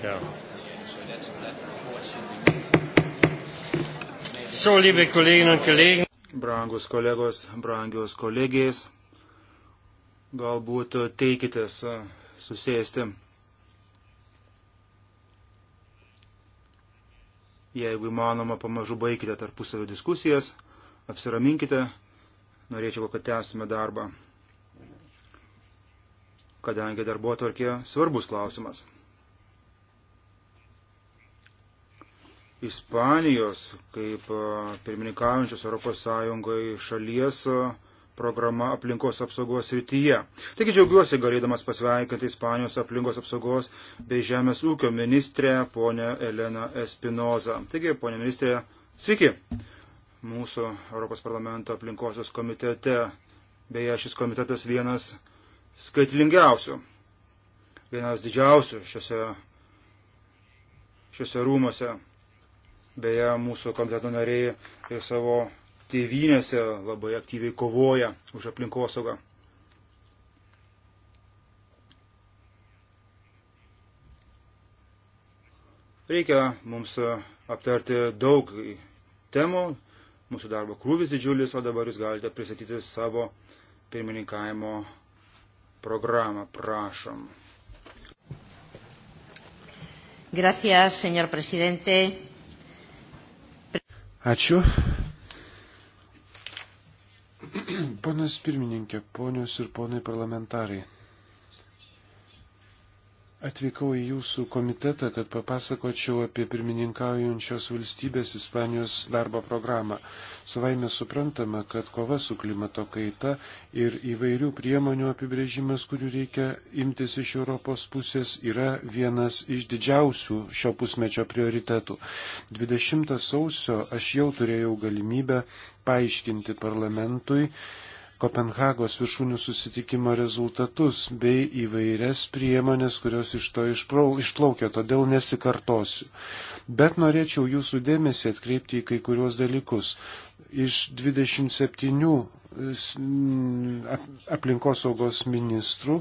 Ja. So, liebe Kolleginnen und Kollegen. Brangus kolegos, brangios kolegės, galbūt teikitės susėsti. Jeigu įmanoma, pamažu baigite tarpusavio diskusijas, apsiraminkite, norėčiau, kad tęstume darbą, kadangi darbo tvarkė svarbus klausimas. Ispanijos kaip pirmininkaujančios ES šalies programa aplinkos apsaugos rytyje. Taigi džiaugiuosi galėdamas pasveikinti Ispanijos aplinkos apsaugos bei žemės ūkio ministrę ponę Eleną Espinozą. Taigi, ponė ministrė, sveiki mūsų Europos parlamento aplinkosios komitete. Beje, šis komitetas vienas skaitlingiausių, vienas didžiausių šiuose, šiuose rūmose. Beje, mūsų komiteto nariai ir savo tėvynėse labai aktyviai kovoja už aplinkosaugą. Reikia mums aptarti daug temų, mūsų darbo krūvis didžiulis, o dabar jūs galite pristatyti savo pirmininkavimo programą. Prašom. Gracias, señor presidente. Ačiū. <clears throat> Ponas pirmininkė, ponios ir ponai parlamentarai. Atvykau į jūsų komitetą, kad papasakočiau apie pirmininkaujančios valstybės Ispanijos darbo programą. Savaime suprantama, kad kova su klimato kaita ir įvairių priemonių apibrėžimas, kurių reikia imtis iš Europos pusės, yra vienas iš didžiausių šio pusmečio prioritetų. 20 sausio aš jau turėjau galimybę paaiškinti parlamentui, Kopenhagos viršūnių susitikimo rezultatus bei įvairias priemonės, kurios iš to išplaukia, todėl nesikartosiu. Bet norėčiau jūsų dėmesį atkreipti į kai kuriuos dalykus. Iš 27 aplinkosaugos ministrų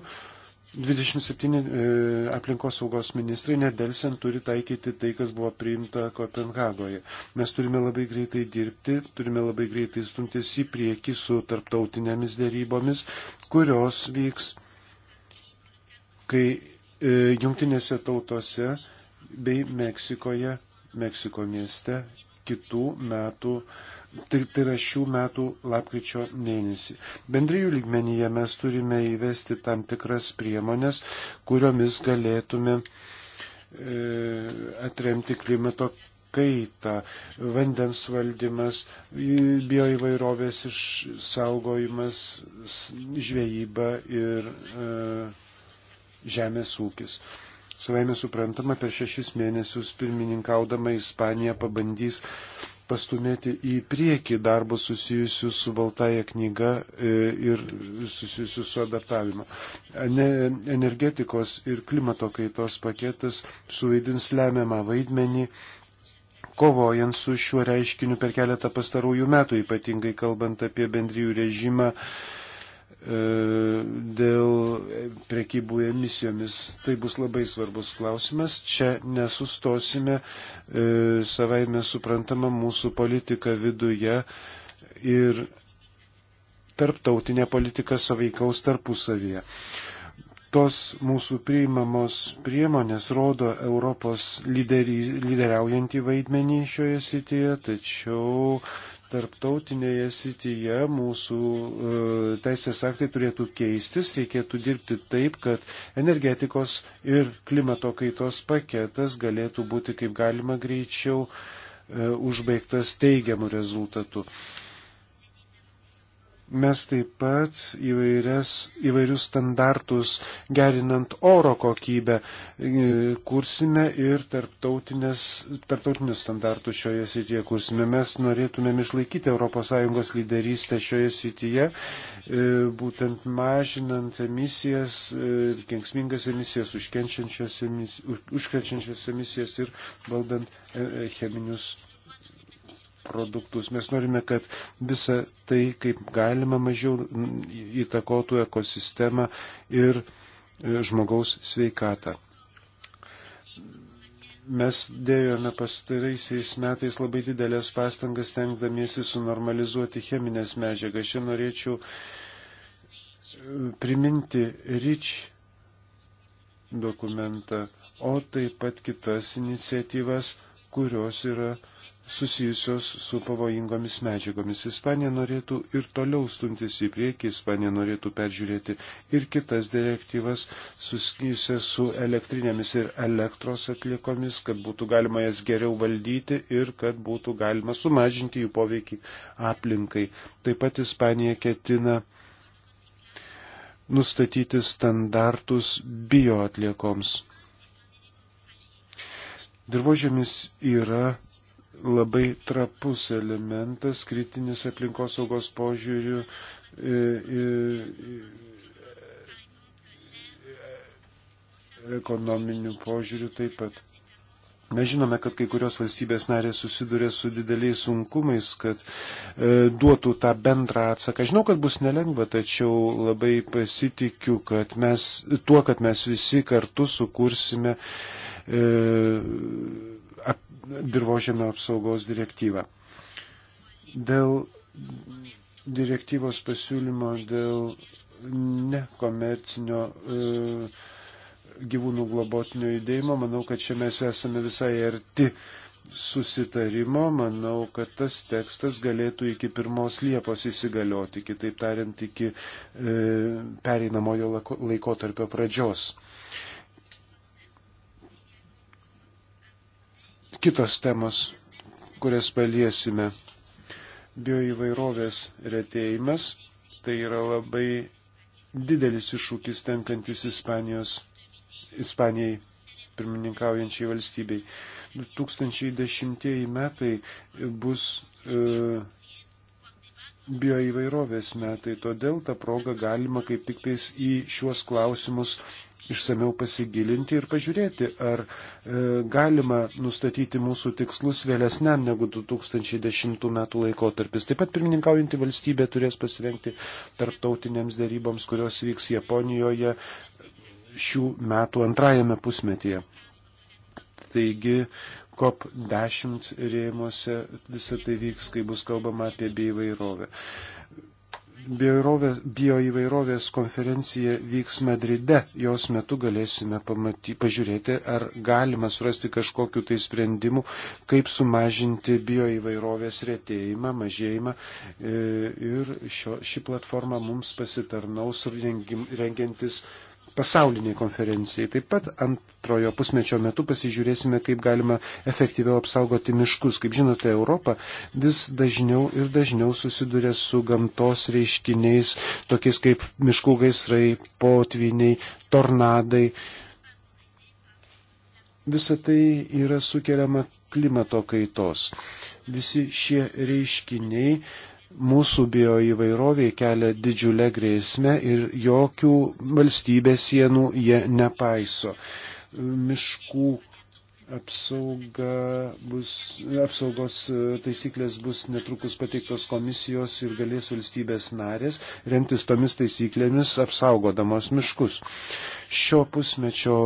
27 e, aplinkosaugos ministrai nedelsiant turi taikyti tai, kas buvo priimta Kopenhagoje. Mes turime labai greitai dirbti, turime labai greitai stumtis į priekį su tarptautinėmis dėrybomis, kurios vyks, kai e, jungtinėse tautose bei Meksikoje, Meksiko mieste kitų metų uh, tai, tai yra šių metų lapkričio mėnesį. Bendrijų lygmenyje mes turime įvesti tam tikras priemonės, kuriomis galėtume e, atremti klimato kaitą, vandens valdymas, bioįvairovės išsaugojimas, žvejyba ir e, žemės ūkis. Savaime suprantama, per šešis mėnesius pirmininkaudama Ispanija pabandys pastumėti į priekį darbus susijusius su Baltaja knyga e, ir susijusius su adaptavimu. Energetikos ir klimato kaitos paketas suvaidins lemiamą vaidmenį kovojant su šiuo reiškiniu per keletą pastarųjų metų, ypatingai kalbant apie bendrijų režimą E, dėl prekybų emisijomis. Tai bus labai svarbus klausimas. Čia nesustosime e, savaime suprantama mūsų politika viduje ir tarptautinė politika savaikaus tarpusavyje. Tos mūsų priimamos priemonės rodo Europos lyderį, lyderiaujantį vaidmenį šioje srityje, tačiau tarptautinėje sityje mūsų e, teisės aktai turėtų keistis, reikėtų dirbti taip, kad energetikos ir klimato kaitos paketas galėtų būti kaip galima greičiau e, užbaigtas teigiamų rezultatų. Mes taip pat įvairias, įvairius standartus gerinant oro kokybę e, kursime ir tarptautinius standartus šioje srityje kursime. Mes norėtumėm išlaikyti ES lyderystę šioje srityje, e, būtent mažinant emisijas, e, kenksmingas emisijas, užkrečiančias emisijas, emisijas ir valdant cheminius produktus. Mes norime, kad visa tai, kaip galima mažiau įtakotų ekosistemą ir e, žmogaus sveikatą. Mes dėjome pastaraisiais metais labai didelės pastangas tenkdamiesi sunormalizuoti cheminės medžiagas. Čia norėčiau e, priminti REACH dokumentą, o taip pat kitas iniciatyvas, kurios yra uh, susijusios su pavojingomis medžiagomis. Ispanija norėtų ir toliau stumtis į priekį, Ispanija norėtų peržiūrėti ir kitas direktyvas susijusias su elektrinėmis ir elektros atlikomis, kad būtų galima jas geriau valdyti ir kad būtų galima sumažinti jų poveikį aplinkai. Taip pat Ispanija ketina nustatyti standartus bioatliekoms. Dirbožėmis yra labai trapus elementas, kritinis aplinkos saugos požiūrių. E, e, e, ekonominių požiūrių taip pat. Mes žinome, kad kai kurios valstybės narės susiduria su dideliais sunkumais, kad e, duotų tą bendrą atsaką. Žinau, kad bus nelengva, tačiau labai pasitikiu, kad mes, tuo, kad mes visi kartu sukursime e, dirbožėmio apsaugos direktyvą. Dėl direktyvos pasiūlymo dėl nekomercinio e, gyvūnų globotinio judėjimo, manau, kad čia mes esame visai arti susitarimo, manau, kad tas tekstas galėtų iki pirmos Liepos įsigalioti, kitaip tariant, iki e, pereinamojo laiko, laikotarpio pradžios. kitos temos, kurias paliesime. Bioįvairovės retėjimas tai yra labai didelis iššūkis tenkantis Ispanijos, Ispanijai pirmininkaujančiai valstybei. 2010 metai bus e, bioįvairovės metai, todėl tą progą galima kaip tik tais į šiuos klausimus išsameu pasigilinti ir pažiūrėti, ar e, galima nustatyti mūsų tikslus vėlesniam negu 2010 metų laikotarpis. Taip pat pirmininkaujanti valstybė turės pasirenkti tarptautinėms dėryboms, kurios vyks Japonijoje šių metų antrajame pusmetyje. Taigi, COP10 rėmuose visą tai vyks, kai bus kalbama apie bioįvairovę bioįvairovės bio konferencija vyks Madride. Jos metu galėsime pamaty, pažiūrėti, ar galima surasti kažkokiu tai sprendimu, kaip sumažinti bioįvairovės rėtėjimą, mažėjimą. E, ir šio, ši platforma mums pasitarnaus rengiantis pasauliniai konferencijai. Taip pat antrojo pusmečio metu pasižiūrėsime, kaip galima efektyviau apsaugoti miškus. Kaip žinote, Europa vis dažniau ir dažniau susiduria su gamtos reiškiniais, tokiais kaip miškų gaisrai, potviniai, tornadai. Visą tai yra sukeliama klimato kaitos. Visi šie reiškiniai mūsų bioįvairoviai kelia didžiulę grėsmę ir jokių valstybės sienų jie nepaiso. Miškų apsauga bus, apsaugos taisyklės bus netrukus pateiktos komisijos ir galės valstybės narės remtis tomis taisyklėmis apsaugodamos miškus. Šio pusmečio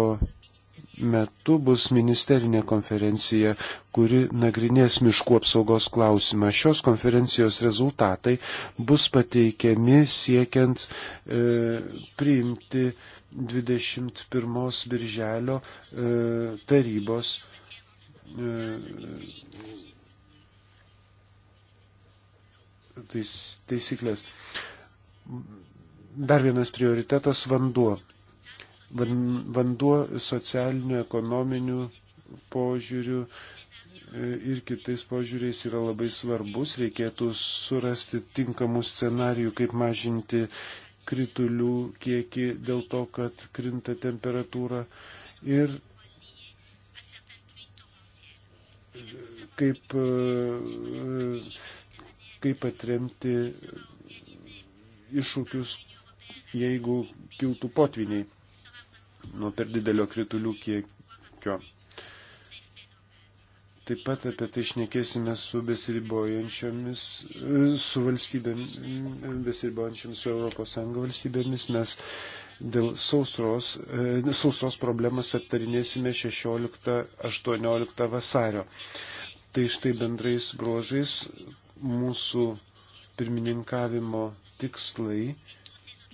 metu bus ministerinė konferencija, kuri nagrinės miškų apsaugos klausimą. Šios konferencijos rezultatai bus pateikiami siekiant e, priimti 21 birželio e, tarybos. E, Tais, taisyklės. Dar vienas prioritetas - vanduo vanduo socialiniu, ekonominiu požiūriu e, ir kitais požiūriais yra labai svarbus. Reikėtų surasti tinkamų scenarijų, kaip mažinti kritulių kiekį dėl to, kad krinta temperatūra. Ir kaip, e, kaip atremti iššūkius, jeigu kiltų potviniai nuo per didelio kritulių kiekio. Taip pat apie tai šnekėsime su besiribojančiomis, su valstybėmis, besiribojančiomis su ES valstybėmis. Mes dėl sausros, e, sausros problemas aptarinėsime 16-18 vasario. Tai štai bendrais bruožais mūsų pirmininkavimo tikslai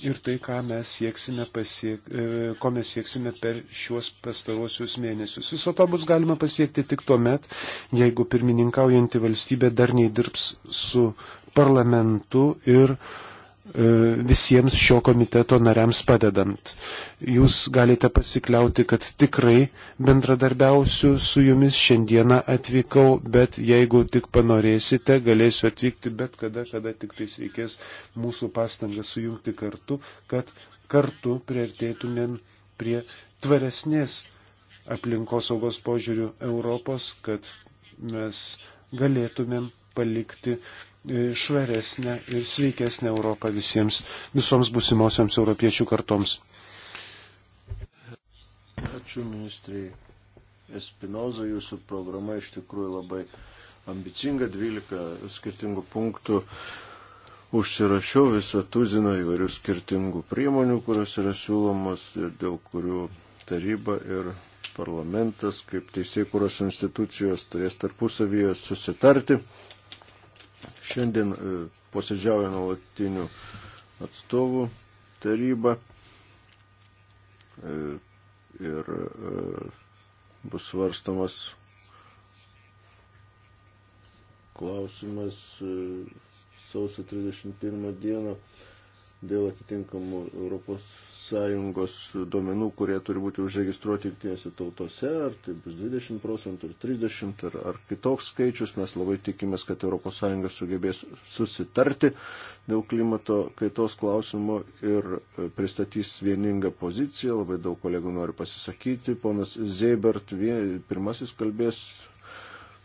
ir tai, ką mes sieksime, pasiek, e, ko mes sieksime per šiuos pastarosius mėnesius. Viso to bus galima pasiekti tik tuo met, jeigu pirmininkaujanti valstybė dar neįdirbs su parlamentu ir uh, E, visiems šio komiteto nariams padedant. Jūs galite pasikliauti, kad tikrai bendradarbiausiu su jumis šiandieną atvykau, bet jeigu tik panorėsite, galėsiu atvykti bet kada, kada tik tai reikės mūsų pastangą sujungti kartu, kad kartu priartėtumėm prie tvaresnės aplinkosaugos požiūrių Europos, kad mes galėtumėm palikti uh, švaresnę ir sveikesnę Europą visiems, visoms busimosioms europiečių kartoms. Ačiū ministrai Espinoza, jūsų programa iš tikrųjų labai ambicinga, 12 skirtingų punktų. Užsirašiau visą tuziną įvairių skirtingų priemonių, kurios yra siūlomos ir dėl kurių taryba ir parlamentas kaip teisėkuros institucijos turės tarpusavyje susitarti. Šiandien e, posėdžiauja nuolatinių atstovų taryba e, ir e, bus svarstamas klausimas sausio 31 dieną dėl atitinkamų Europos ES duomenų, kurie turi būti užregistruoti jungtinėse tautose, ar tai bus 20 procentų, ar 30, ar, ar kitoks skaičius. Mes labai tikimės, kad ES sugebės susitarti dėl klimato kaitos klausimo ir e, pristatys vieningą poziciją. Labai daug kolegų nori pasisakyti. Ponas Zeibert, pirmasis kalbės.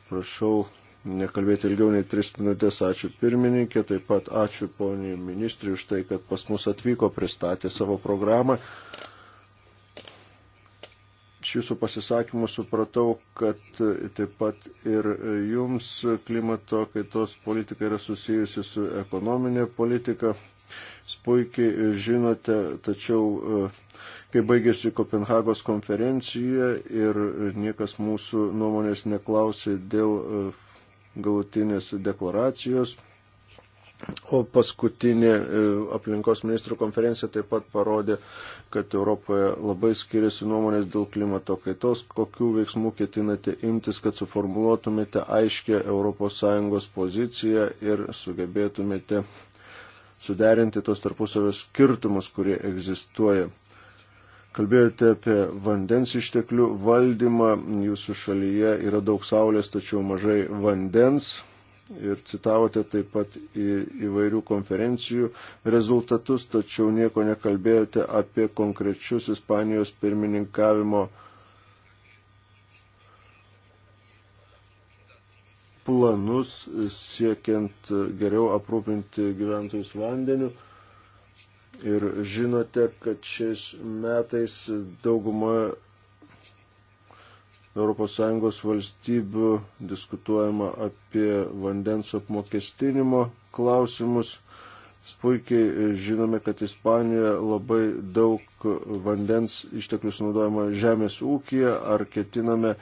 Prašau nekalbėti ilgiau nei 3 minutės. Ačiū pirmininkė, taip pat ačiū poniai ministrė už tai, kad pas mus atvyko, pristatė savo programą. Iš jūsų pasisakymų supratau, kad taip pat ir jums klimato kaitos politika yra susijusi su ekonominė politika. Jūs puikiai žinote, tačiau kai baigėsi Kopenhagos konferencija ir niekas mūsų nuomonės neklausė dėl galutinės deklaracijos. O paskutinė e, aplinkos ministrų konferencija taip pat parodė, kad Europoje labai skiriasi nuomonės dėl klimato kaitos, kokių veiksmų ketinate imtis, kad suformuluotumėte aiškę ES poziciją ir sugebėtumėte suderinti tos tarpusavio skirtumus, kurie egzistuoja. Kalbėjote apie vandens išteklių valdymą, jūsų šalyje yra daug saulės, tačiau mažai vandens. Ir citavote taip pat į, įvairių konferencijų rezultatus, tačiau nieko nekalbėjote apie konkrečius Ispanijos pirmininkavimo planus siekiant geriau aprūpinti gyventojus vandeniu. Ir žinote, kad šiais metais dauguma ES valstybių diskutuojama apie vandens apmokestinimo klausimus. Mes puikiai žinome, kad Ispanijoje labai daug vandens išteklių sunaudojama žemės ūkija. Ar ketiname,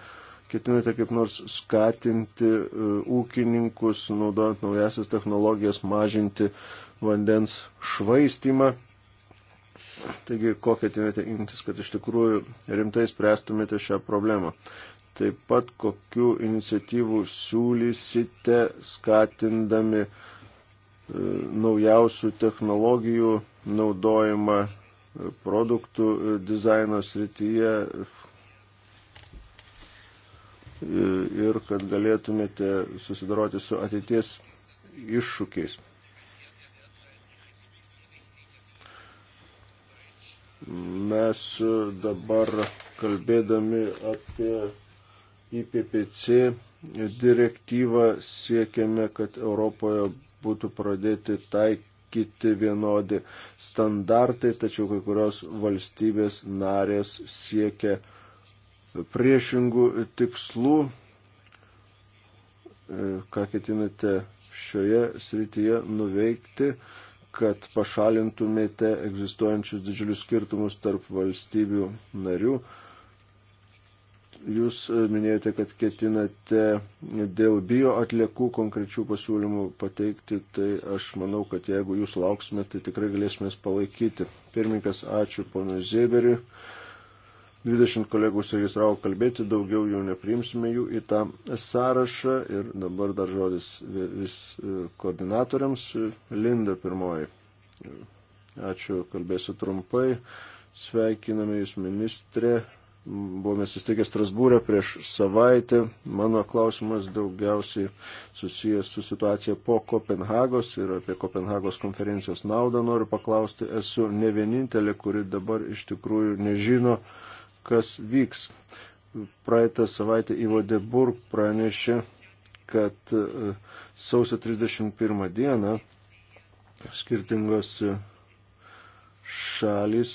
ketinate kaip nors skatinti e, ūkininkus, naudojant naujasias technologijas, mažinti vandens švaistimą. Taigi, kokią atimėte imtis, kad iš tikrųjų rimtai spręstumėte šią problemą. Taip pat, kokiu iniciatyvų siūlysite skatindami e, naujausių technologijų naudojimą e, produktų e, dizaino srityje e, ir kad galėtumėte susidaroti su ateities iššūkiais. Mes dabar kalbėdami apie IPPC direktyvą siekiame, kad Europoje būtų pradėti taikyti vienodi standartai, tačiau kai kurios valstybės narės siekia priešingų tikslų. Ką ketinate šioje srityje nuveikti? kad pašalintumėte egzistuojančius didžiulius skirtumus tarp valstybių narių. Jūs e, minėjote, kad ketinate dėl bio atliekų konkrečių pasiūlymų pateikti, tai aš manau, kad jeigu jūs lauksime, tai tikrai galėsime palaikyti. Pirmininkas, ačiū ponui Zeberiui. 20 kolegų užsiregistravo kalbėti, daugiau jau nepriimsime jų į tą sąrašą. Ir dabar dar žodis vis e, koordinatoriams. Linda pirmoji. Ačiū, kalbėsiu trumpai. Sveikiname Jūs, ministrė. Buvome susitikę Strasbūrę prieš savaitę. Mano klausimas daugiausiai susijęs su situacija po Kopenhagos ir apie Kopenhagos konferencijos naudą noriu paklausti. Esu ne vienintelė, kuri dabar iš tikrųjų nežino, kas vyks. Praeitą savaitę įvodė Burg pranešė, kad e, sausio 31 dieną skirtingos e, šalis,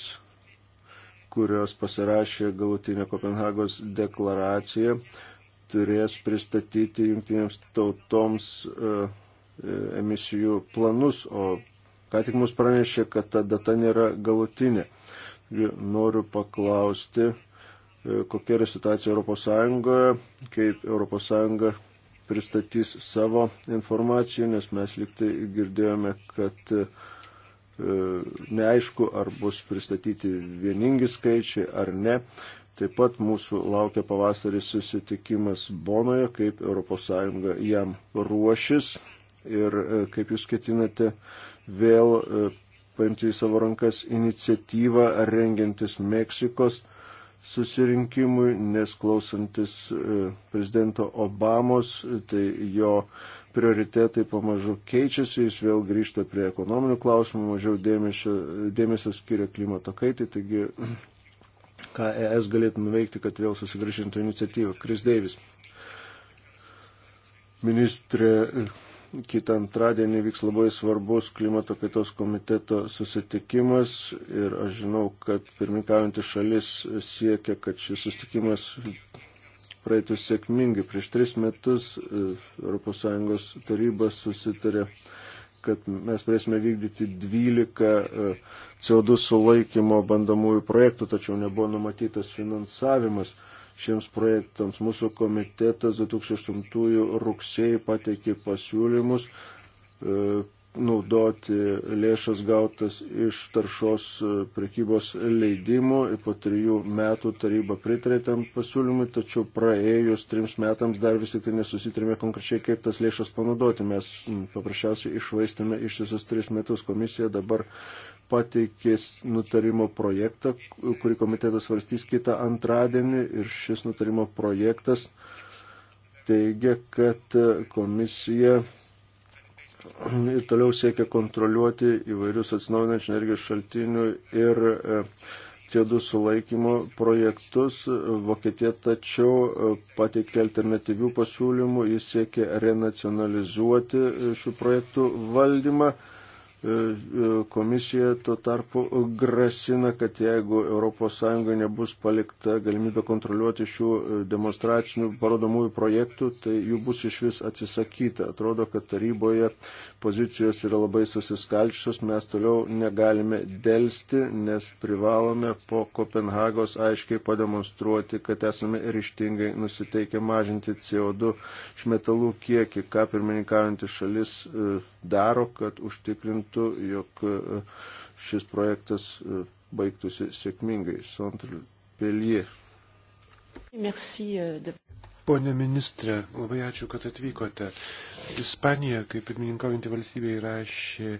kurios pasirašė galutinę Kopenhagos deklaraciją, turės pristatyti jungtinėms tautoms e, emisijų planus, o ką tik mus pranešė, kad ta data nėra galutinė noriu paklausti, e, kokia yra situacija ES, kaip ES pristatys savo informaciją, nes mes liktai girdėjome, kad e, neaišku, ar bus pristatyti vieningi skaičiai ar ne. Taip pat mūsų laukia pavasarį susitikimas Bonoje, kaip ES jam ruošis ir e, kaip jūs ketinate vėl paimti į savo rankas iniciatyvą rengiantis Meksikos susirinkimui, nes klausantis e, prezidento Obamos, tai jo prioritetai pamažu keičiasi, jis vėl grįžta prie ekonominių klausimų, mažiau dėmesio, dėmesio skiria klimato kaitai, taigi <clears throat> ką ES galėtų nuveikti, kad vėl susigražintų iniciatyvą. Kris Deivis. Ministrė Kitą antradienį vyks labai svarbus klimato kaitos komiteto susitikimas ir aš žinau, kad pirmininkaujantis šalis siekia, kad šis susitikimas praeitų sėkmingai. Prieš tris metus ES taryba susitarė, kad mes turėsime vykdyti 12 e, CO2 sulaikymo bandomųjų projektų, tačiau nebuvo numatytas finansavimas šiems projektams. Mūsų komitetas 2008 rugsėjai pateikė pasiūlymus e, naudoti lėšas gautas iš taršos e, prekybos leidimų. Po trijų metų taryba pritarė tam pasiūlymui, tačiau praėjus trims metams dar vis tik tai nesusitrėmė konkrečiai, kaip tas lėšas panaudoti. Mes paprasčiausiai išvaistėme ištisus tris metus. Komisija dabar pateikė nutarimo projektą, kurį komitetas varstys kitą antradienį ir šis nutarimo projektas teigia, kad e, komisija <clears throat> ir toliau siekia kontroliuoti įvairius atsinaujinančių energijos šaltinių ir e, CO2 sulaikymo projektus. Vokietija tačiau e, pateikė alternatyvių pasiūlymų, jis siekia renacionalizuoti šių projektų valdymą. E, e, komisija tuo tarpu grasina, kad jeigu ES nebus palikta galimybė kontroliuoti šių e, demonstracinių parodomųjų projektų, tai jų bus iš vis atsisakyta. Atrodo, kad taryboje pozicijos yra labai susiskalčiusios, mes toliau negalime dėlsti, nes privalome po Kopenhagos aiškiai pademonstruoti, kad esame ryštingai nusiteikę mažinti CO2 išmetalų kiekį, ką pirmininkaujantį šalis e, daro, kad užtikrintų, jog e, šis projektas e, baigtųsi sėkmingai. Sontril Pelie. Merci euh, de... Pone ministrė, labai ačiū, kad atvykote. Ispanija, kaip pirmininkaujantį valstybę, įrašė e,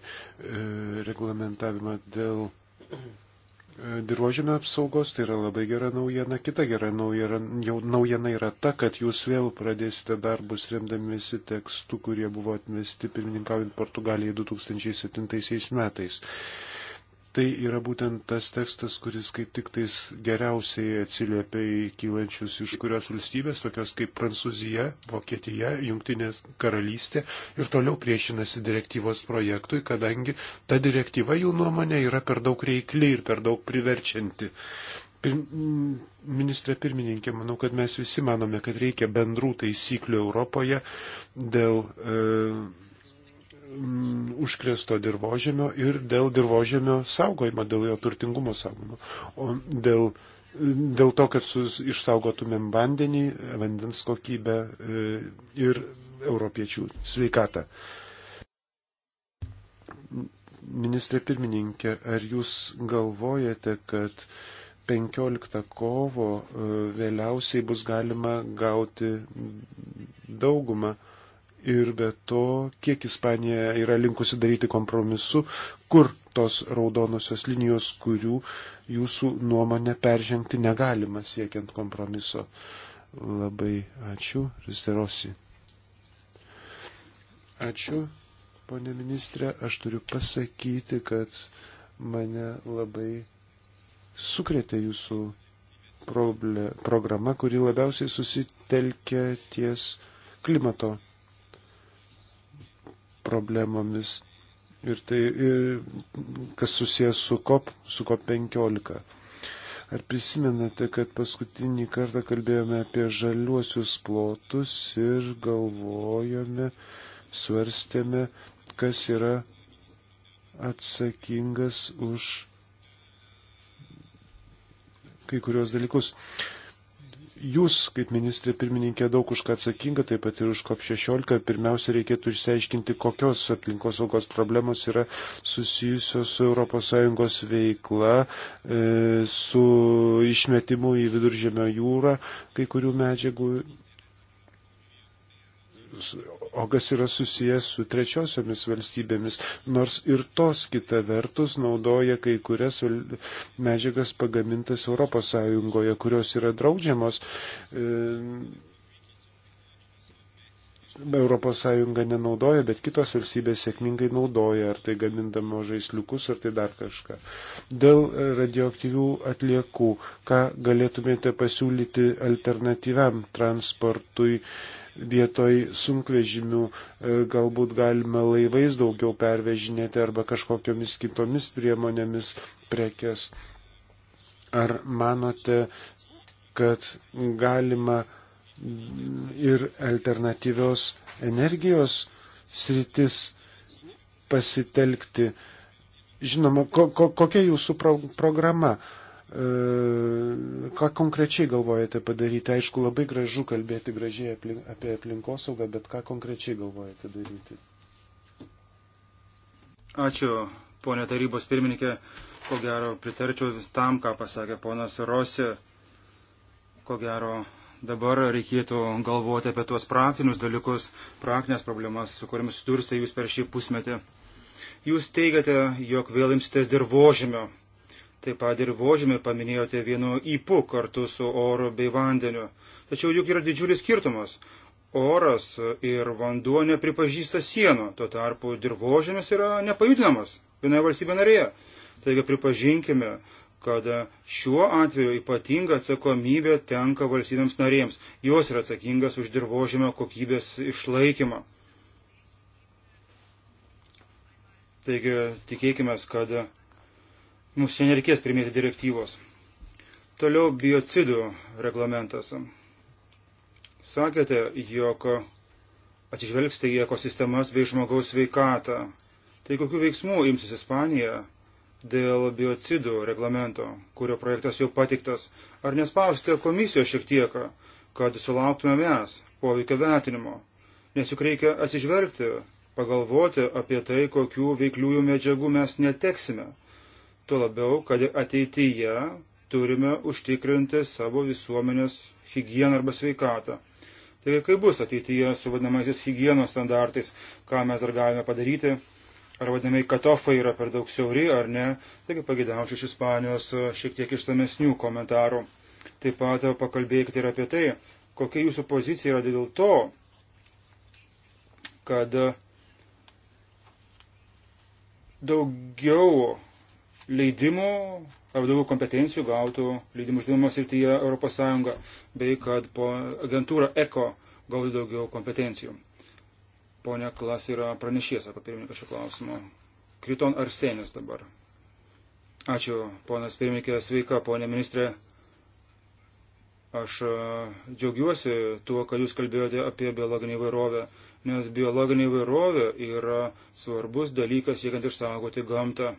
reglamentavimą dėl e, dirbožėmio apsaugos, tai yra labai gera naujiena. Kita gera naujiena, jau, naujiena yra ta, kad jūs vėl pradėsite darbus remdamiesi tekstų, kurie buvo atmesti pirmininkaujant Portugalijai 2007 metais tai yra būtent tas tekstas, kuris kaip tik tais geriausiai atsiliepia į kylančius iš kurios valstybės, tokios kaip Prancūzija, Vokietija, Junktinės karalystė ir toliau priešinasi direktyvos projektui, kadangi ta direktyva jų nuomonė yra per daug reikli ir per daug priverčianti. Pir, ministrė pirmininkė, manau, kad mes visi manome, kad reikia bendrų taisyklių Europoje dėl. E, mm, užkresto dirbožėmio ir dėl dirbožėmio saugojimo, dėl jo turtingumo saugojimo. O dėl, dėl to, kad sus, išsaugotumėm vandenį, vandens kokybę e, ir europiečių sveikatą. Ministrė pirmininkė, ar jūs galvojate, kad 15 kovo e, vėliausiai bus galima gauti daugumą ir be to, kiek Ispanija yra linkusi daryti kompromisu, kur tos raudonosios linijos, kurių jūsų nuomonė peržengti negalima siekiant kompromiso. Labai ačiū, Risterosi. Ačiū, ponė ministrė. Aš turiu pasakyti, kad mane labai sukrėtė jūsų problė, programa, kuri labiausiai susitelkė ties klimato problemomis ir tai, ir kas susijęs su COP, su COP15. Ar prisimenate, kad paskutinį kartą kalbėjome apie žaliuosius plotus ir galvojome, svarstėme, kas yra atsakingas už kai kurios dalykus. Uh, jūs, kaip ministrė pirmininkė, daug už ką atsakinga, taip pat ir už COP16. Pirmiausia, reikėtų išsiaiškinti, kokios aplinkos saugos problemos yra susijusios su ES veikla, e, su išmetimu į viduržėmio jūrą kai kurių medžiagų o kas yra susijęs su trečiosiomis valstybėmis, nors ir tos kita vertus naudoja kai kurias medžiagas pagamintas ES, kurios yra draudžiamos. ES nenaudoja, bet kitos valstybės sėkmingai naudoja, ar tai gamindamo žaisliukus, ar tai dar kažką. Dėl radioaktyvių atliekų, ką galėtumėte pasiūlyti alternatyviam transportui, e, vietoj sunkvežimių e, galbūt galima laivais daugiau pervežinėti arba kažkokiamis kitomis priemonėmis prekes. Ar manote, kad galima ir alternatyvios energijos sritis pasitelkti? Žinoma, ko, ko, kokia jūsų pro, programa? E, ką konkrečiai galvojate padaryti? Aišku, labai gražu kalbėti gražiai apie aplinkosaugą, bet ką konkrečiai galvojate daryti? Ačiū, ponė tarybos pirmininkė. Ko gero pritarčiau tam, ką pasakė ponas Rosi. Ko gero dabar reikėtų galvoti apie tuos praktinius dalykus, praktinės problemas, su kuriamis susidursite jūs per šį pusmetį. Jūs teigiate, jog vėl imsitės dirbožymio Taip pat ir vožymį paminėjote vienu įpu kartu su oru bei vandeniu. Tačiau juk yra didžiulis skirtumas. Oras ir vanduo nepripažįsta sienų, tuo tarpu dirbožėmis yra nepajudinamas vienoje valstybė narėje. Taigi pripažinkime, kad šiuo atveju ypatinga atsakomybė tenka valstybėms narėms. Jos yra atsakingas už dirbožėmio kokybės išlaikymą. Taigi tikėkime, kad mums čia nereikės primėti direktyvos. Toliau biocidų reglamentas. Sakėte, jog atsižvelgsite į ekosistemas bei žmogaus veikatą. Tai kokiu veiksmu imsis Ispanija dėl biocidų reglamento, kurio projektas jau patiktas? Ar nespausite komisijos šiek tiek, kad sulauktume mes poveikio vertinimo? Nes juk reikia atsižvelgti, pagalvoti apie tai, kokių veikliųjų medžiagų mes neteksime Tuo labiau, kad ateityje turime užtikrinti savo visuomenės higieną arba sveikatą. Taigi, kaip bus ateityje su vadinamaisiais higienos standartais, ką mes dar galime padaryti, ar vadinamai katofai yra per daug siauri ar ne, taigi pagidaučiu iš Ispanijos e, šiek tiek išsamesnių komentarų. Taip pat pakalbėkite ir apie tai, kokia jūsų pozicija yra dėl to, kad daugiau leidimų ar daugiau kompetencijų gautų leidimų uždavimo srityje ES, bei kad po agentūra ECO gautų daugiau kompetencijų. Pone Klas yra pranešės apie pirmininką šio klausimo. Kriton Arsenės dabar. Ačiū, ponas pirmininkė, sveika, ponė ministrė. Aš e, džiaugiuosi tuo, kad jūs kalbėjote apie biologinį įvairovę, nes biologinė įvairovė yra svarbus dalykas, siekiant išsaugoti gamtą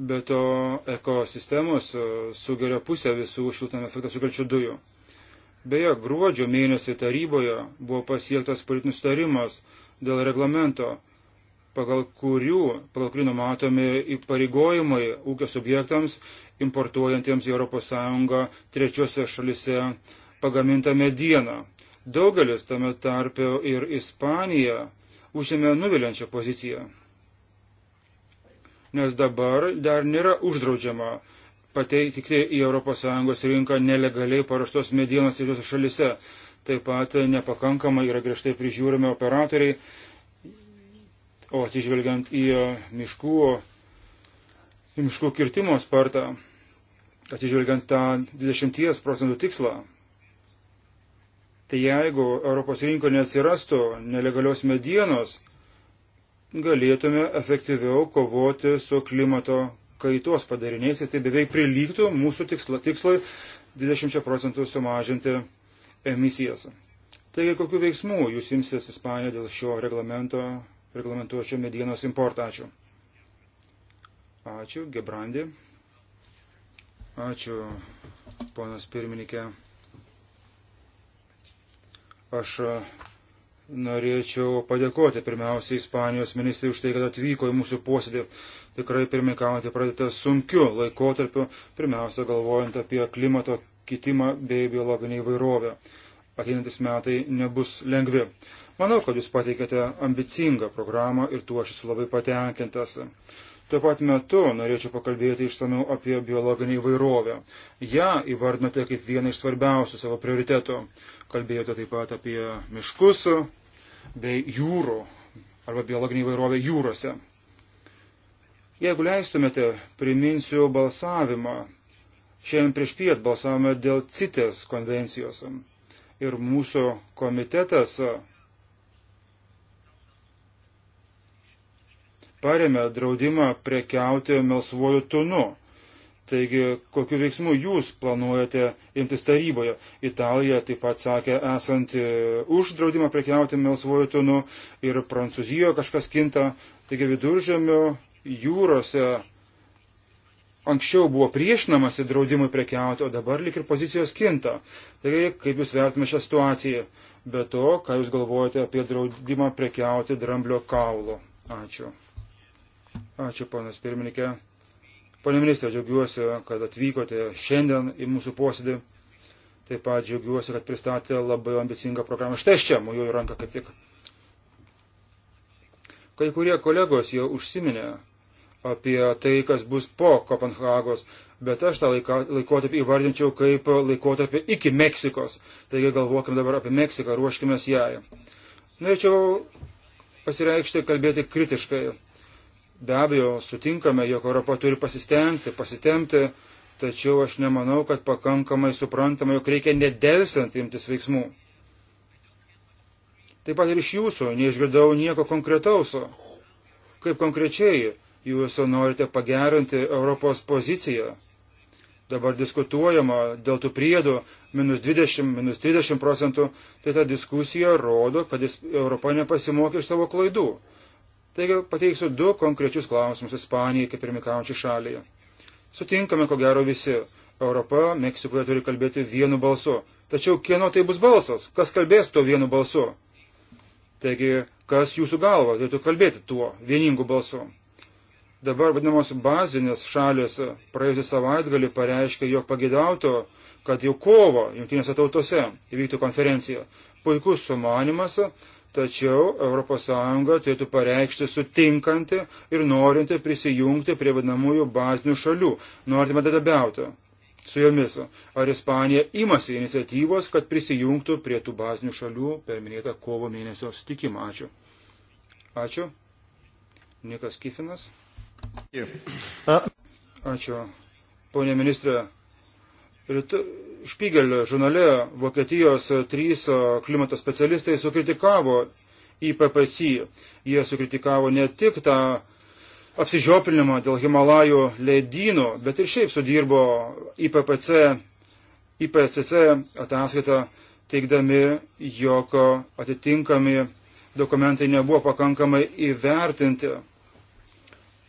be to ekosistemos e, sugeria pusę visų šiltnamio efektą sukelčių dujų. Beje, gruodžio mėnesį taryboje buvo pasiektas politinis sutarimas dėl reglamento, pagal kurių, pagal kurių numatomi įpareigojimai ūkio subjektams importuojantiems į ES trečiose šalise pagamintą medieną. Daugelis tame tarpe ir Ispanija užėmė nuviliančią poziciją nes dabar dar nėra uždraudžiama pateikti į ES rinką nelegaliai paruoštos medienos trečiose šalise. Taip pat nepakankamai yra griežtai prižiūrimi operatoriai, o atsižvelgiant į miškų, į miškų kirtimo spartą, atsižvelgiant tą 20 procentų tikslą. Tai jeigu Europos rinkoje neatsirastų nelegalios medienos, galėtume efektyviau kovoti su klimato kaitos padariniais ir tai beveik prilygtų mūsų tiksla, tikslai 20 procentų sumažinti emisijas. Taigi, kokiu veiksmu jūs imsės Ispanija dėl šio reglamento, reglamentuočio medienos importą? Ačiū. Ačiū, Gebrandi. Ačiū, ponas pirmininkė. Aš Norėčiau padėkoti pirmiausiai Ispanijos ministrai už tai, kad atvyko į mūsų posėdį. Tikrai pirmininkaujantį pradėtą sunkiu laikotarpiu, pirmiausia galvojant apie klimato kitimą bei biologinį įvairovę. Ateinantis metai nebus lengvi. Manau, kad jūs pateikėte ambicingą programą ir tuo aš esu labai patenkintas. Tuo pat metu norėčiau pakalbėti išsamiau apie biologinį įvairovę. Ja įvardinote kaip vieną iš svarbiausių savo prioritetų. Kalbėjote taip pat apie miškus, bei jūrų arba biologinė įvairovė jūrose. Jeigu leistumėte, priminsiu balsavimą. Šiandien prieš piet balsavome dėl CITES konvencijos. Ir mūsų komitetas paremė draudimą prekiauti melsvuoju tunu. Taigi, kokiu veiksmu jūs planuojate imtis taryboje? Italija taip pat sakė esanti e, už draudimą prekiauti melsvoju tunu ir Prancūzijoje kažkas kinta. Taigi viduržėmio jūrose anksčiau buvo priešinamasi draudimui prekiauti, o dabar lik ir pozicijos kinta. Taigi, kaip jūs vertinate šią situaciją? Be to, ką jūs galvojate apie draudimą prekiauti dramblio kaulo? Ačiū. Ačiū, ponas pirmininkė. Pone ministrė, džiaugiuosi, kad atvykote šiandien į mūsų posėdį. Taip pat džiaugiuosi, kad pristatė labai ambicingą programą. Štai čia, mojuoju ranką kaip tik. Kai kurie kolegos jau užsiminė apie tai, kas bus po Kopenhagos, bet aš tą laiko, laikotarpį įvardinčiau kaip laikotarpį iki Meksikos. Taigi galvokime dabar apie Meksiką, ruoškime jai. Norėčiau pasireikšti, kalbėti kritiškai Be abejo, sutinkame, jog Europa turi pasistengti, pasitemti, tačiau aš nemanau, kad pakankamai suprantama, jog reikia nedelsiant imtis veiksmų. Taip pat ir iš jūsų neišgirdau nieko konkretaus. Kaip konkrečiai jūs norite pagerinti Europos poziciją? Dabar diskutuojama dėl tų priedų minus 20, minus 30 procentų, tai ta diskusija rodo, kad Europa nepasimokė iš savo klaidų Taigi pateiksiu du konkrečius klausimus Ispanijai kaip pirmikaujančiai šaliai. Sutinkame, ko gero, visi. Europa Meksikoje turi kalbėti vienu balsu. Tačiau kieno tai bus balsas? Kas kalbės tuo vienu balsu? Taigi, kas jūsų galva turėtų kalbėti tuo vieningu balsu? Dabar vadinamos bazinės šalis praėjusią savaitgalį pareiškė, jog pagėdauto, kad jau kovo jungtinėse tautose įvyktų konferencija. Puikus sumanimas, tačiau ES turėtų pareikšti sutinkanti ir norinti prisijungti prie vadinamųjų bazinių šalių, norinti bendradabiauti su jomis. Ar Ispanija imasi iniciatyvos, kad prisijungtų prie tų bazinių šalių per minėtą kovo mėnesio sutikimą? Ačiū. Ačiū. Nikas Kifinas. Ačiū. Pone ministrė, rytu, Špygelio žurnale Vokietijos trys klimato specialistai sukritikavo IPPC. Jie sukritikavo ne tik tą apsižioplinimą dėl Himalajų ledynų, bet ir šiaip sudirbo IPPC, IPCC ataskaitą, teikdami, jog atitinkami dokumentai nebuvo pakankamai įvertinti.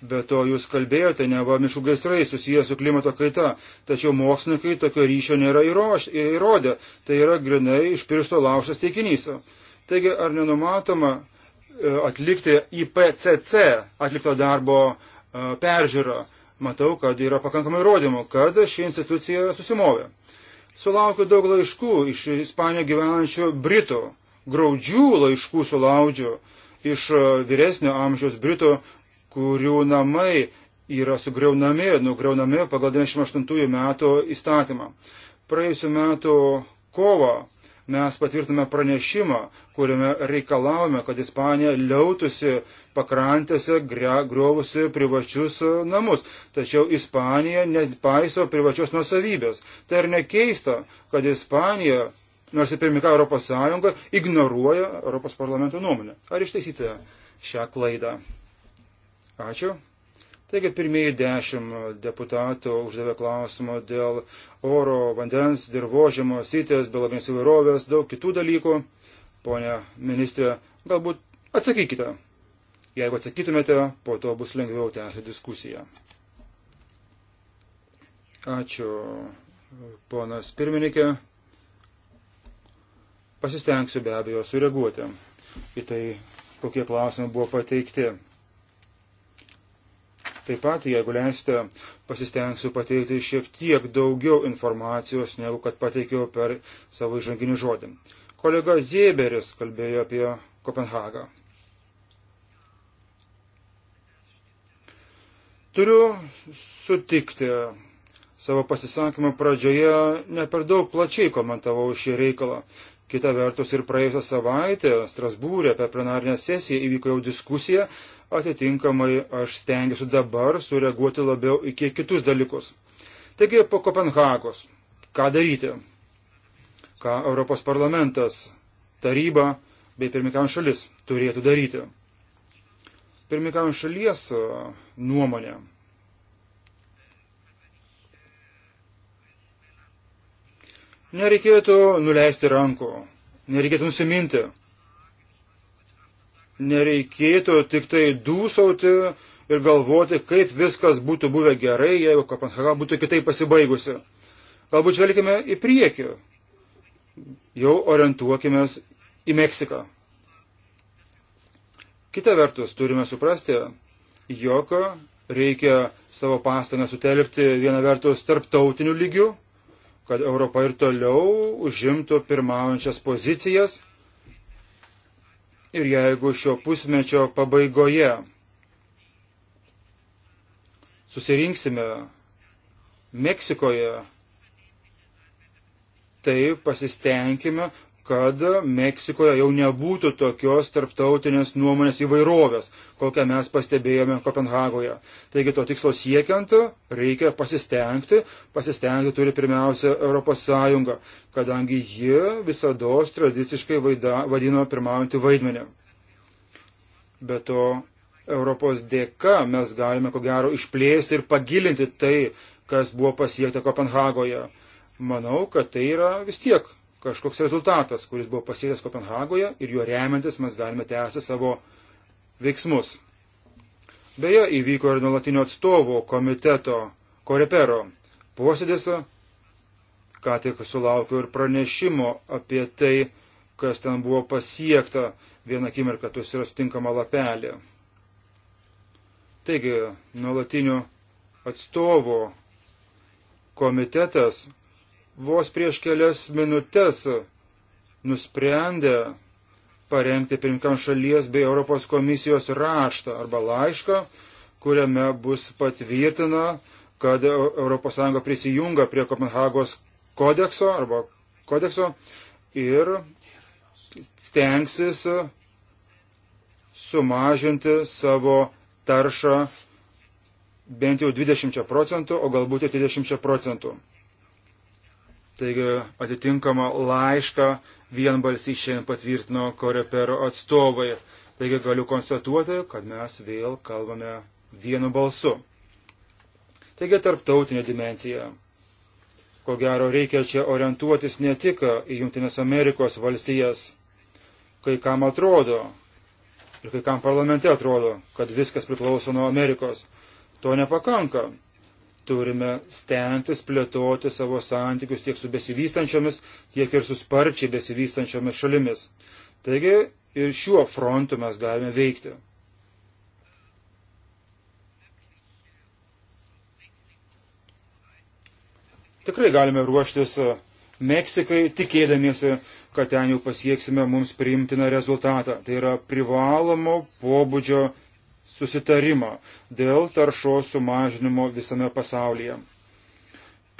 Be to jūs kalbėjote, ne va miškų gaisrai susijęs su klimato kaita, tačiau mokslininkai tokio ryšio nėra įroš, įrodę. Tai yra grinai iš piršto laušas teikinys. Taigi, ar nenumatoma e, atlikti IPCC atlikto darbo e, peržiūrą? Matau, kad yra pakankamai įrodymų, kad ši institucija susimovė. Sulaukiu daug laiškų iš Ispanijoje gyvenančių Britų, graudžių laiškų sulaudžiu iš e, vyresnio amžiaus Britų, kurių namai yra sugriaunami, nugriaunami pagal 98 metų įstatymą. Praėjusiu metu kovo mes patvirtume pranešimą, kuriame reikalavome, kad Ispanija liautusi pakrantėse griovusi privačius namus. Tačiau Ispanija nepaiso privačios nusavybės. Tai ir nekeista, kad Ispanija, nors ir pirmika Europos Sąjunga, ignoruoja Europos parlamento nuomonę. Ar ištaisyti šią klaidą? Ačiū. Taigi pirmieji dešimt deputatų uždavė klausimą dėl oro, vandens, dirbožimo, sitės, biologinės įvairovės, daug kitų dalykų. Pone ministrė, galbūt atsakykite. Jeigu atsakytumėte, po to bus lengviau tęsti diskusiją. Ačiū, ponas pirmininkė. Pasistengsiu be abejo sureaguoti į tai, kokie klausimai buvo pateikti. Taip pat, jeigu leisite, pasistengsiu pateikti šiek tiek daugiau informacijos, negu kad pateikiau per savo įžanginį žodį. Kolega Zieberis kalbėjo apie Kopenhagą. Turiu sutikti. Savo pasisakymą pradžioje ne per daug plačiai komentavau šį reikalą. Kita vertus ir praėjusią savaitę Strasbūrė per plenarinę sesiją įvyko jau diskusija atitinkamai aš stengiuosi dabar sureaguoti labiau į kiek kitus dalykus. Taigi po Kopenhagos, ką daryti? Ką Europos parlamentas, taryba bei pirmikam šalis turėtų daryti? Pirmikam šalies nuomonė. Nereikėtų nuleisti rankų, nereikėtų nusiminti nereikėtų tik tai dūsauti ir galvoti, kaip viskas būtų buvę gerai, jeigu Kopenhaga būtų kitaip pasibaigusi. Galbūt žvelgime į priekį. Jau orientuokime į Meksiką. Kita vertus, turime suprasti, jog reikia savo pastangą sutelkti viena vertus tarptautiniu lygiu, kad Europa ir toliau užimtų pirmaujančias pozicijas ir jeigu šio pusmečio pabaigoje susirinksime Meksikoje, tai pasistengime kad Meksikoje jau nebūtų tokios tarptautinės nuomonės įvairovės, kokią mes pastebėjome Kopenhagoje. Taigi to tikslo siekiant reikia pasistengti. Pasistengti turi pirmiausia ES, kadangi ji visada tradiciškai vaida, vadino pirmaujantį vaidmenį. Be to, Europos dėka mes galime ko gero išplėsti ir pagilinti tai, kas buvo pasiekta Kopenhagoje. Manau, kad tai yra vis tiek kažkoks rezultatas, kuris buvo pasiektas Kopenhagoje ir juo remiantis mes galime tęsti savo veiksmus. Beje, įvyko ir nuolatinio atstovo komiteto korepero posėdės, ką tik sulaukiu ir pranešimo apie tai, kas ten buvo pasiekta vieną akimirką, tu esi sutinkama lapelė. Taigi, nuolatinio atstovo komitetas vos prieš kelias minutės nusprendė parengti pirmkam šalies bei Europos komisijos raštą arba laišką, kuriame bus patvirtina, kad ES prisijunga prie Kopenhagos kodekso arba kodekso ir stengsis sumažinti savo taršą bent jau 20 procentų, o galbūt ir 30 procentų. Taigi atitinkamą laišką vienbalsiai šiandien patvirtino korepero atstovai. Taigi galiu konstatuoti, kad mes vėl kalbame vienu balsu. Taigi tarptautinė dimencija. Ko gero reikia čia orientuotis ne tik į Junktinės Amerikos valstijas. Kai kam atrodo, ir kai kam parlamente atrodo, kad viskas priklauso nuo Amerikos. To nepakanka turime stengtis plėtoti savo santykius tiek su besivystančiomis, tiek ir su sparčiai besivystančiomis šalimis. Taigi ir šiuo frontu mes galime veikti. Tikrai galime ruoštis Meksikai, tikėdamiesi, kad ten jau pasieksime mums priimtiną rezultatą. Tai yra privalomo pobūdžio susitarimą dėl taršos sumažinimo visame pasaulyje.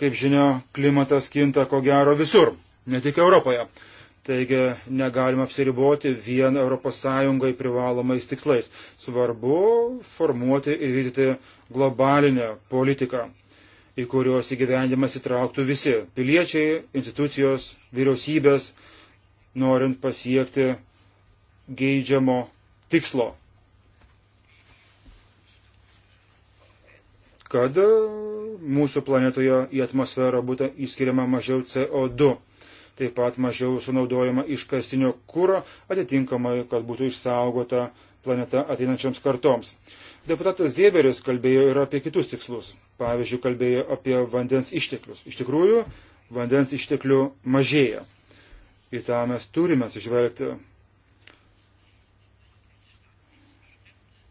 Kaip žinia, klimatas kinta ko gero visur, ne tik Europoje. Taigi negalima apsiriboti vien ES privalomais tikslais. Svarbu formuoti ir vykdyti globalinę politiką, į kurios įgyvendimas įtrauktų visi - piliečiai, institucijos, vyriausybės, norint pasiekti geidžiamo tikslo kad e, mūsų planetoje į atmosferą būtų įskiriama mažiau CO2. Taip pat mažiau sunaudojama iškastinio kūro, atitinkamai, kad būtų išsaugota planeta ateinančioms kartoms. Deputatas Zieberis kalbėjo ir apie kitus tikslus. Pavyzdžiui, kalbėjo apie vandens išteklius. Iš tikrųjų, vandens išteklių mažėja. Į tą mes turime atsižvelgti.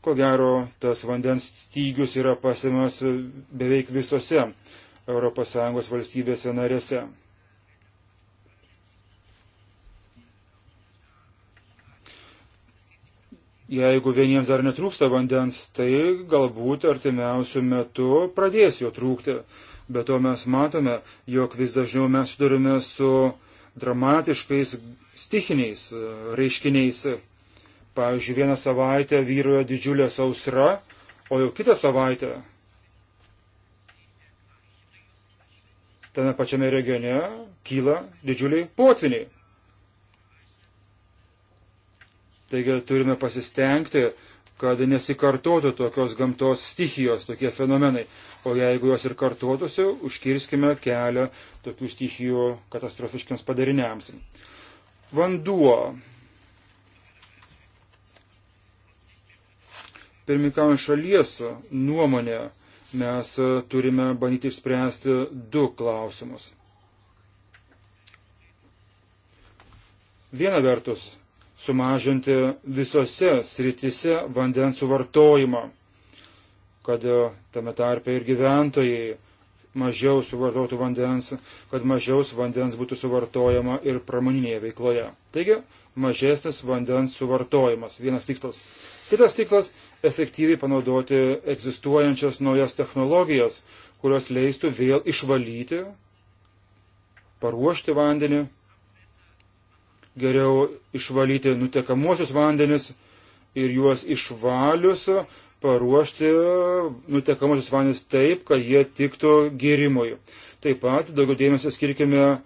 Ko gero, tas vandens stygius yra pasimas beveik visose ES valstybėse narėse. Jeigu vieniems dar netrūksta vandens, tai galbūt artimiausių metų pradės jo trūkti. Bet to mes matome, jog vis dažniau mes turime su dramatiškais stichiniais reiškiniais. Pavyzdžiui, vieną savaitę vyrojo didžiulė sausra, o jau kitą savaitę tame pačiame regione kyla didžiuliai potviniai. Taigi turime pasistengti, kad nesikartotų tokios gamtos stichijos, tokie fenomenai. O jeigu jos ir kartotųsi, užkirskime kelią tokių stichijų katastrofiškiams padariniams. Vanduo. pirmininkavimo šalies nuomonė mes e, turime bandyti išspręsti du klausimus. Viena vertus, sumažinti visose sritise vandens suvartojimą, kad e, tame tarpe ir gyventojai mažiau suvartotų vandens, kad mažiau vandens būtų suvartojama ir pramoninėje veikloje. Taigi, mažesnis vandens suvartojimas, vienas tikslas. Kitas tikslas efektyviai panaudoti egzistuojančias naujas technologijas, kurios leistų vėl išvalyti, paruošti vandenį, geriau išvalyti nutekamuosius vandenis ir juos išvalius paruošti nutekamuosius vandenis taip, kad jie tiktų gėrimui. Taip pat daugiau dėmesio skirkime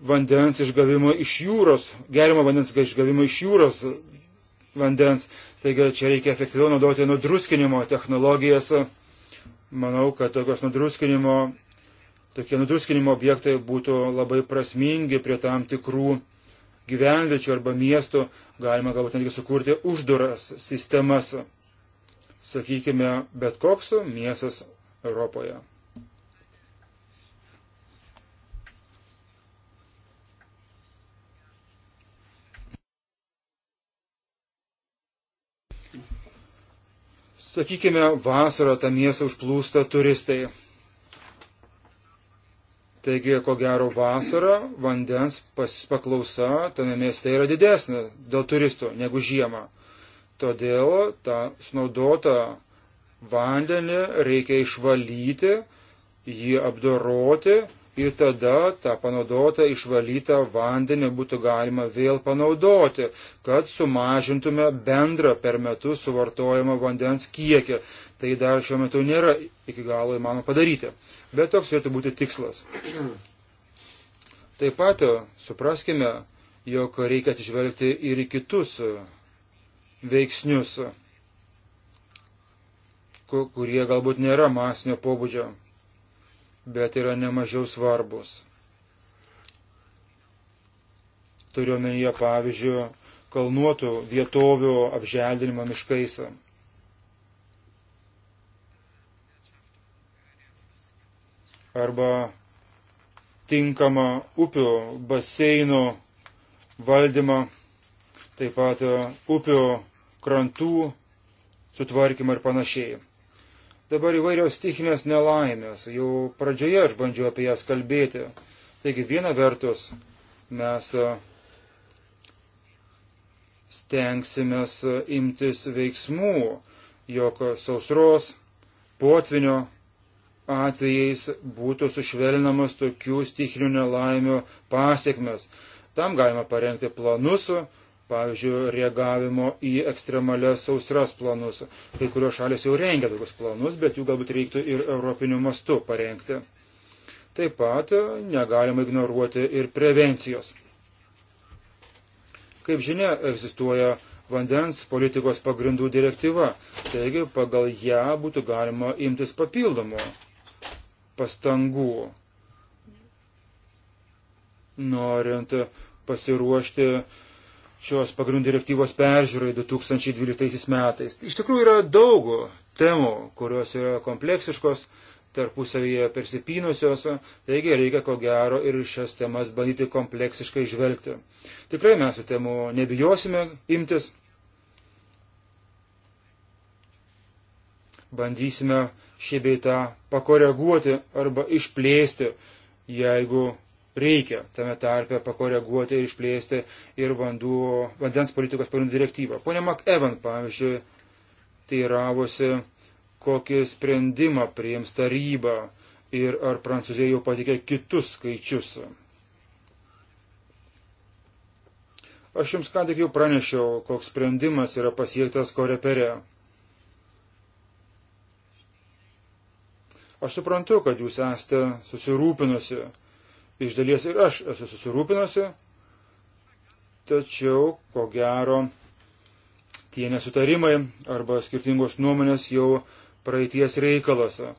vandens išgavimo iš jūros, gerimo vandens išgavimo iš jūros vandens. Taigi čia reikia efektyviau naudoti nudruskinimo technologijas. Manau, kad tokios nudruskinimo, tokie nudruskinimo objektai būtų labai prasmingi prie tam tikrų gyvenviečių arba miestų. Galima galbūt netgi sukurti užduras sistemas. Sakykime, bet koks miestas Europoje. Sakykime, vasarą tą miestą užplūsta turistai. Taigi, ko gero, vasarą vandens paklausa tame mieste yra didesnė dėl turistų negu žiemą. Todėl tą sunaudotą vandenį reikia išvalyti, jį apdoroti ir tada tą panaudotą išvalytą vandenį būtų galima vėl panaudoti, kad sumažintume bendrą per metus suvartojamą vandens kiekį. Tai dar šiuo metu nėra iki galo įmanoma padaryti, bet toks turėtų būti tikslas. Taip pat supraskime, jog reikia atsižvelgti ir į kitus veiksnius, kurie galbūt nėra masinio pobūdžio bet yra nemažiau svarbus. Turiuomenyje, pavyzdžiui, kalnuotų vietovių apželdinimą miškais. Arba tinkamą upių baseinų valdymą, taip pat upių krantų sutvarkymą ir panašiai. Dabar įvairios stichinės nelaimės, jau pradžioje aš bandžiau apie jas kalbėti. Taigi viena vertus mes e, stengsimės e, imtis veiksmų, jog sausros, potvinio atvejais būtų sušvelnamas tokių stichinių nelaimių pasiekmes. Tam galima parengti planus, pavyzdžiui, reagavimo į ekstremalias saustras planus. Kai kurios šalis jau rengia tokius planus, bet jų galbūt reiktų ir europiniu mastu parengti. Taip pat negalima ignoruoti ir prevencijos. Kaip žinia, egzistuoja vandens politikos pagrindų direktyva, taigi pagal ją būtų galima imtis papildomų pastangų, norint pasiruošti šios pagrindų direktyvos peržiūrai 2012 metais. Iš tikrųjų yra daug temų, kurios yra kompleksiškos, tarpusavyje persipynusios, taigi reikia ko gero ir šias temas bandyti kompleksiškai žvelgti. Tikrai mes su temu nebijosime imtis. Bandysime šį beitą pakoreguoti arba išplėsti, jeigu reikia tame tarpe pakoreguoti ir išplėsti ir vanduo, vandens politikos pagrindų direktyvą. Pone McEvan, pavyzdžiui, teiravosi, kokį sprendimą priims taryba ir ar Prancūzija jau patikė kitus skaičius. Aš jums ką tik jau pranešiau, koks sprendimas yra pasiektas korepere. Aš suprantu, kad jūs esate susirūpinusi iš dalies ir aš esu susirūpinusi, tačiau ko gero tie nesutarimai arba skirtingos nuomonės jau praeities reikalose.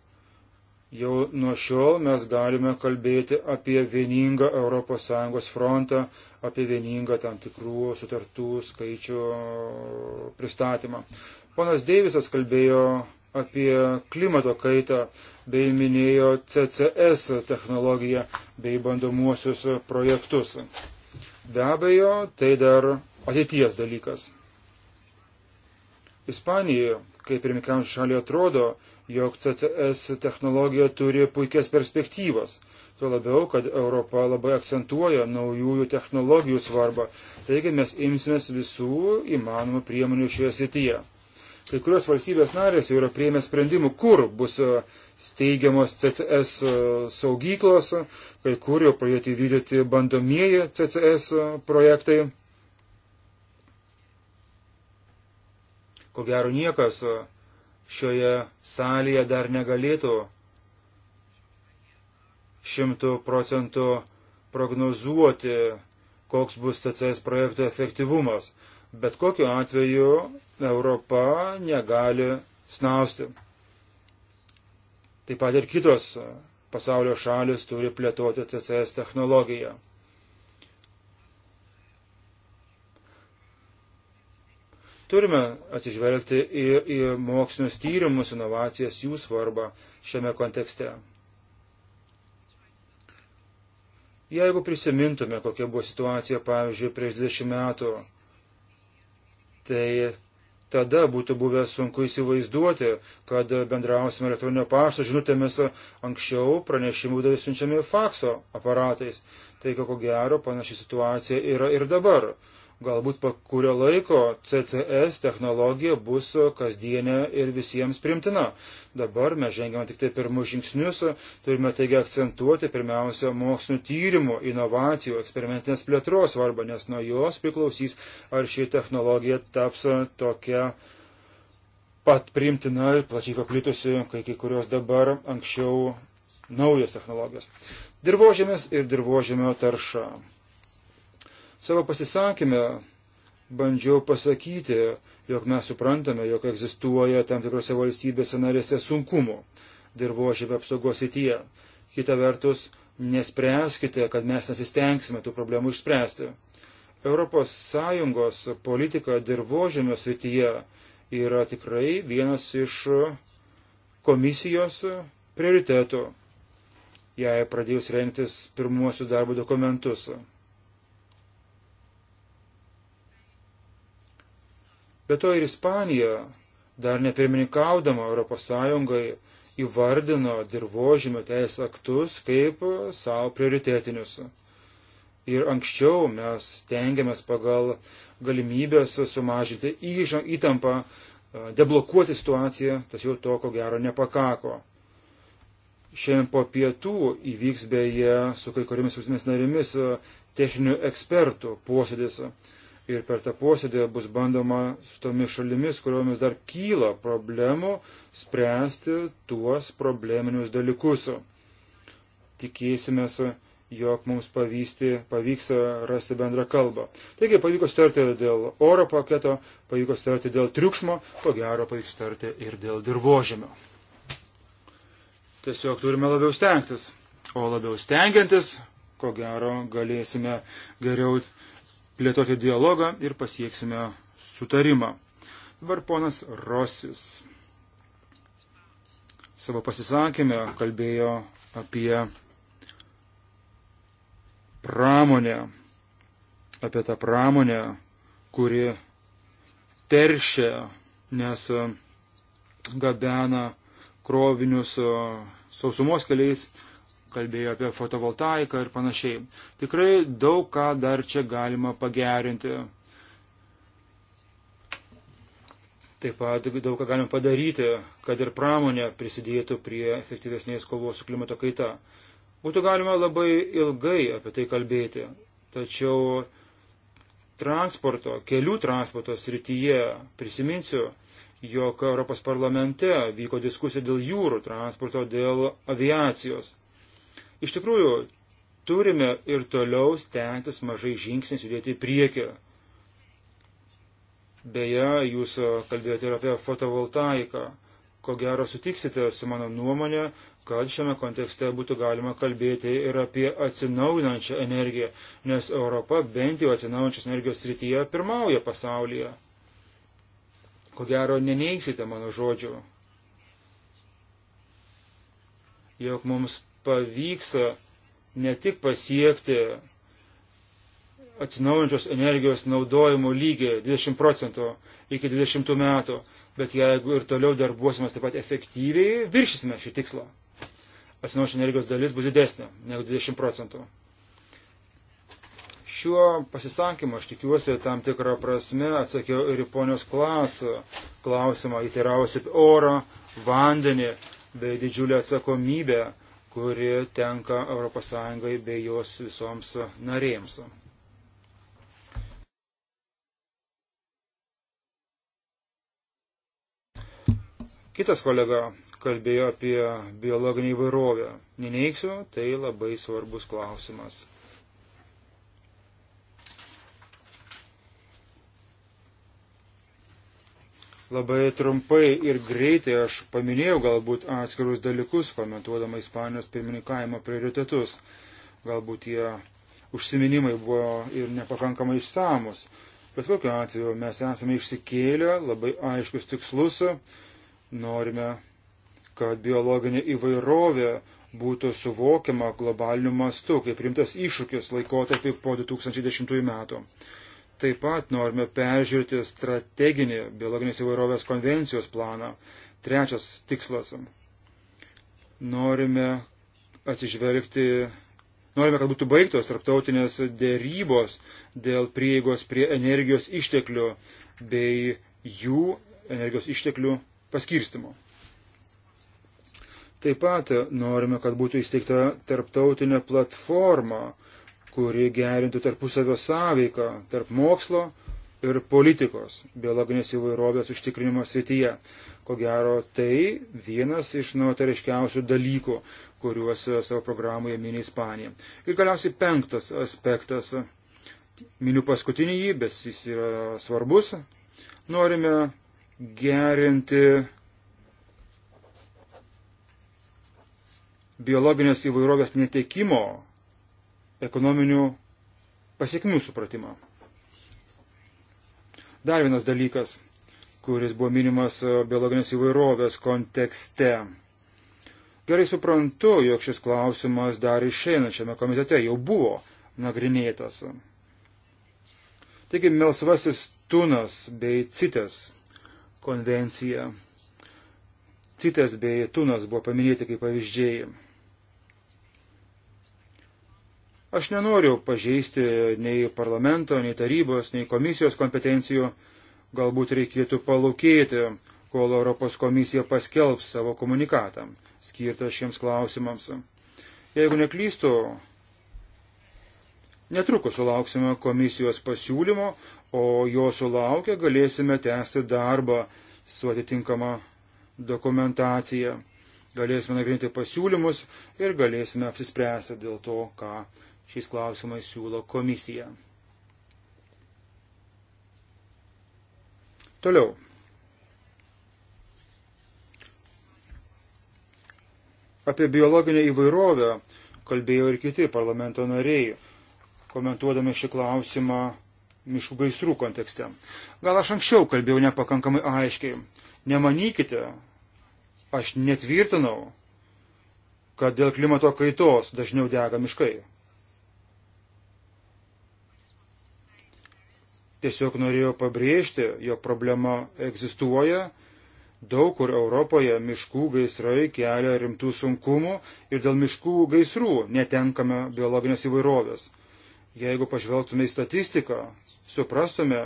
Jau nuo šiol mes galime kalbėti apie vieningą ES frontą, apie vieningą tam tikrų sutartų skaičių pristatymą. Ponas Deivisas kalbėjo apie klimato kaitą, bei minėjo CCS technologiją bei bandomuosius projektus. Be abejo, tai dar ateities dalykas. Ispanijoje, kaip ir mikiam šaliai atrodo, jog CCS technologija turi puikias perspektyvas. Tuo labiau, kad Europa labai akcentuoja naujųjų technologijų svarbą. Taigi mes imsimės visų įmanomų priemonių šioje srityje. Kai kurios valstybės narės jau yra prieimę sprendimų, kur bus e, steigiamos CCS e, saugyklos, kai kur jau pradėti vykdyti bandomieji CCS e, projektai. Ko gero niekas šioje salėje dar negalėtų šimtų procentų prognozuoti, koks bus CCS projekto efektyvumas. Bet kokiu atveju Europa negali snausti. Taip pat ir kitos pasaulio šalis turi plėtoti CCS technologiją. Turime atsižvelgti ir į mokslinius tyrimus, inovacijas, jų svarbą šiame kontekste. Jeigu prisimintume, kokia buvo situacija, pavyzdžiui, prieš 20 metų, tai Tada būtų buvę sunku įsivaizduoti, kad bendrausime elektroninio pašto žinutėmis anksčiau pranešimų būdavo siunčiami fakso aparatais. Tai ko gero panaši situacija yra ir dabar. Galbūt po kurio laiko CCS technologija bus kasdienė ir visiems primtina. Dabar mes žengiame tik tai pirmus žingsnius, turime taigi akcentuoti pirmiausia mokslinio tyrimo, inovacijų, eksperimentinės plėtros svarbą, nes nuo jos priklausys, ar ši technologija taps tokia pat primtina ir plačiai paplitusi, kai kai kurios dabar anksčiau naujos technologijos. Dirbožėmis ir dirbožėmio tarša. Savo pasisakymę bandžiau pasakyti, jog mes suprantame, jog egzistuoja tam tikrose valstybėse narėse sunkumų dirbožėme apsaugos įtyje. Kita vertus, nespręskite, kad mes nesistengsime tų problemų išspręsti. ES politika dirbožėmio srityje yra tikrai vienas iš komisijos prioritetų, jai pradėjus rengtis pirmuosius darbo dokumentus. Be to ir Ispanija, dar nepirmininkaudama Europos Sąjungai, įvardino dirbožymio teisės aktus kaip savo prioritetinius. Ir anksčiau mes tengiamės pagal galimybės sumažinti įtampą, deblokuoti situaciją, tačiau to ko gero nepakako. Šiandien po pietų įvyks beje su kai kuriomis valstybės narimis techninių ekspertų posėdis ir per tą posėdį bus bandoma su tomis šalimis, kuriomis dar kyla problemų, spręsti tuos probleminius dalykus. Tikėsime, jog mums pavysti, pavyks rasti bendrą kalbą. Taigi pavyko starti dėl oro paketo, pavyko starti dėl triukšmo, ko gero pavyks starti ir dėl dirbožėmio. Tiesiog turime labiau stengtis, o labiau stengiantis, ko gero galėsime geriau plėtoti dialogą ir pasieksime sutarimą. Dabar ponas Rosis savo pasisakymę kalbėjo apie pramonę, apie tą pramonę, kuri teršia, nes gabena krovinius sausumos keliais kalbėjo apie fotovoltaiką ir panašiai. Tikrai daug ką dar čia galima pagerinti. Taip pat daug ką galima padaryti, kad ir pramonė prisidėtų prie efektyvesnės kovos su klimato kaita. Būtų galima labai ilgai apie tai kalbėti, tačiau transporto, kelių transporto srityje prisiminsiu, jog Europos parlamente vyko diskusija dėl jūrų transporto, dėl aviacijos. Iš tikrųjų, turime ir toliau stengtis mažai žingsniais judėti į priekį. Beje, jūs kalbėjote ir apie fotovoltaiką. Ko gero sutiksite su mano nuomonė, kad šiame kontekste būtų galima kalbėti ir apie atsinaujinančią energiją, nes Europa bent jau atsinaujinančios energijos srityje pirmauja pasaulyje. Ko gero neneiksite mano žodžių, jog mums pavyks ne tik pasiekti atsinaujančios energijos naudojimo lygį 20 procentų iki 20 metų, bet jeigu ir toliau darbuosimės taip pat efektyviai, viršysime šį tikslą. Atsinaujančios energijos dalis bus didesnė negu 20 procentų. Šiuo pasisakymu aš tikiuosi tam tikrą prasme atsakiau ir į ponios klasą klausimą, įteiravosi orą, vandenį bei didžiulę atsakomybę kuri tenka ES bei jos visoms narėms. Kitas kolega kalbėjo apie biologinį įvairovę. Neneiksiu, tai labai svarbus klausimas. Labai trumpai ir greitai aš paminėjau galbūt atskirus dalykus, komentuodama Ispanijos pirmininkavimo prioritetus. Galbūt tie užsiminimai buvo ir nepakankamai išsamus. Bet kokiu atveju mes esame išsikėlę labai aiškius tikslus. Norime, kad biologinė įvairovė būtų suvokiama globaliniu mastu, kaip rimtas iššūkis laikotarpį po 2010 metų. Taip pat norime peržiūrėti strateginį biologinės įvairovės konvencijos planą. Trečias tikslas. Norime atsižvelgti, norime, kad būtų baigtos tarptautinės dėrybos dėl prieigos prie energijos išteklių bei jų energijos išteklių paskirstimo. Taip pat norime, kad būtų įsteigta tarptautinė platforma, kuri gerintų tarpusavio sąveiką tarp mokslo ir politikos biologinės įvairovės užtikrinimo srityje. Ko gero, tai vienas iš nuotariškiausių dalykų, kuriuos savo programoje mini Ispanija. Ir galiausiai penktas aspektas. Miniu paskutinį jį, bet jis yra svarbus. Norime gerinti biologinės įvairovės netekimo ekonominių pasiekmių supratimą. Dar vienas dalykas, kuris buvo minimas e, biologinės įvairovės kontekste. Gerai suprantu, jog šis klausimas dar išeinačiame komitete jau buvo nagrinėtas. Taigi melsvasis tunas bei citės konvencija. Citės bei tunas buvo paminėti kaip pavyzdžiai. Aš nenoriu pažeisti nei parlamento, nei tarybos, nei komisijos kompetencijų. Galbūt reikėtų palūkėti, kol Europos komisija paskelbs savo komunikatą skirtą šiems klausimams. Jeigu neklystu, netrukus sulauksime komisijos pasiūlymo, o jo sulaukę galėsime tęsti darbą su atitinkama dokumentacija. Galėsime nagrinėti pasiūlymus ir galėsime apsispręsti dėl to, ką šiais klausimais siūlo komisija. Toliau. Apie biologinę įvairovę kalbėjo ir kiti parlamento nariai, komentuodami šį klausimą miškų gaisrų kontekste. Gal aš anksčiau kalbėjau nepakankamai aiškiai. Nemanykite, aš netvirtinau, kad dėl klimato kaitos dažniau dega miškai. Tiesiog norėjau pabrėžti, jog problema egzistuoja. Daug kur Europoje miškų gaisrai kelia rimtų sunkumų ir dėl miškų gaisrų netenkame biologinės įvairovės. Jeigu pažvelgtume į statistiką, suprastume,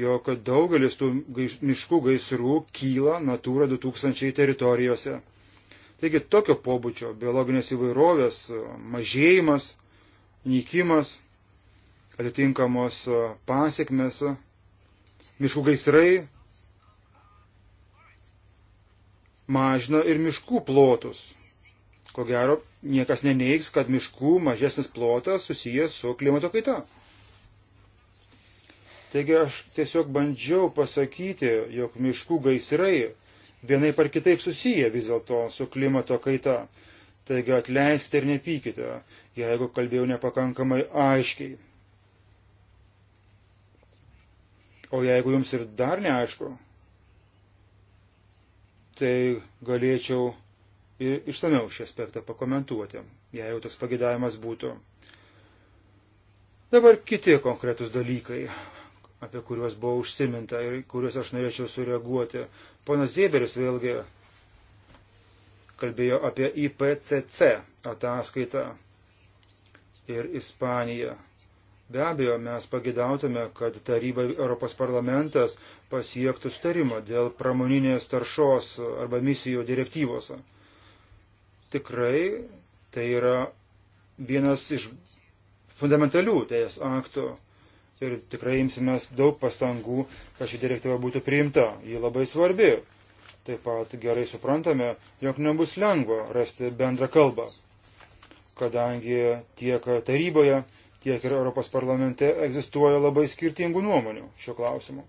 jog daugelis tų gaiš, miškų gaisrų kyla Natūra 2000 teritorijose. Taigi tokio pobūdžio biologinės įvairovės mažėjimas, nykimas atitinkamos pasiekmes, miškų gaisrai mažina ir miškų plotus. Ko gero, niekas neneiks, kad miškų mažesnis plotas susijęs su klimato kaita. Taigi aš tiesiog bandžiau pasakyti, jog miškų gaisrai vienai par kitaip susiję vis dėlto su klimato kaita. Taigi atleiskite ir nepykite, jeigu kalbėjau nepakankamai aiškiai. O jeigu jums ir dar neaišku, tai galėčiau ir išsameu šį aspektą pakomentuoti, jei jau toks pagėdavimas būtų. Dabar kiti konkretus dalykai, apie kuriuos buvo užsiminta ir kuriuos aš norėčiau sureaguoti. Ponas Zieberis vėlgi kalbėjo apie IPCC ataskaitą ir Ispaniją. Be abejo, mes pagidautume, kad taryba Europos parlamentas pasiektų starimą dėl pramoninės taršos arba misijų direktyvos. Tikrai tai yra vienas iš fundamentalių teisės aktų ir tikrai imsimės daug pastangų, kad ši direktyva būtų priimta. Ji labai svarbi. Taip pat gerai suprantame, jog nebus lengva rasti bendrą kalbą, kadangi tiek taryboje, tiek ir Europos parlamente egzistuoja labai skirtingų nuomonių šiuo klausimu.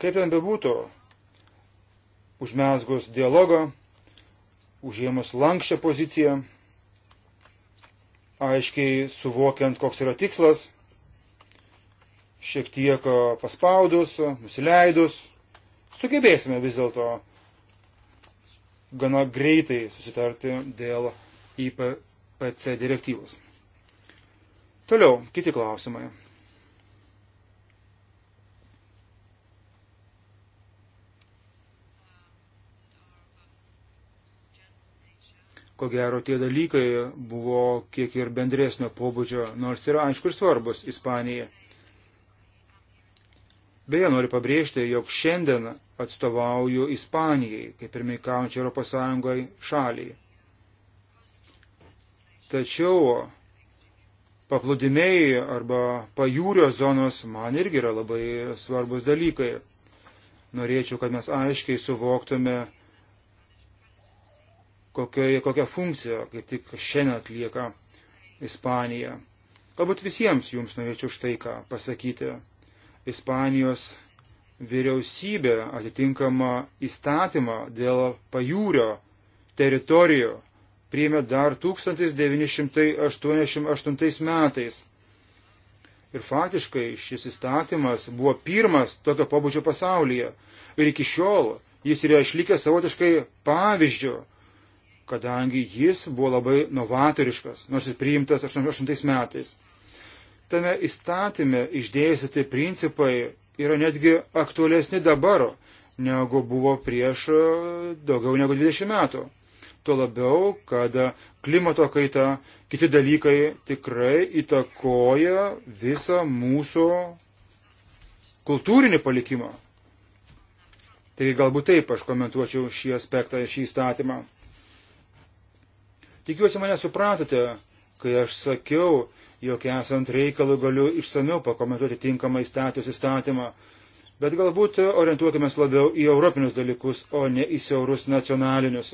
Kaip ten bebūtų, užmesgus dialogą, užėmus lankščią poziciją, aiškiai suvokiant, koks yra tikslas, šiek tiek e, paspaudus, nusileidus, sugebėsime vis dėlto gana greitai susitarti dėl IPPC direktyvos. Toliau, kiti klausimai. ko gero tie dalykai buvo kiek ir bendresnio pobūdžio, nors yra aišku ir svarbus Ispanijai. Beje, noriu pabrėžti, jog šiandien atstovauju Ispanijai, kaip ir meikaujančiai ES šaliai. Tačiau paplūdimiai arba pajūrio zonos man irgi yra labai svarbus dalykai. Norėčiau, kad mes aiškiai suvoktume, kokią, kokią funkciją kaip tik šiandien atlieka Ispanija. Galbūt visiems jums norėčiau štai ką pasakyti. Ispanijos vyriausybė atitinkama įstatymą dėl pajūrio teritorijų priėmė dar 1988 metais. Ir faktiškai šis įstatymas buvo pirmas tokio pobūdžio pasaulyje. Ir iki šiol jis yra išlikęs savotiškai pavyzdžių, kadangi jis buvo labai novatoriškas, nors jis priimtas 88 metais. Tame įstatyme išdėstyti principai yra netgi aktualesni dabar, negu buvo prieš e, daugiau negu 20 metų. Tuo labiau, kad klimato kaita, kiti dalykai tikrai įtakoja visą mūsų kultūrinį palikimą. Tai galbūt taip aš komentuočiau šį aspektą, šį įstatymą. Tikiuosi mane supratote, kai aš sakiau, jog esant reikalų galiu išsamiau pakomentuoti tinkamą įstatymus įstatymą, bet galbūt orientuokime labiau į europinius dalykus, o ne į siaurus nacionalinius.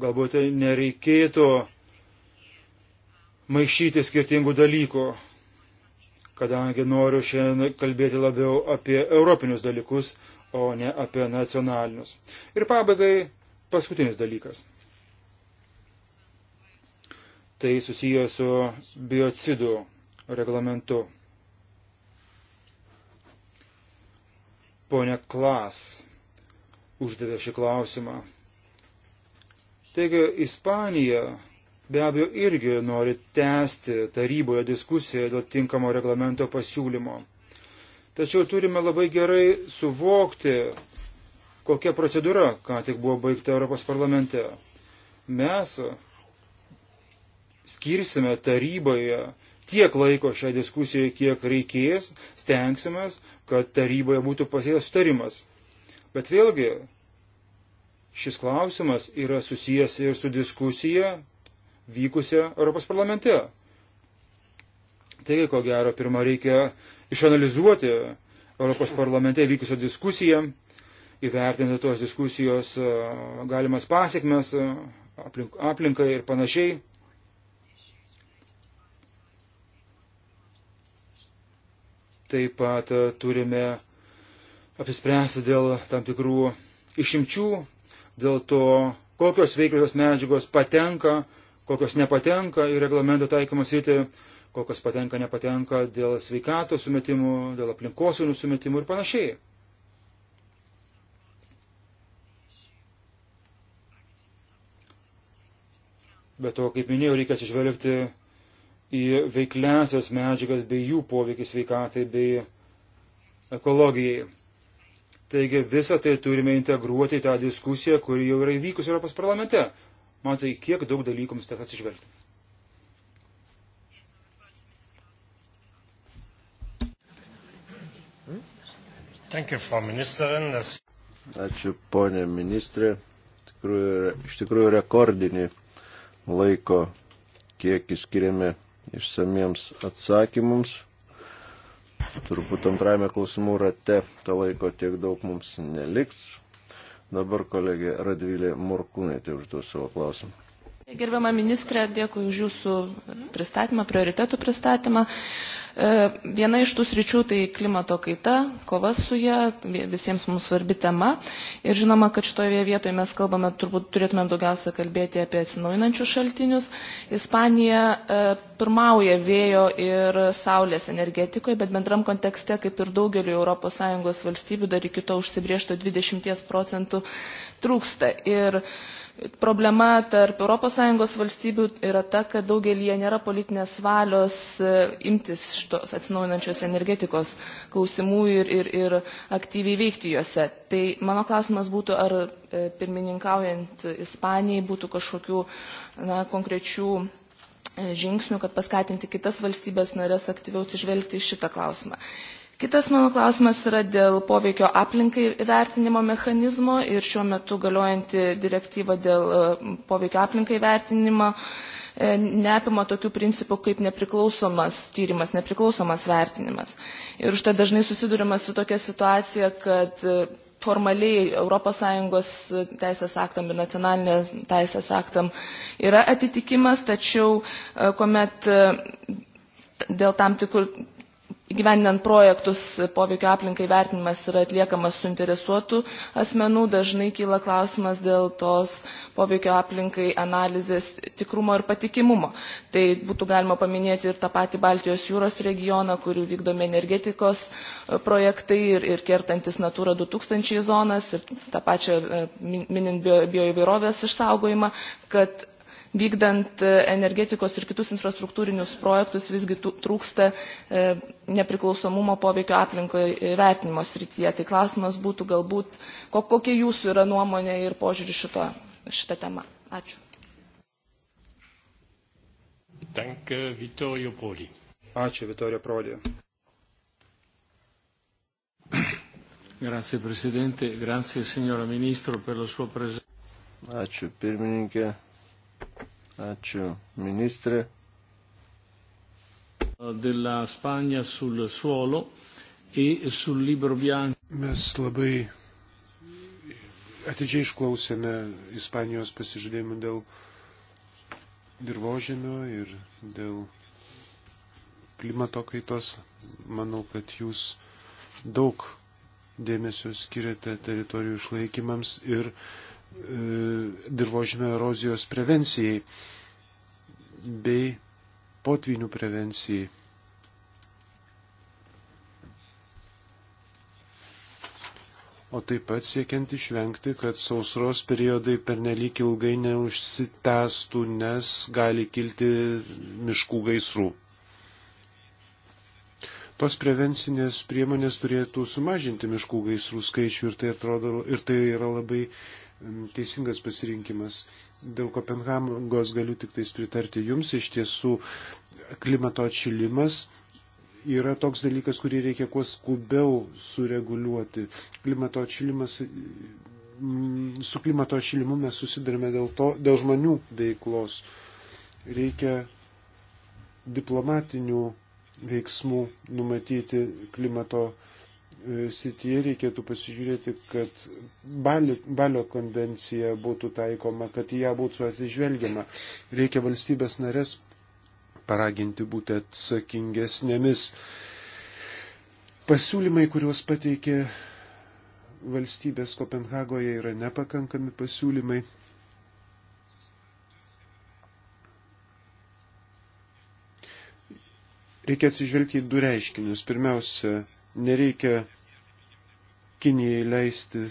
Galbūt nereikėtų maišyti skirtingų dalykų, kadangi noriu šiandien kalbėti labiau apie europinius dalykus, o ne apie nacionalinius. Ir pabaigai paskutinis dalykas. Tai susiję su biocidų reglamentu. Pone Klas uždavė šį klausimą. Taigi Ispanija be abejo irgi nori tęsti taryboje diskusiją dėl tinkamo reglamento pasiūlymo. Tačiau turime labai gerai suvokti, kokia procedūra ką tik buvo baigta Europos parlamente. Mes skirsime taryboje tiek laiko šią diskusiją, kiek reikės, stengsime, kad taryboje būtų pasiektas sutarimas. Bet vėlgi, Šis klausimas yra susijęs ir su diskusija vykusia Europos parlamente. Taigi, ko gero, pirmą reikia išanalizuoti Europos parlamente vykusią diskusiją, įvertinti tos diskusijos e, galimas pasiekmes e, aplink, aplinkai ir panašiai. Taip pat e, turime apsispręsti dėl tam tikrų išimčių dėl to, kokios veikliosios medžiagos patenka, kokios nepatenka į reglamento taikymą sritį, kokios patenka, nepatenka dėl sveikatos sumetimų, dėl aplinkosinių sumetimų ir panašiai. Bet to, kaip minėjau, reikia atsižvelgti į veikliasias medžiagas bei jų poveikį sveikatai bei ekologijai. Taigi visą tai turime integruoti į tą diskusiją, kuri jau yra įvykus Europos parlamente. Matai, kiek daug dalykų mums teks atsižvelgti. Ačiū, ponė ministrė. Tikrųjų, iš tikrųjų rekordinį laiko kiekį skiriame išsamiems atsakymams. Turbūt antrajame klausimų rate to laiko tiek daug mums neliks. Dabar kolegė Radvilė Morkūnaitė užduos savo klausimą. Gerbiama ministrė, dėkui už Jūsų pristatymą, prioritetų pristatymą. E, viena iš tų sričių tai klimato kaita, kova su ją, visiems mums svarbi tema. Ir žinoma, kad šitoje vietoje mes kalbame, turbūt turėtumėm daugiausia kalbėti apie atsinaujinančius šaltinius. Ispanija e, pirmauja vėjo ir saulės energetikoje, bet bendram kontekste, kaip ir daugeliu ES valstybių, dar iki to užsibriežto 20 procentų trūksta. Ir Problema tarp ES valstybių yra ta, kad daugelie nėra politinės valios e, imtis šitos atsinaujinančios energetikos klausimų ir, ir, ir aktyviai veikti juose. Tai mano klausimas būtų, ar e, pirmininkaujant Ispanijai būtų kažkokių na, konkrečių e, žingsnių, kad paskatinti kitas valstybės narės aktyviau atsižvelgti į šitą klausimą. Kitas mano klausimas yra dėl poveikio aplinkai vertinimo mechanizmo ir šiuo metu galiojanti direktyva dėl e, poveikio aplinkai vertinimo e, neapima tokių principų kaip nepriklausomas tyrimas, nepriklausomas vertinimas. Ir už tai dažnai susidurima su tokia situacija, kad e, formaliai ES teisės aktam ir nacionalinė teisės aktam yra atitikimas, tačiau kuomet dėl tam tikrų Įgyvendinant projektus poveikio aplinkai vertinimas yra atliekamas suinteresuotų asmenų, dažnai kyla klausimas dėl tos poveikio aplinkai analizės tikrumo ir patikimumo. Tai būtų galima paminėti ir tą patį Baltijos jūros regioną, kurių vykdomi energetikos e, projektai ir, ir kertantis Natura 2000 zonas ir tą pačią e, minint bioįvairovės bio išsaugojimą, kad vykdant e, energetikos ir kitus infrastruktūrinius projektus visgi trūksta e, nepriklausomumo poveikio aplinkoje vertinimo srityje. Tai klausimas būtų galbūt, kokia jūsų yra nuomonė ir požiūrį šito, šitą temą. Ačiū. Danke, Vittorio Prodi. Ačiū, Vittorio Prodi. Grazie Presidente, grazie signora Ministro per la sua presenza. Ačiū pirmininkė, Ačiū, ministrė. Della Spagna sul suolo e sul libro bianco. Mes labai atidžiai išklausėme Ispanijos pasižadėjimų dėl dirbožėmio ir dėl klimato kaitos. Manau, kad jūs daug dėmesio skiriate teritorijų išlaikymams ir uh, E, dirbožėmio erozijos prevencijai bei potvinių prevencijai. O taip pat siekiant išvengti, kad sausros periodai pernelyg ilgai neužsitęstų, nes gali kilti miškų gaisrų. Tos prevencinės priemonės turėtų sumažinti miškų gaisrų skaičių ir tai, atrodo, ir tai yra labai teisingas pasirinkimas. Dėl Kopenhagos galiu tik tais pritarti jums. Iš tiesų, klimato atšilimas yra toks dalykas, kurį reikia kuo skubiau sureguliuoti. Klimato atšilimas, mm, su klimato atšilimu mes susidarėme dėl, to, dėl žmonių veiklos. Reikia diplomatinių veiksmų numatyti klimato atšilimą E, sityje reikėtų pasižiūrėti, kad balio, balio konvencija būtų taikoma, kad į ją būtų atsižvelgiama. Reikia valstybės narės paraginti būti atsakingesnėmis. Pasiūlymai, kuriuos pateikė valstybės Kopenhagoje, yra nepakankami pasiūlymai. Reikia atsižvelgti į du reiškinius. Pirmiausia, Nereikia Kinijai leisti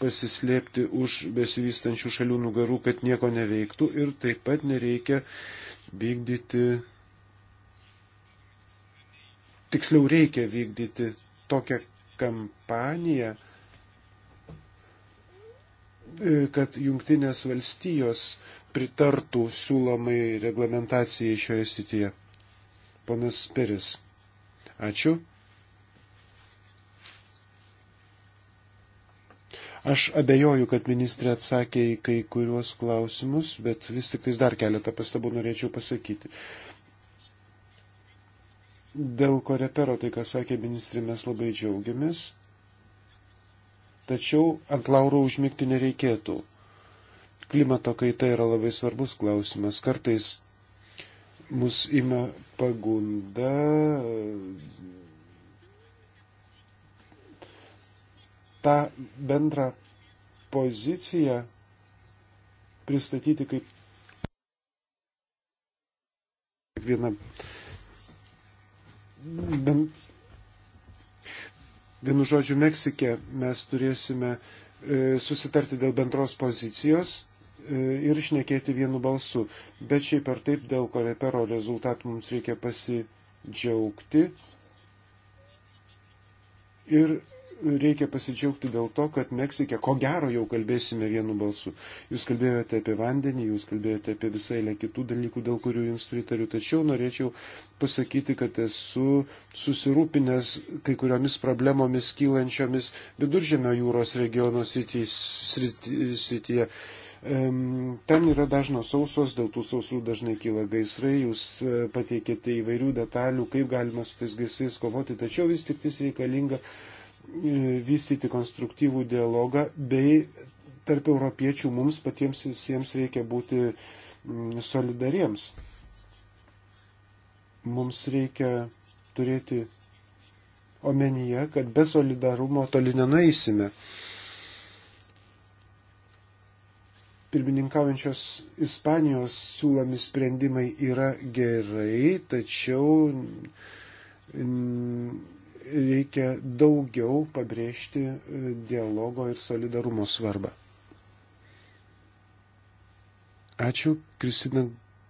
pasislėpti už besivystančių šalių nugarų, kad nieko neveiktų ir taip pat nereikia vykdyti, tiksliau reikia vykdyti tokią kampaniją, kad jungtinės valstijos pritartų siūlomai reglamentacijai šioje sityje. Ponas Peris. Ačiū. Aš abejoju, kad ministrė atsakė į kai kuriuos klausimus, bet vis tik tais dar keletą pastabų norėčiau pasakyti. Dėl korepero, tai ką sakė ministrė, mes labai džiaugiamės, tačiau ant lauro užmygti nereikėtų. Klimato kaita yra labai svarbus klausimas. Kartais mus ima pagunda tą bendrą poziciją pristatyti kaip vieną bent. Vienu žodžiu, Meksikė mes turėsime e, susitarti dėl bendros pozicijos e, ir išnekėti vienu balsu. Bet šiaip ar taip dėl korepero rezultatų mums reikia pasidžiaugti. Ir reikia pasidžiaugti dėl to, kad Meksikė, ko gero, jau kalbėsime vienu balsu. Jūs kalbėjote apie vandenį, jūs kalbėjote apie visą eilę kitų dalykų, dėl kurių jums pritariu, tačiau norėčiau pasakyti, kad esu susirūpinęs kai kuriomis problemomis kylančiomis viduržėmio jūros regiono srityje. Ten yra dažnos sausos, dėl tų sausrų dažnai kyla gaisrai, jūs e, pateikėte įvairių detalių, kaip galima su tais gaisrais kovoti, tačiau vis tik tais reikalinga uh, vystyti konstruktyvų dialogą, bei tarp europiečių mums patiems visiems reikia būti mm, solidariems. Mums reikia turėti omenyje, kad be solidarumo toli nenueisime. pirmininkaujančios Ispanijos siūlomi sprendimai yra gerai, tačiau reikia daugiau pabrėžti e, dialogo ir solidarumo svarbą. Ačiū, Kristina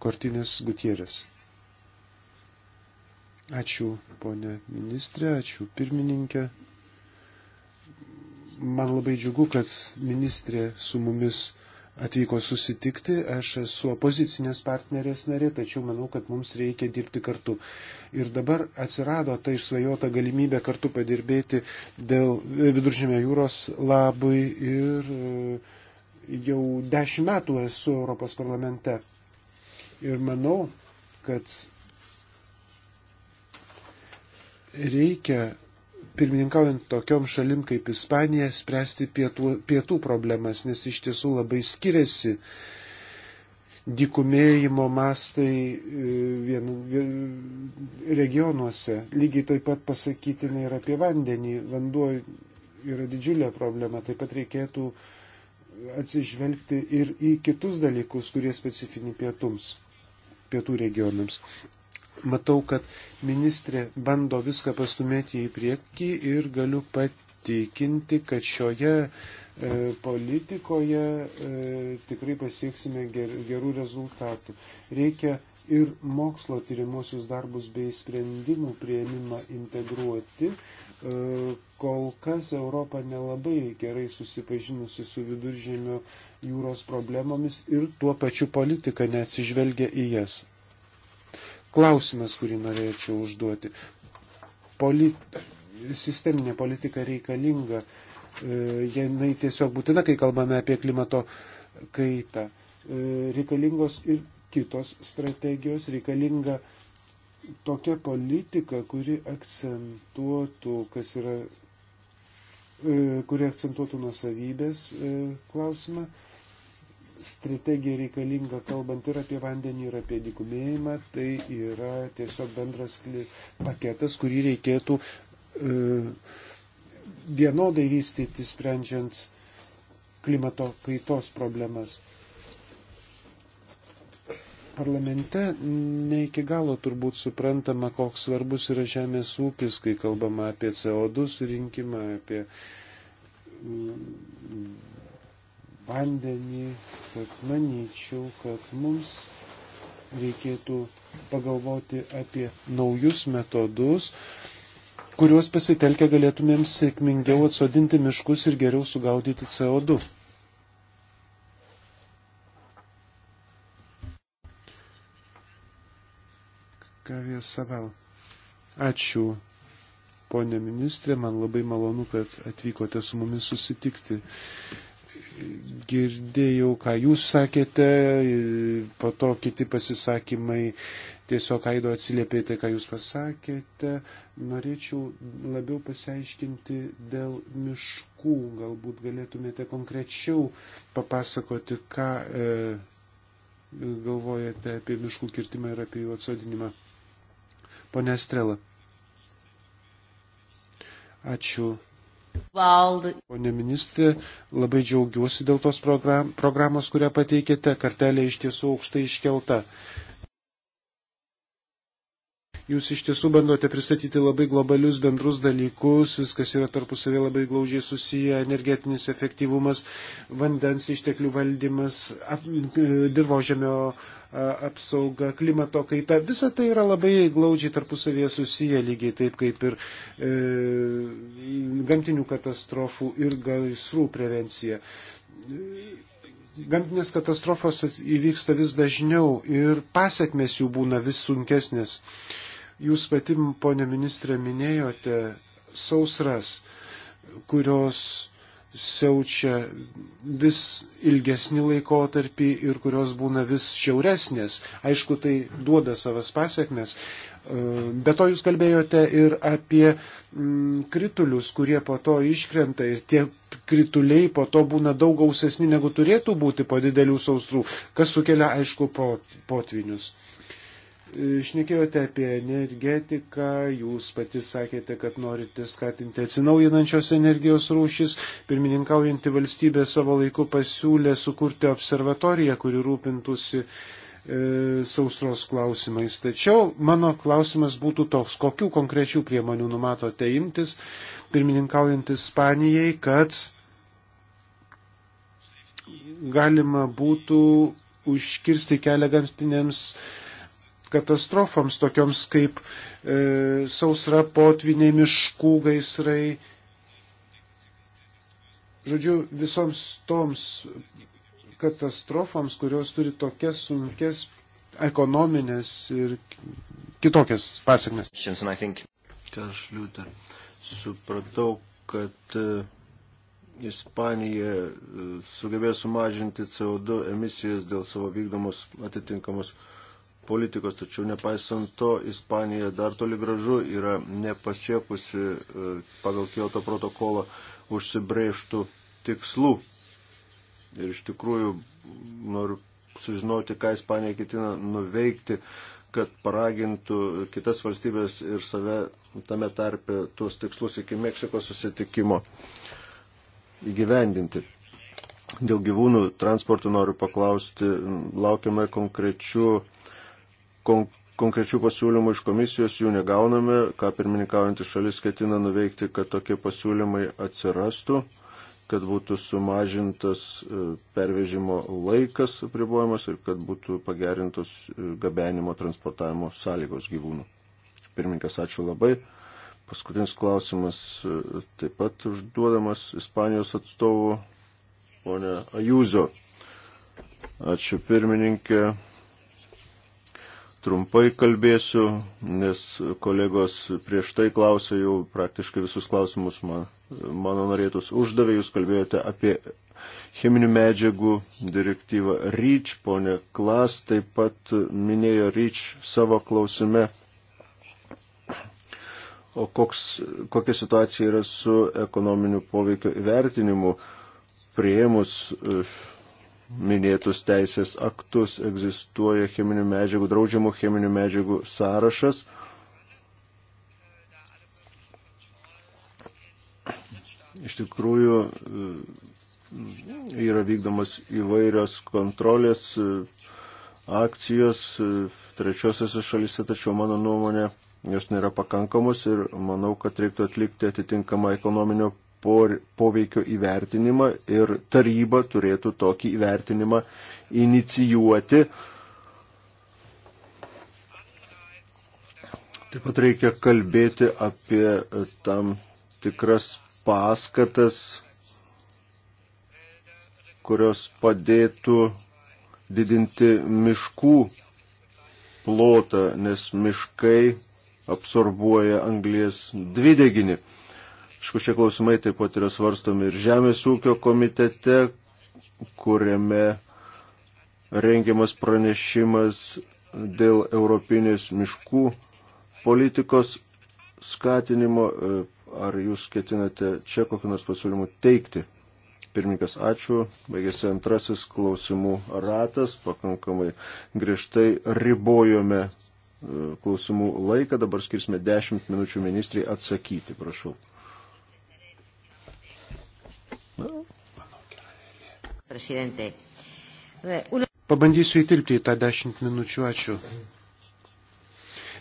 Kortinės Gutierės. Ačiū, ponė ministrė, ačiū, pirmininkė. Man labai džiugu, kad ministrė su mumis atvyko susitikti. Aš esu opozicinės partnerės narė, tačiau manau, kad mums reikia dirbti kartu. Ir dabar atsirado ta išsvajota galimybė kartu padirbėti dėl viduržėmio jūros labui ir e, jau dešimt metų esu Europos parlamente. Ir manau, kad reikia pirmininkaujant tokiom šalim kaip Ispanija, spręsti pietų, pietų problemas, nes iš tiesų labai skiriasi dikumėjimo mastai e, vien, vien, regionuose. Lygiai taip pat pasakytina ir apie vandenį. Vanduo yra didžiulė problema. Taip pat reikėtų atsižvelgti ir į kitus dalykus, kurie specifini pietums, pietų regionams matau, kad ministrė bando viską pastumėti į priekį ir galiu patikinti, kad šioje e, politikoje e, tikrai pasieksime ger, gerų rezultatų. Reikia ir mokslo tyrimuosius darbus bei sprendimų prieimimą integruoti. E, kol kas Europa nelabai gerai susipažinusi su viduržėmio jūros problemomis ir tuo pačiu politika neatsižvelgia į jas klausimas, kurį norėčiau užduoti. Polit... Sisteminė politika reikalinga, e, jinai tiesiog būtina, kai kalbame apie klimato kaitą. E, reikalingos ir kitos strategijos, reikalinga tokia politika, kuri akcentuotų, kas yra, e, kuri akcentuotų nusavybės klausimą, strategija reikalinga kalbant ir apie vandenį, ir apie dikumėjimą. Tai yra tiesiog bendras paketas, kurį reikėtų e, vienodai vystyti, sprendžiant klimato kaitos problemas parlamente ne iki galo turbūt suprantama, koks svarbus yra žemės ūkis, kai kalbama apie CO2 surinkimą, apie vandenį, tad manyčiau, kad mums reikėtų pagalvoti apie naujus metodus, kuriuos pasitelkę galėtumėm sėkmingiau atsodinti miškus ir geriau sugaudyti CO2. Kavė Savel. Ačiū, ponė ministrė, man labai malonu, kad atvykote su mumis susitikti girdėjau, ką jūs sakėte, po to kiti pasisakymai tiesiog Aido atsiliepė tai, ką jūs pasakėte. Norėčiau labiau pasiaiškinti dėl miškų. Galbūt galėtumėte konkrečiau papasakoti, ką e, galvojate apie miškų kirtimą ir apie jų atsodinimą. Pone Estrela. Ačiū Pone ministrė, labai džiaugiuosi dėl tos programos, kurią pateikėte. Kartelė iš tiesų aukštai iškelta. Jūs iš tiesų bandote pristatyti labai globalius bendrus dalykus, viskas yra tarpusavė labai glaužiai susiję, energetinis efektyvumas, vandens išteklių valdymas, ap, dirbožėmio apsauga, klimato kaita. Visa tai yra labai glaudžiai tarpusavėje susiję, lygiai taip kaip ir e, gamtinių katastrofų ir gaisrų prevencija gamtinės katastrofos įvyksta vis dažniau ir pasiekmes jų būna vis sunkesnės. E, Jūs pati, ponė ministrė, minėjote sausras, kurios siaučia vis ilgesnį laikotarpį ir kurios būna vis šiauresnės. Aišku, tai duoda savas pasiekmes. Ehm, be to jūs kalbėjote ir apie mm, kritulius, kurie po to iškrenta ir tie krituliai po to būna daug gausesni negu turėtų būti po didelių saustrų, kas sukelia, aišku, potvinius. Po Šnekėjote apie energetiką, jūs pati sakėte, kad norite skatinti atsinaujinančios energijos rūšis. Pirmininkaujanti valstybė savo laiku pasiūlė sukurti observatoriją, kuri rūpintųsi e, sausros klausimais. Tačiau mano klausimas būtų toks, kokių konkrečių priemonių numatote imtis, pirmininkaujant Ispanijai, kad galima būtų užkirsti kelią gamtinėms katastrofoms tokioms kaip e, sausra, potviniai, miškų gaisrai. Žodžiu, visoms toms katastrofoms, kurios turi tokias sunkes ekonominės ir kitokias pasiekmes. Karšliūtė, supratau, kad e, Ispanija e, sugebėjo sumažinti CO2 emisijas dėl savo vykdomos atitinkamos uh, politikos, tačiau nepaisant to, Ispanija dar toli gražu yra nepasiekusi e, pagal Kyoto protokolą užsibrėžtų tikslų. Ir iš tikrųjų noriu sužinoti, ką Ispanija ketina nuveikti, kad paragintų kitas valstybės ir save tame tarpe tuos tikslus iki Meksikos susitikimo įgyvendinti. Dėl gyvūnų transportų noriu paklausti, laukiame konkrečių konkrečių pasiūlymų iš komisijos jų negauname, ką pirmininkaujantis šalis ketina nuveikti, kad tokie pasiūlymai atsirastų, kad būtų sumažintas e, pervežimo laikas apribojimas ir kad būtų pagerintos e, gabenimo transportavimo sąlygos gyvūnų. Pirmininkas, ačiū labai. Paskutinis klausimas e, taip pat užduodamas Ispanijos atstovų, ponė Ajūzo. Ačiū pirmininkė trumpai kalbėsiu, nes kolegos prieš tai klausė jau praktiškai visus klausimus man, mano norėtus uždavė. Jūs kalbėjote apie cheminių medžiagų direktyvą REACH, ponė Klas taip pat minėjo REACH savo klausime. O koks, kokia situacija yra su ekonominiu poveikio įvertinimu prieimus minėtus teisės aktus. Egzistuoja cheminių medžiagų, draudžiamų cheminių medžiagų sąrašas. Iš tikrųjų e, yra vykdomos įvairios kontrolės e, akcijos e, trečiosiose šalise, tačiau mano nuomonė jos nėra pakankamos ir manau, kad reiktų atlikti atitinkamą ekonominio poveikio įvertinimą ir taryba turėtų tokį įvertinimą inicijuoti. Taip pat reikia kalbėti apie tam tikras paskatas, kurios padėtų didinti miškų plotą, nes miškai absorbuoja anglės dvideginį. Aišku, šie klausimai taip pat yra svarstomi ir Žemės ūkio komitete, kuriame rengiamas pranešimas dėl europinės miškų politikos skatinimo. E, ar jūs ketinate čia kokį nors pasiūlymų teikti? Pirmininkas, ačiū. Baigėsi antrasis klausimų ratas. Pakankamai griežtai ribojome e, klausimų laiką. Dabar skirsime 10 minučių ministrai atsakyti. Prašau. Presidente. Pabandysiu įtilpti į tą dešimt minučių. Ačiū.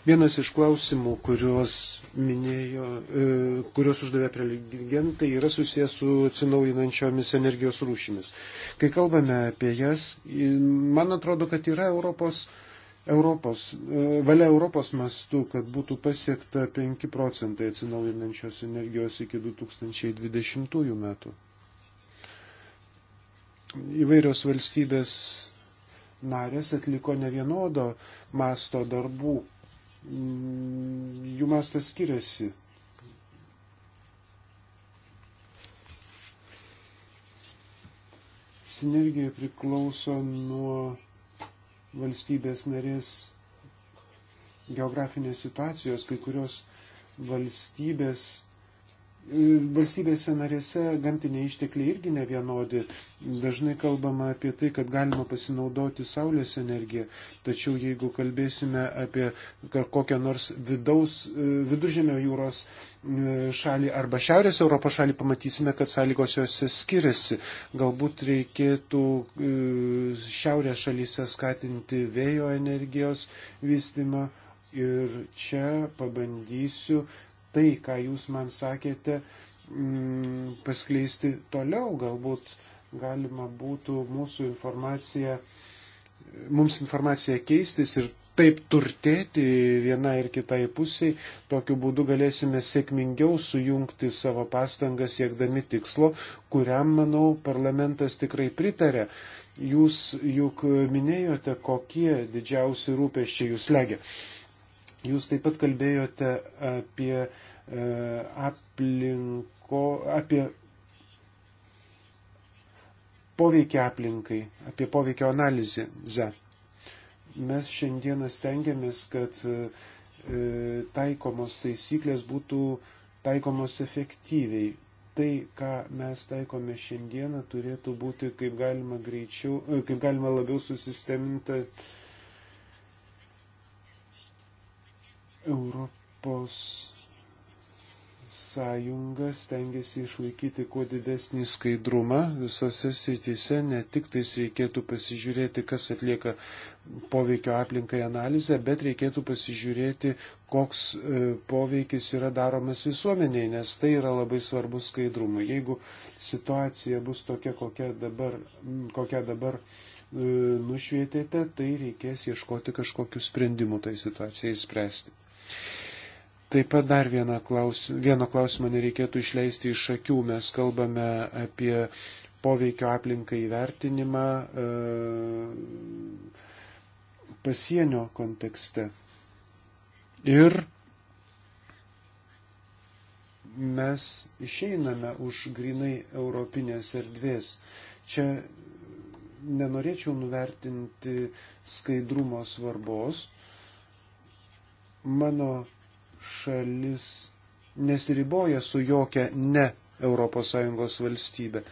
Vienas iš klausimų, kuriuos, minėjo, e, kuriuos uždavė prelegentai, yra susijęs su atsinaujinančiomis energijos rūšimis. Kai kalbame apie jas, man atrodo, kad yra Europos, Europos e, valia Europos mastu, kad būtų pasiekta 5 procentai atsinaujinančios energijos iki 2020 metų įvairios valstybės narės atliko ne vienodo masto darbų. Jų mastas skiriasi. Sinergija priklauso nuo valstybės narės geografinės situacijos, kai kurios valstybės Valstybėse narėse gamtiniai ištekliai irgi nevienodi. Dažnai kalbama apie tai, kad galima pasinaudoti saulės energiją, tačiau jeigu kalbėsime apie kokią nors vidaus, e, viduržėmio jūros e, šalį arba Šiaurės Europos šalį, pamatysime, kad sąlygos jose skiriasi. Galbūt reikėtų e, Šiaurės šalyse skatinti vėjo energijos vystimą ir čia pabandysiu tai, ką jūs man sakėte, mm, paskleisti toliau. Galbūt galima būtų mūsų informaciją, mums informaciją keistis ir taip turtėti viena ir kitai pusiai, tokiu būdu galėsime sėkmingiau sujungti savo pastangas siekdami tikslo, kuriam, manau, parlamentas tikrai pritarė. Jūs juk minėjote, kokie didžiausi rūpeščiai jūs legia. Jūs taip pat kalbėjote apie e, aplinko, apie poveikį aplinkai, apie poveikio analizę. Mes šiandieną stengiamės, kad e, taikomos taisyklės būtų taikomos efektyviai. Tai, ką mes taikome šiandieną, turėtų būti kaip galima, greičiau, kaip galima labiau susisteminta uh, Europos sąjunga stengiasi išlaikyti kuo didesnį skaidrumą visose srityse, ne tik tais reikėtų pasižiūrėti, kas atlieka poveikio aplinkai analizę, bet reikėtų pasižiūrėti, koks e, poveikis yra daromas visuomeniai, nes tai yra labai svarbu skaidrumui. Jeigu situacija bus tokia, kokia dabar, kokia dabar e, nušvietėte, tai reikės ieškoti kažkokių sprendimų tai situacijai spręsti. Taip pat dar vieno klausimo, vieno klausimo nereikėtų išleisti iš akių. Mes kalbame apie poveikio aplinkai įvertinimą e, pasienio kontekste. Ir mes išeiname už grinai europinės erdvės. Čia nenorėčiau nuvertinti skaidrumo svarbos Mano šalis nesiriboja su jokia ne ES valstybė.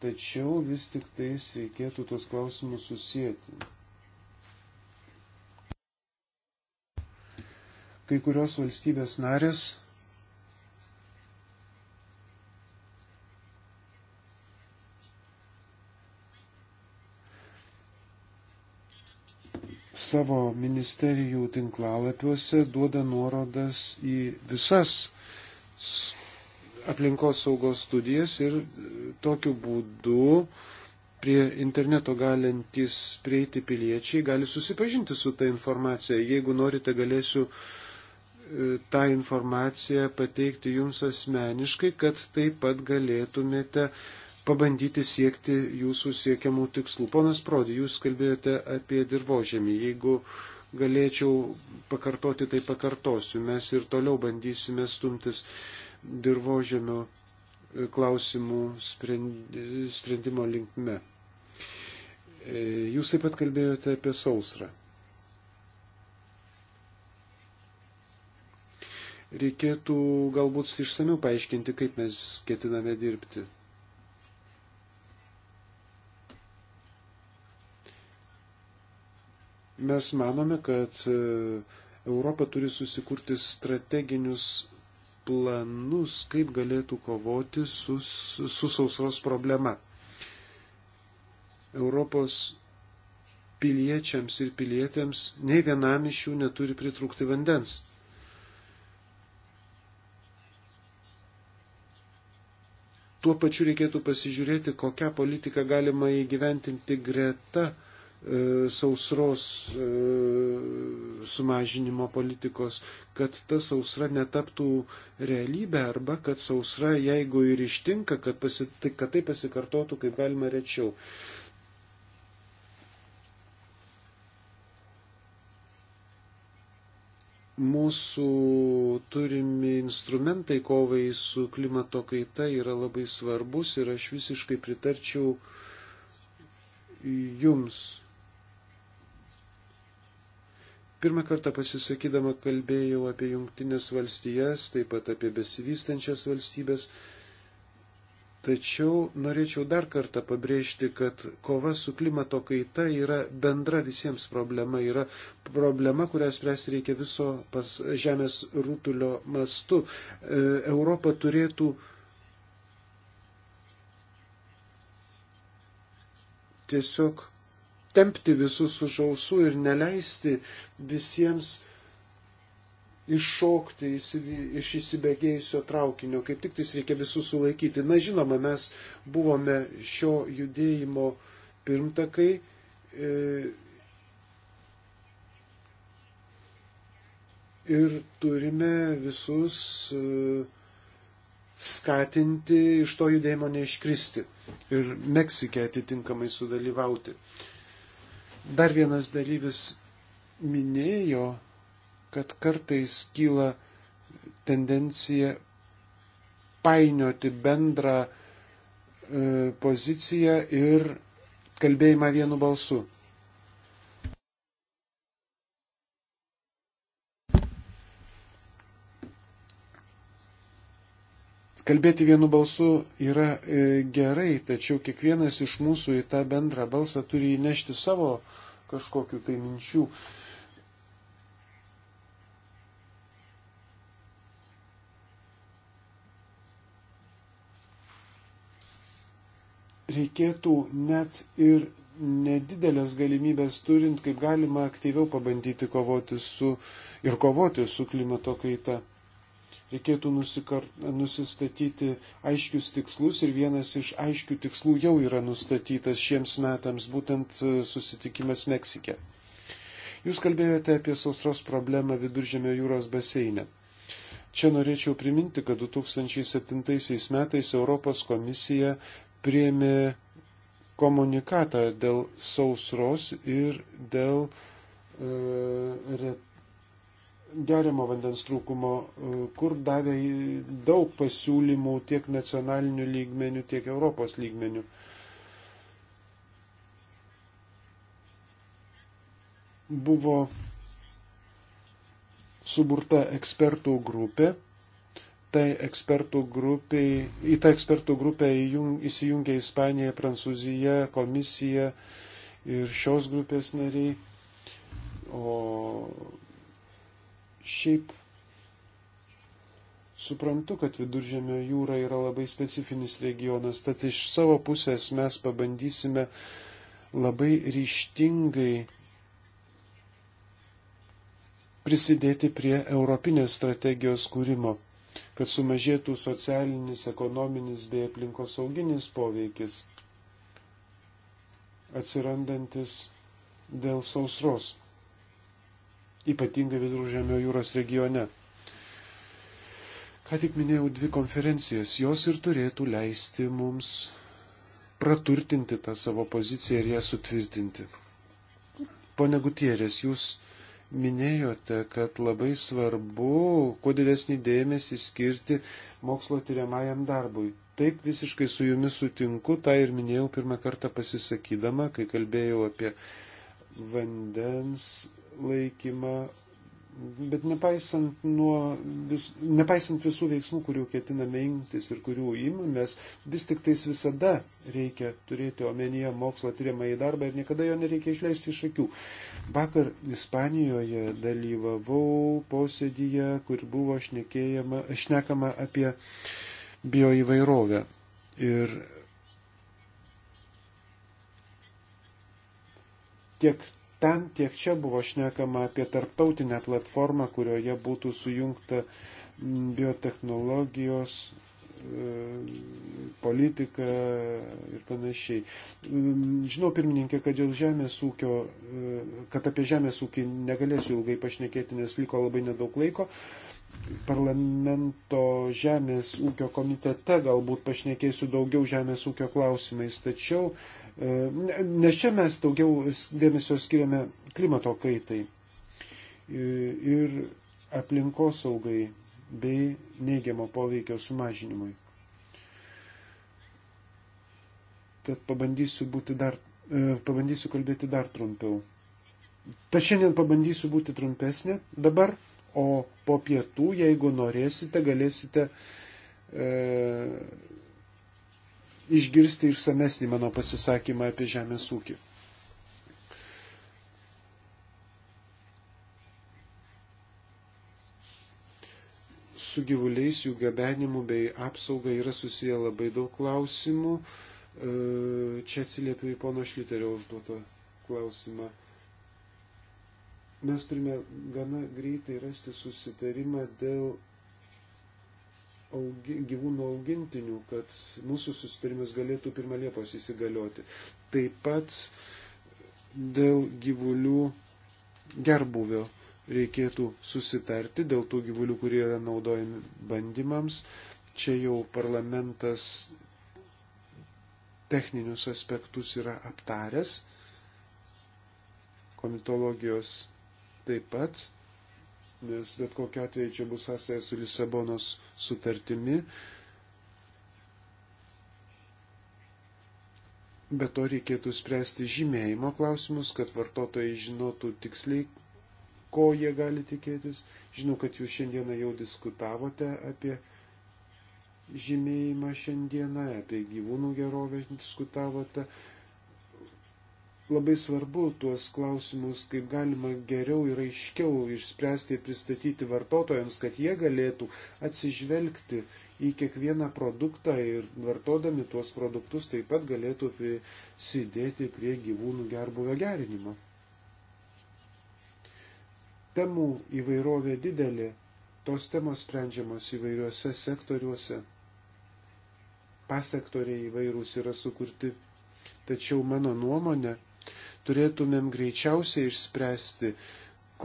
Tačiau vis tik tais reikėtų tos klausimus susijęti. Kai kurios valstybės narės savo ministerijų tinklalapiuose duoda nuorodas į visas aplinkos saugos studijas ir e, tokiu būdu prie interneto galintys prieiti piliečiai gali susipažinti su ta informacija. Jeigu norite, galėsiu e, tą informaciją pateikti jums asmeniškai, kad taip pat galėtumėte pabandyti siekti jūsų siekiamų tikslų. Ponas Prodi, jūs kalbėjote apie dirbožėmį. Jeigu galėčiau pakartoti, tai pakartosiu. Mes ir toliau bandysime stumtis dirbožėmio klausimų sprendimo linkme. E, jūs taip pat kalbėjote apie sausrą. Reikėtų galbūt išsamiu paaiškinti, kaip mes ketiname dirbti. Mes manome, kad e, Europa turi susikurti strateginius planus, kaip galėtų kovoti su, su sausros problema. Europos piliečiams ir pilietėms nei vienam iš jų neturi pritrūkti vandens. Tuo pačiu reikėtų pasižiūrėti, kokią politiką galima įgyventinti greta E, sausros e, sumažinimo politikos, kad ta sausra netaptų realybė arba kad sausra, jeigu ir ištinka, kad, pasi, tai, kad tai pasikartotų kaip galima rečiau. mūsų turimi instrumentai kovai su klimato kaita yra labai svarbus ir aš visiškai pritarčiau jums. Pirmą kartą pasisakydama kalbėjau apie jungtinės valstijas, taip pat apie besivystančias valstybės. Tačiau norėčiau dar kartą pabrėžti, kad kova su klimato kaita yra bendra visiems problema, yra problema, kurią spręsti reikia viso pas, žemės rutulio mastu. E, Europa turėtų tiesiog tempti visus už ausų ir neleisti visiems iššokti iš įsibėgėjusio traukinio, kaip tik tais reikia visus sulaikyti. Na žinoma, mes buvome šio judėjimo pirmtakai. E, ir turime visus e, skatinti iš to judėjimo neiškristi ir Meksikė atitinkamai sudalyvauti. Uh, Dar vienas dalyvis minėjo, kad kartais kyla tendencija painioti bendrą e, poziciją ir kalbėjimą vienu balsu. Kalbėti vienu balsu yra e, gerai, tačiau kiekvienas iš mūsų į tą bendrą balsą turi įnešti savo kažkokiu tai minčių. Reikėtų net ir nedidelės galimybės turint, kaip galima aktyviau pabandyti kovoti su ir kovoti su klimato kaita reikėtų nusikar, nusistatyti aiškius tikslus ir vienas iš aiškių tikslų jau yra nustatytas šiems metams, būtent e, susitikimas Meksike. Jūs kalbėjote apie sausros problemą viduržėmio jūros baseine. Čia norėčiau priminti, kad 2007 metais Europos komisija priėmė komunikatą dėl sausros ir dėl e, retų geriamo vandens trūkumo, e, kur davė daug pasiūlymų tiek nacionalinių lygmenių, tiek Europos lygmenių. Buvo suburta ekspertų grupė. Tai ekspertų grupė, į tą ekspertų grupę įsijungia Ispanija, Prancūzija, komisija ir šios grupės nariai. O Šiaip suprantu, kad viduržėmio jūra yra labai specifinis regionas, tad iš savo pusės mes pabandysime labai ryštingai prisidėti prie Europinės strategijos kūrimo, kad sumažėtų socialinis, ekonominis bei aplinkosauginis poveikis atsirandantis dėl sausros ypatingai Viduržėmio jūros regione. Ką tik minėjau dvi konferencijas, jos ir turėtų leisti mums praturtinti tą savo poziciją ir ją sutvirtinti. Pone Gutierės, jūs minėjote, kad labai svarbu, kuo didesnį dėmesį skirti mokslo tyriamajam darbui. Taip visiškai su jumis sutinku, tą ir minėjau pirmą kartą pasisakydama, kai kalbėjau apie vandens laikymą, bet nepaisant, nuo, vis, nepaisant visų veiksmų, kurių ketiname imtis ir kurių imamės, vis tik tais visada reikia turėti omenyje mokslo tyrimą į darbą ir niekada jo nereikia išleisti iš akių. Vakar Ispanijoje dalyvavau posėdyje, kur buvo šnekama apie bioįvairovę. Ir tiek ten tiek čia buvo šnekama apie tarptautinę platformą, kurioje būtų sujungta biotehnologijos e, politika ir panašiai. Žinau, pirmininkė, kad, žemės ūkio, e, kad apie žemės ūkį negalėsiu ilgai pašnekėti, nes liko labai nedaug laiko. Parlamento žemės ūkio komitete galbūt pašnekėsiu daugiau žemės ūkio klausimais, tačiau uh, E, nes čia mes daugiau dėmesio skiriame klimato kaitai e, ir aplinkosaugai bei neigiamo poveikio sumažinimui. Tad pabandysiu, dar, e, pabandysiu kalbėti dar trumpiau. Tad šiandien pabandysiu būti trumpesnė dabar, o po pietų, jeigu norėsite, galėsite e, išgirsti išsamesnį mano pasisakymą apie žemės ūkį. Su gyvuliais, jų gabenimu bei apsauga yra susiję labai daug klausimų. E, čia atsiliepiu į pono Šliterio užduotą klausimą. Mes turime gana greitai rasti susitarimą dėl augi, gyvūnų augintinių, kad mūsų susitarimas galėtų pirmą Liepos įsigalioti. Taip pat dėl gyvulių gerbuvio reikėtų susitarti, dėl tų gyvulių, kurie yra naudojami bandymams. Čia jau parlamentas techninius aspektus yra aptaręs, komitologijos taip pat nes bet kokiu atveju čia bus sąsaja su Lisabonos sutartimi. Bet to reikėtų spręsti žymėjimo klausimus, kad vartotojai žinotų tiksliai, ko jie gali tikėtis. Žinau, kad jūs šiandieną jau diskutavote apie žymėjimą šiandieną, apie gyvūnų gerovę diskutavote. Uh, labai svarbu tuos klausimus, kaip galima geriau ir aiškiau išspręsti ir pristatyti vartotojams, kad jie galėtų atsižvelgti į kiekvieną produktą ir vartodami tuos produktus taip pat galėtų prisidėti prie gyvūnų gerbuvio gerinimo. Temų įvairovė didelė, tos temos sprendžiamos įvairiuose sektoriuose, pasektoriai įvairūs yra sukurti, tačiau mano nuomonė Turėtumėm greičiausiai išspręsti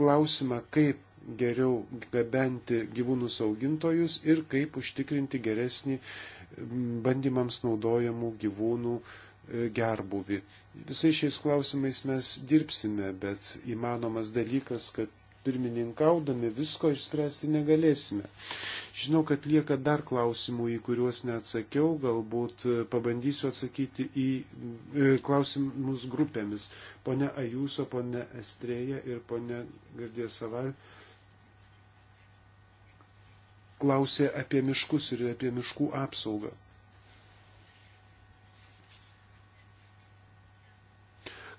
klausimą, kaip geriau gabenti gyvūnus augintojus ir kaip užtikrinti geresnį bandymams naudojamų gyvūnų e, gerbuvi. Visais šiais klausimais mes dirbsime, bet įmanomas dalykas, kad pirmininkaudami visko išspręsti negalėsime. Žinau, kad lieka dar klausimų, į kuriuos neatsakiau, galbūt e, pabandysiu atsakyti į e, klausimus grupėmis. Pone Ajūso, pone Estrėja ir pone Gardė Saval klausė apie miškus ir apie miškų apsaugą.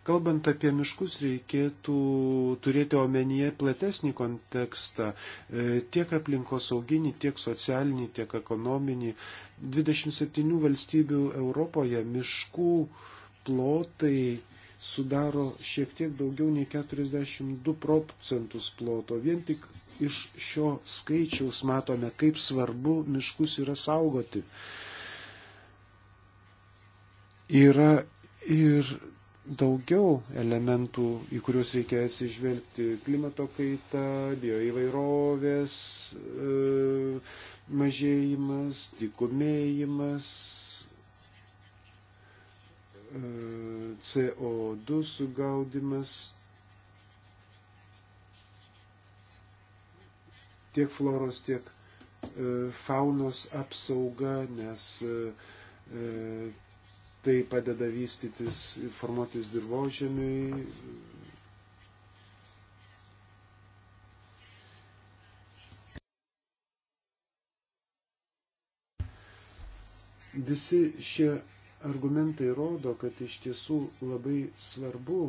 Kalbant apie miškus, reikėtų turėti omenyje platesnį kontekstą e, - tiek aplinkosauginį, tiek socialinį, tiek ekonominį. 27 valstybių Europoje miškų plotai sudaro šiek tiek daugiau nei 42 procentus ploto. Vien tik iš šio skaičiaus matome, kaip svarbu miškus yra saugoti. Yra ir daugiau elementų, į kuriuos reikia atsižvelgti - klimato kaita, bioįvairovės e, mažėjimas, dikumėjimas, e, CO2 sugaudimas. Tiek floros, tiek e, faunos apsauga, nes Tai padeda vystytis ir formuotis dirbožėmiui. Visi šie argumentai rodo, kad iš tiesų labai svarbu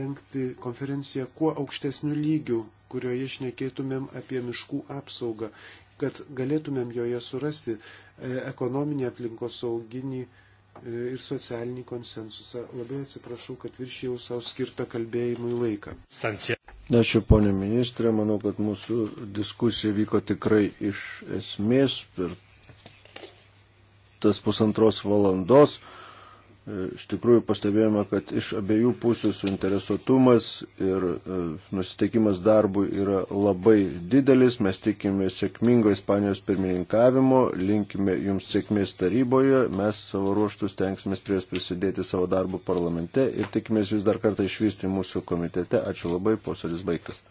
rengti konferenciją kuo aukštesniu lygiu, kurioje išnekėtumėm apie miškų apsaugą kad galėtumėm joje surasti e, ekonominį aplinkos sauginį e, ir socialinį konsensusą. Labai atsiprašau, kad viršėjau savo skirtą kalbėjimui laiką. Stancija. Ačiū, ponė ministrė. Manau, kad mūsų diskusija vyko tikrai iš esmės per tas pusantros valandos. E, iš tikrųjų pastebėjome, kad iš abiejų pusių suinteresuotumas ir e, nusiteikimas darbų yra labai didelis. Mes tikime sėkmingo Ispanijos pirmininkavimo, linkime jums sėkmės taryboje, mes savo ruoštus tenksime prie jos prisidėti savo darbų parlamente ir tikimės jūs dar kartą išvysti mūsų komitete. Ačiū labai, posėdis baigtas.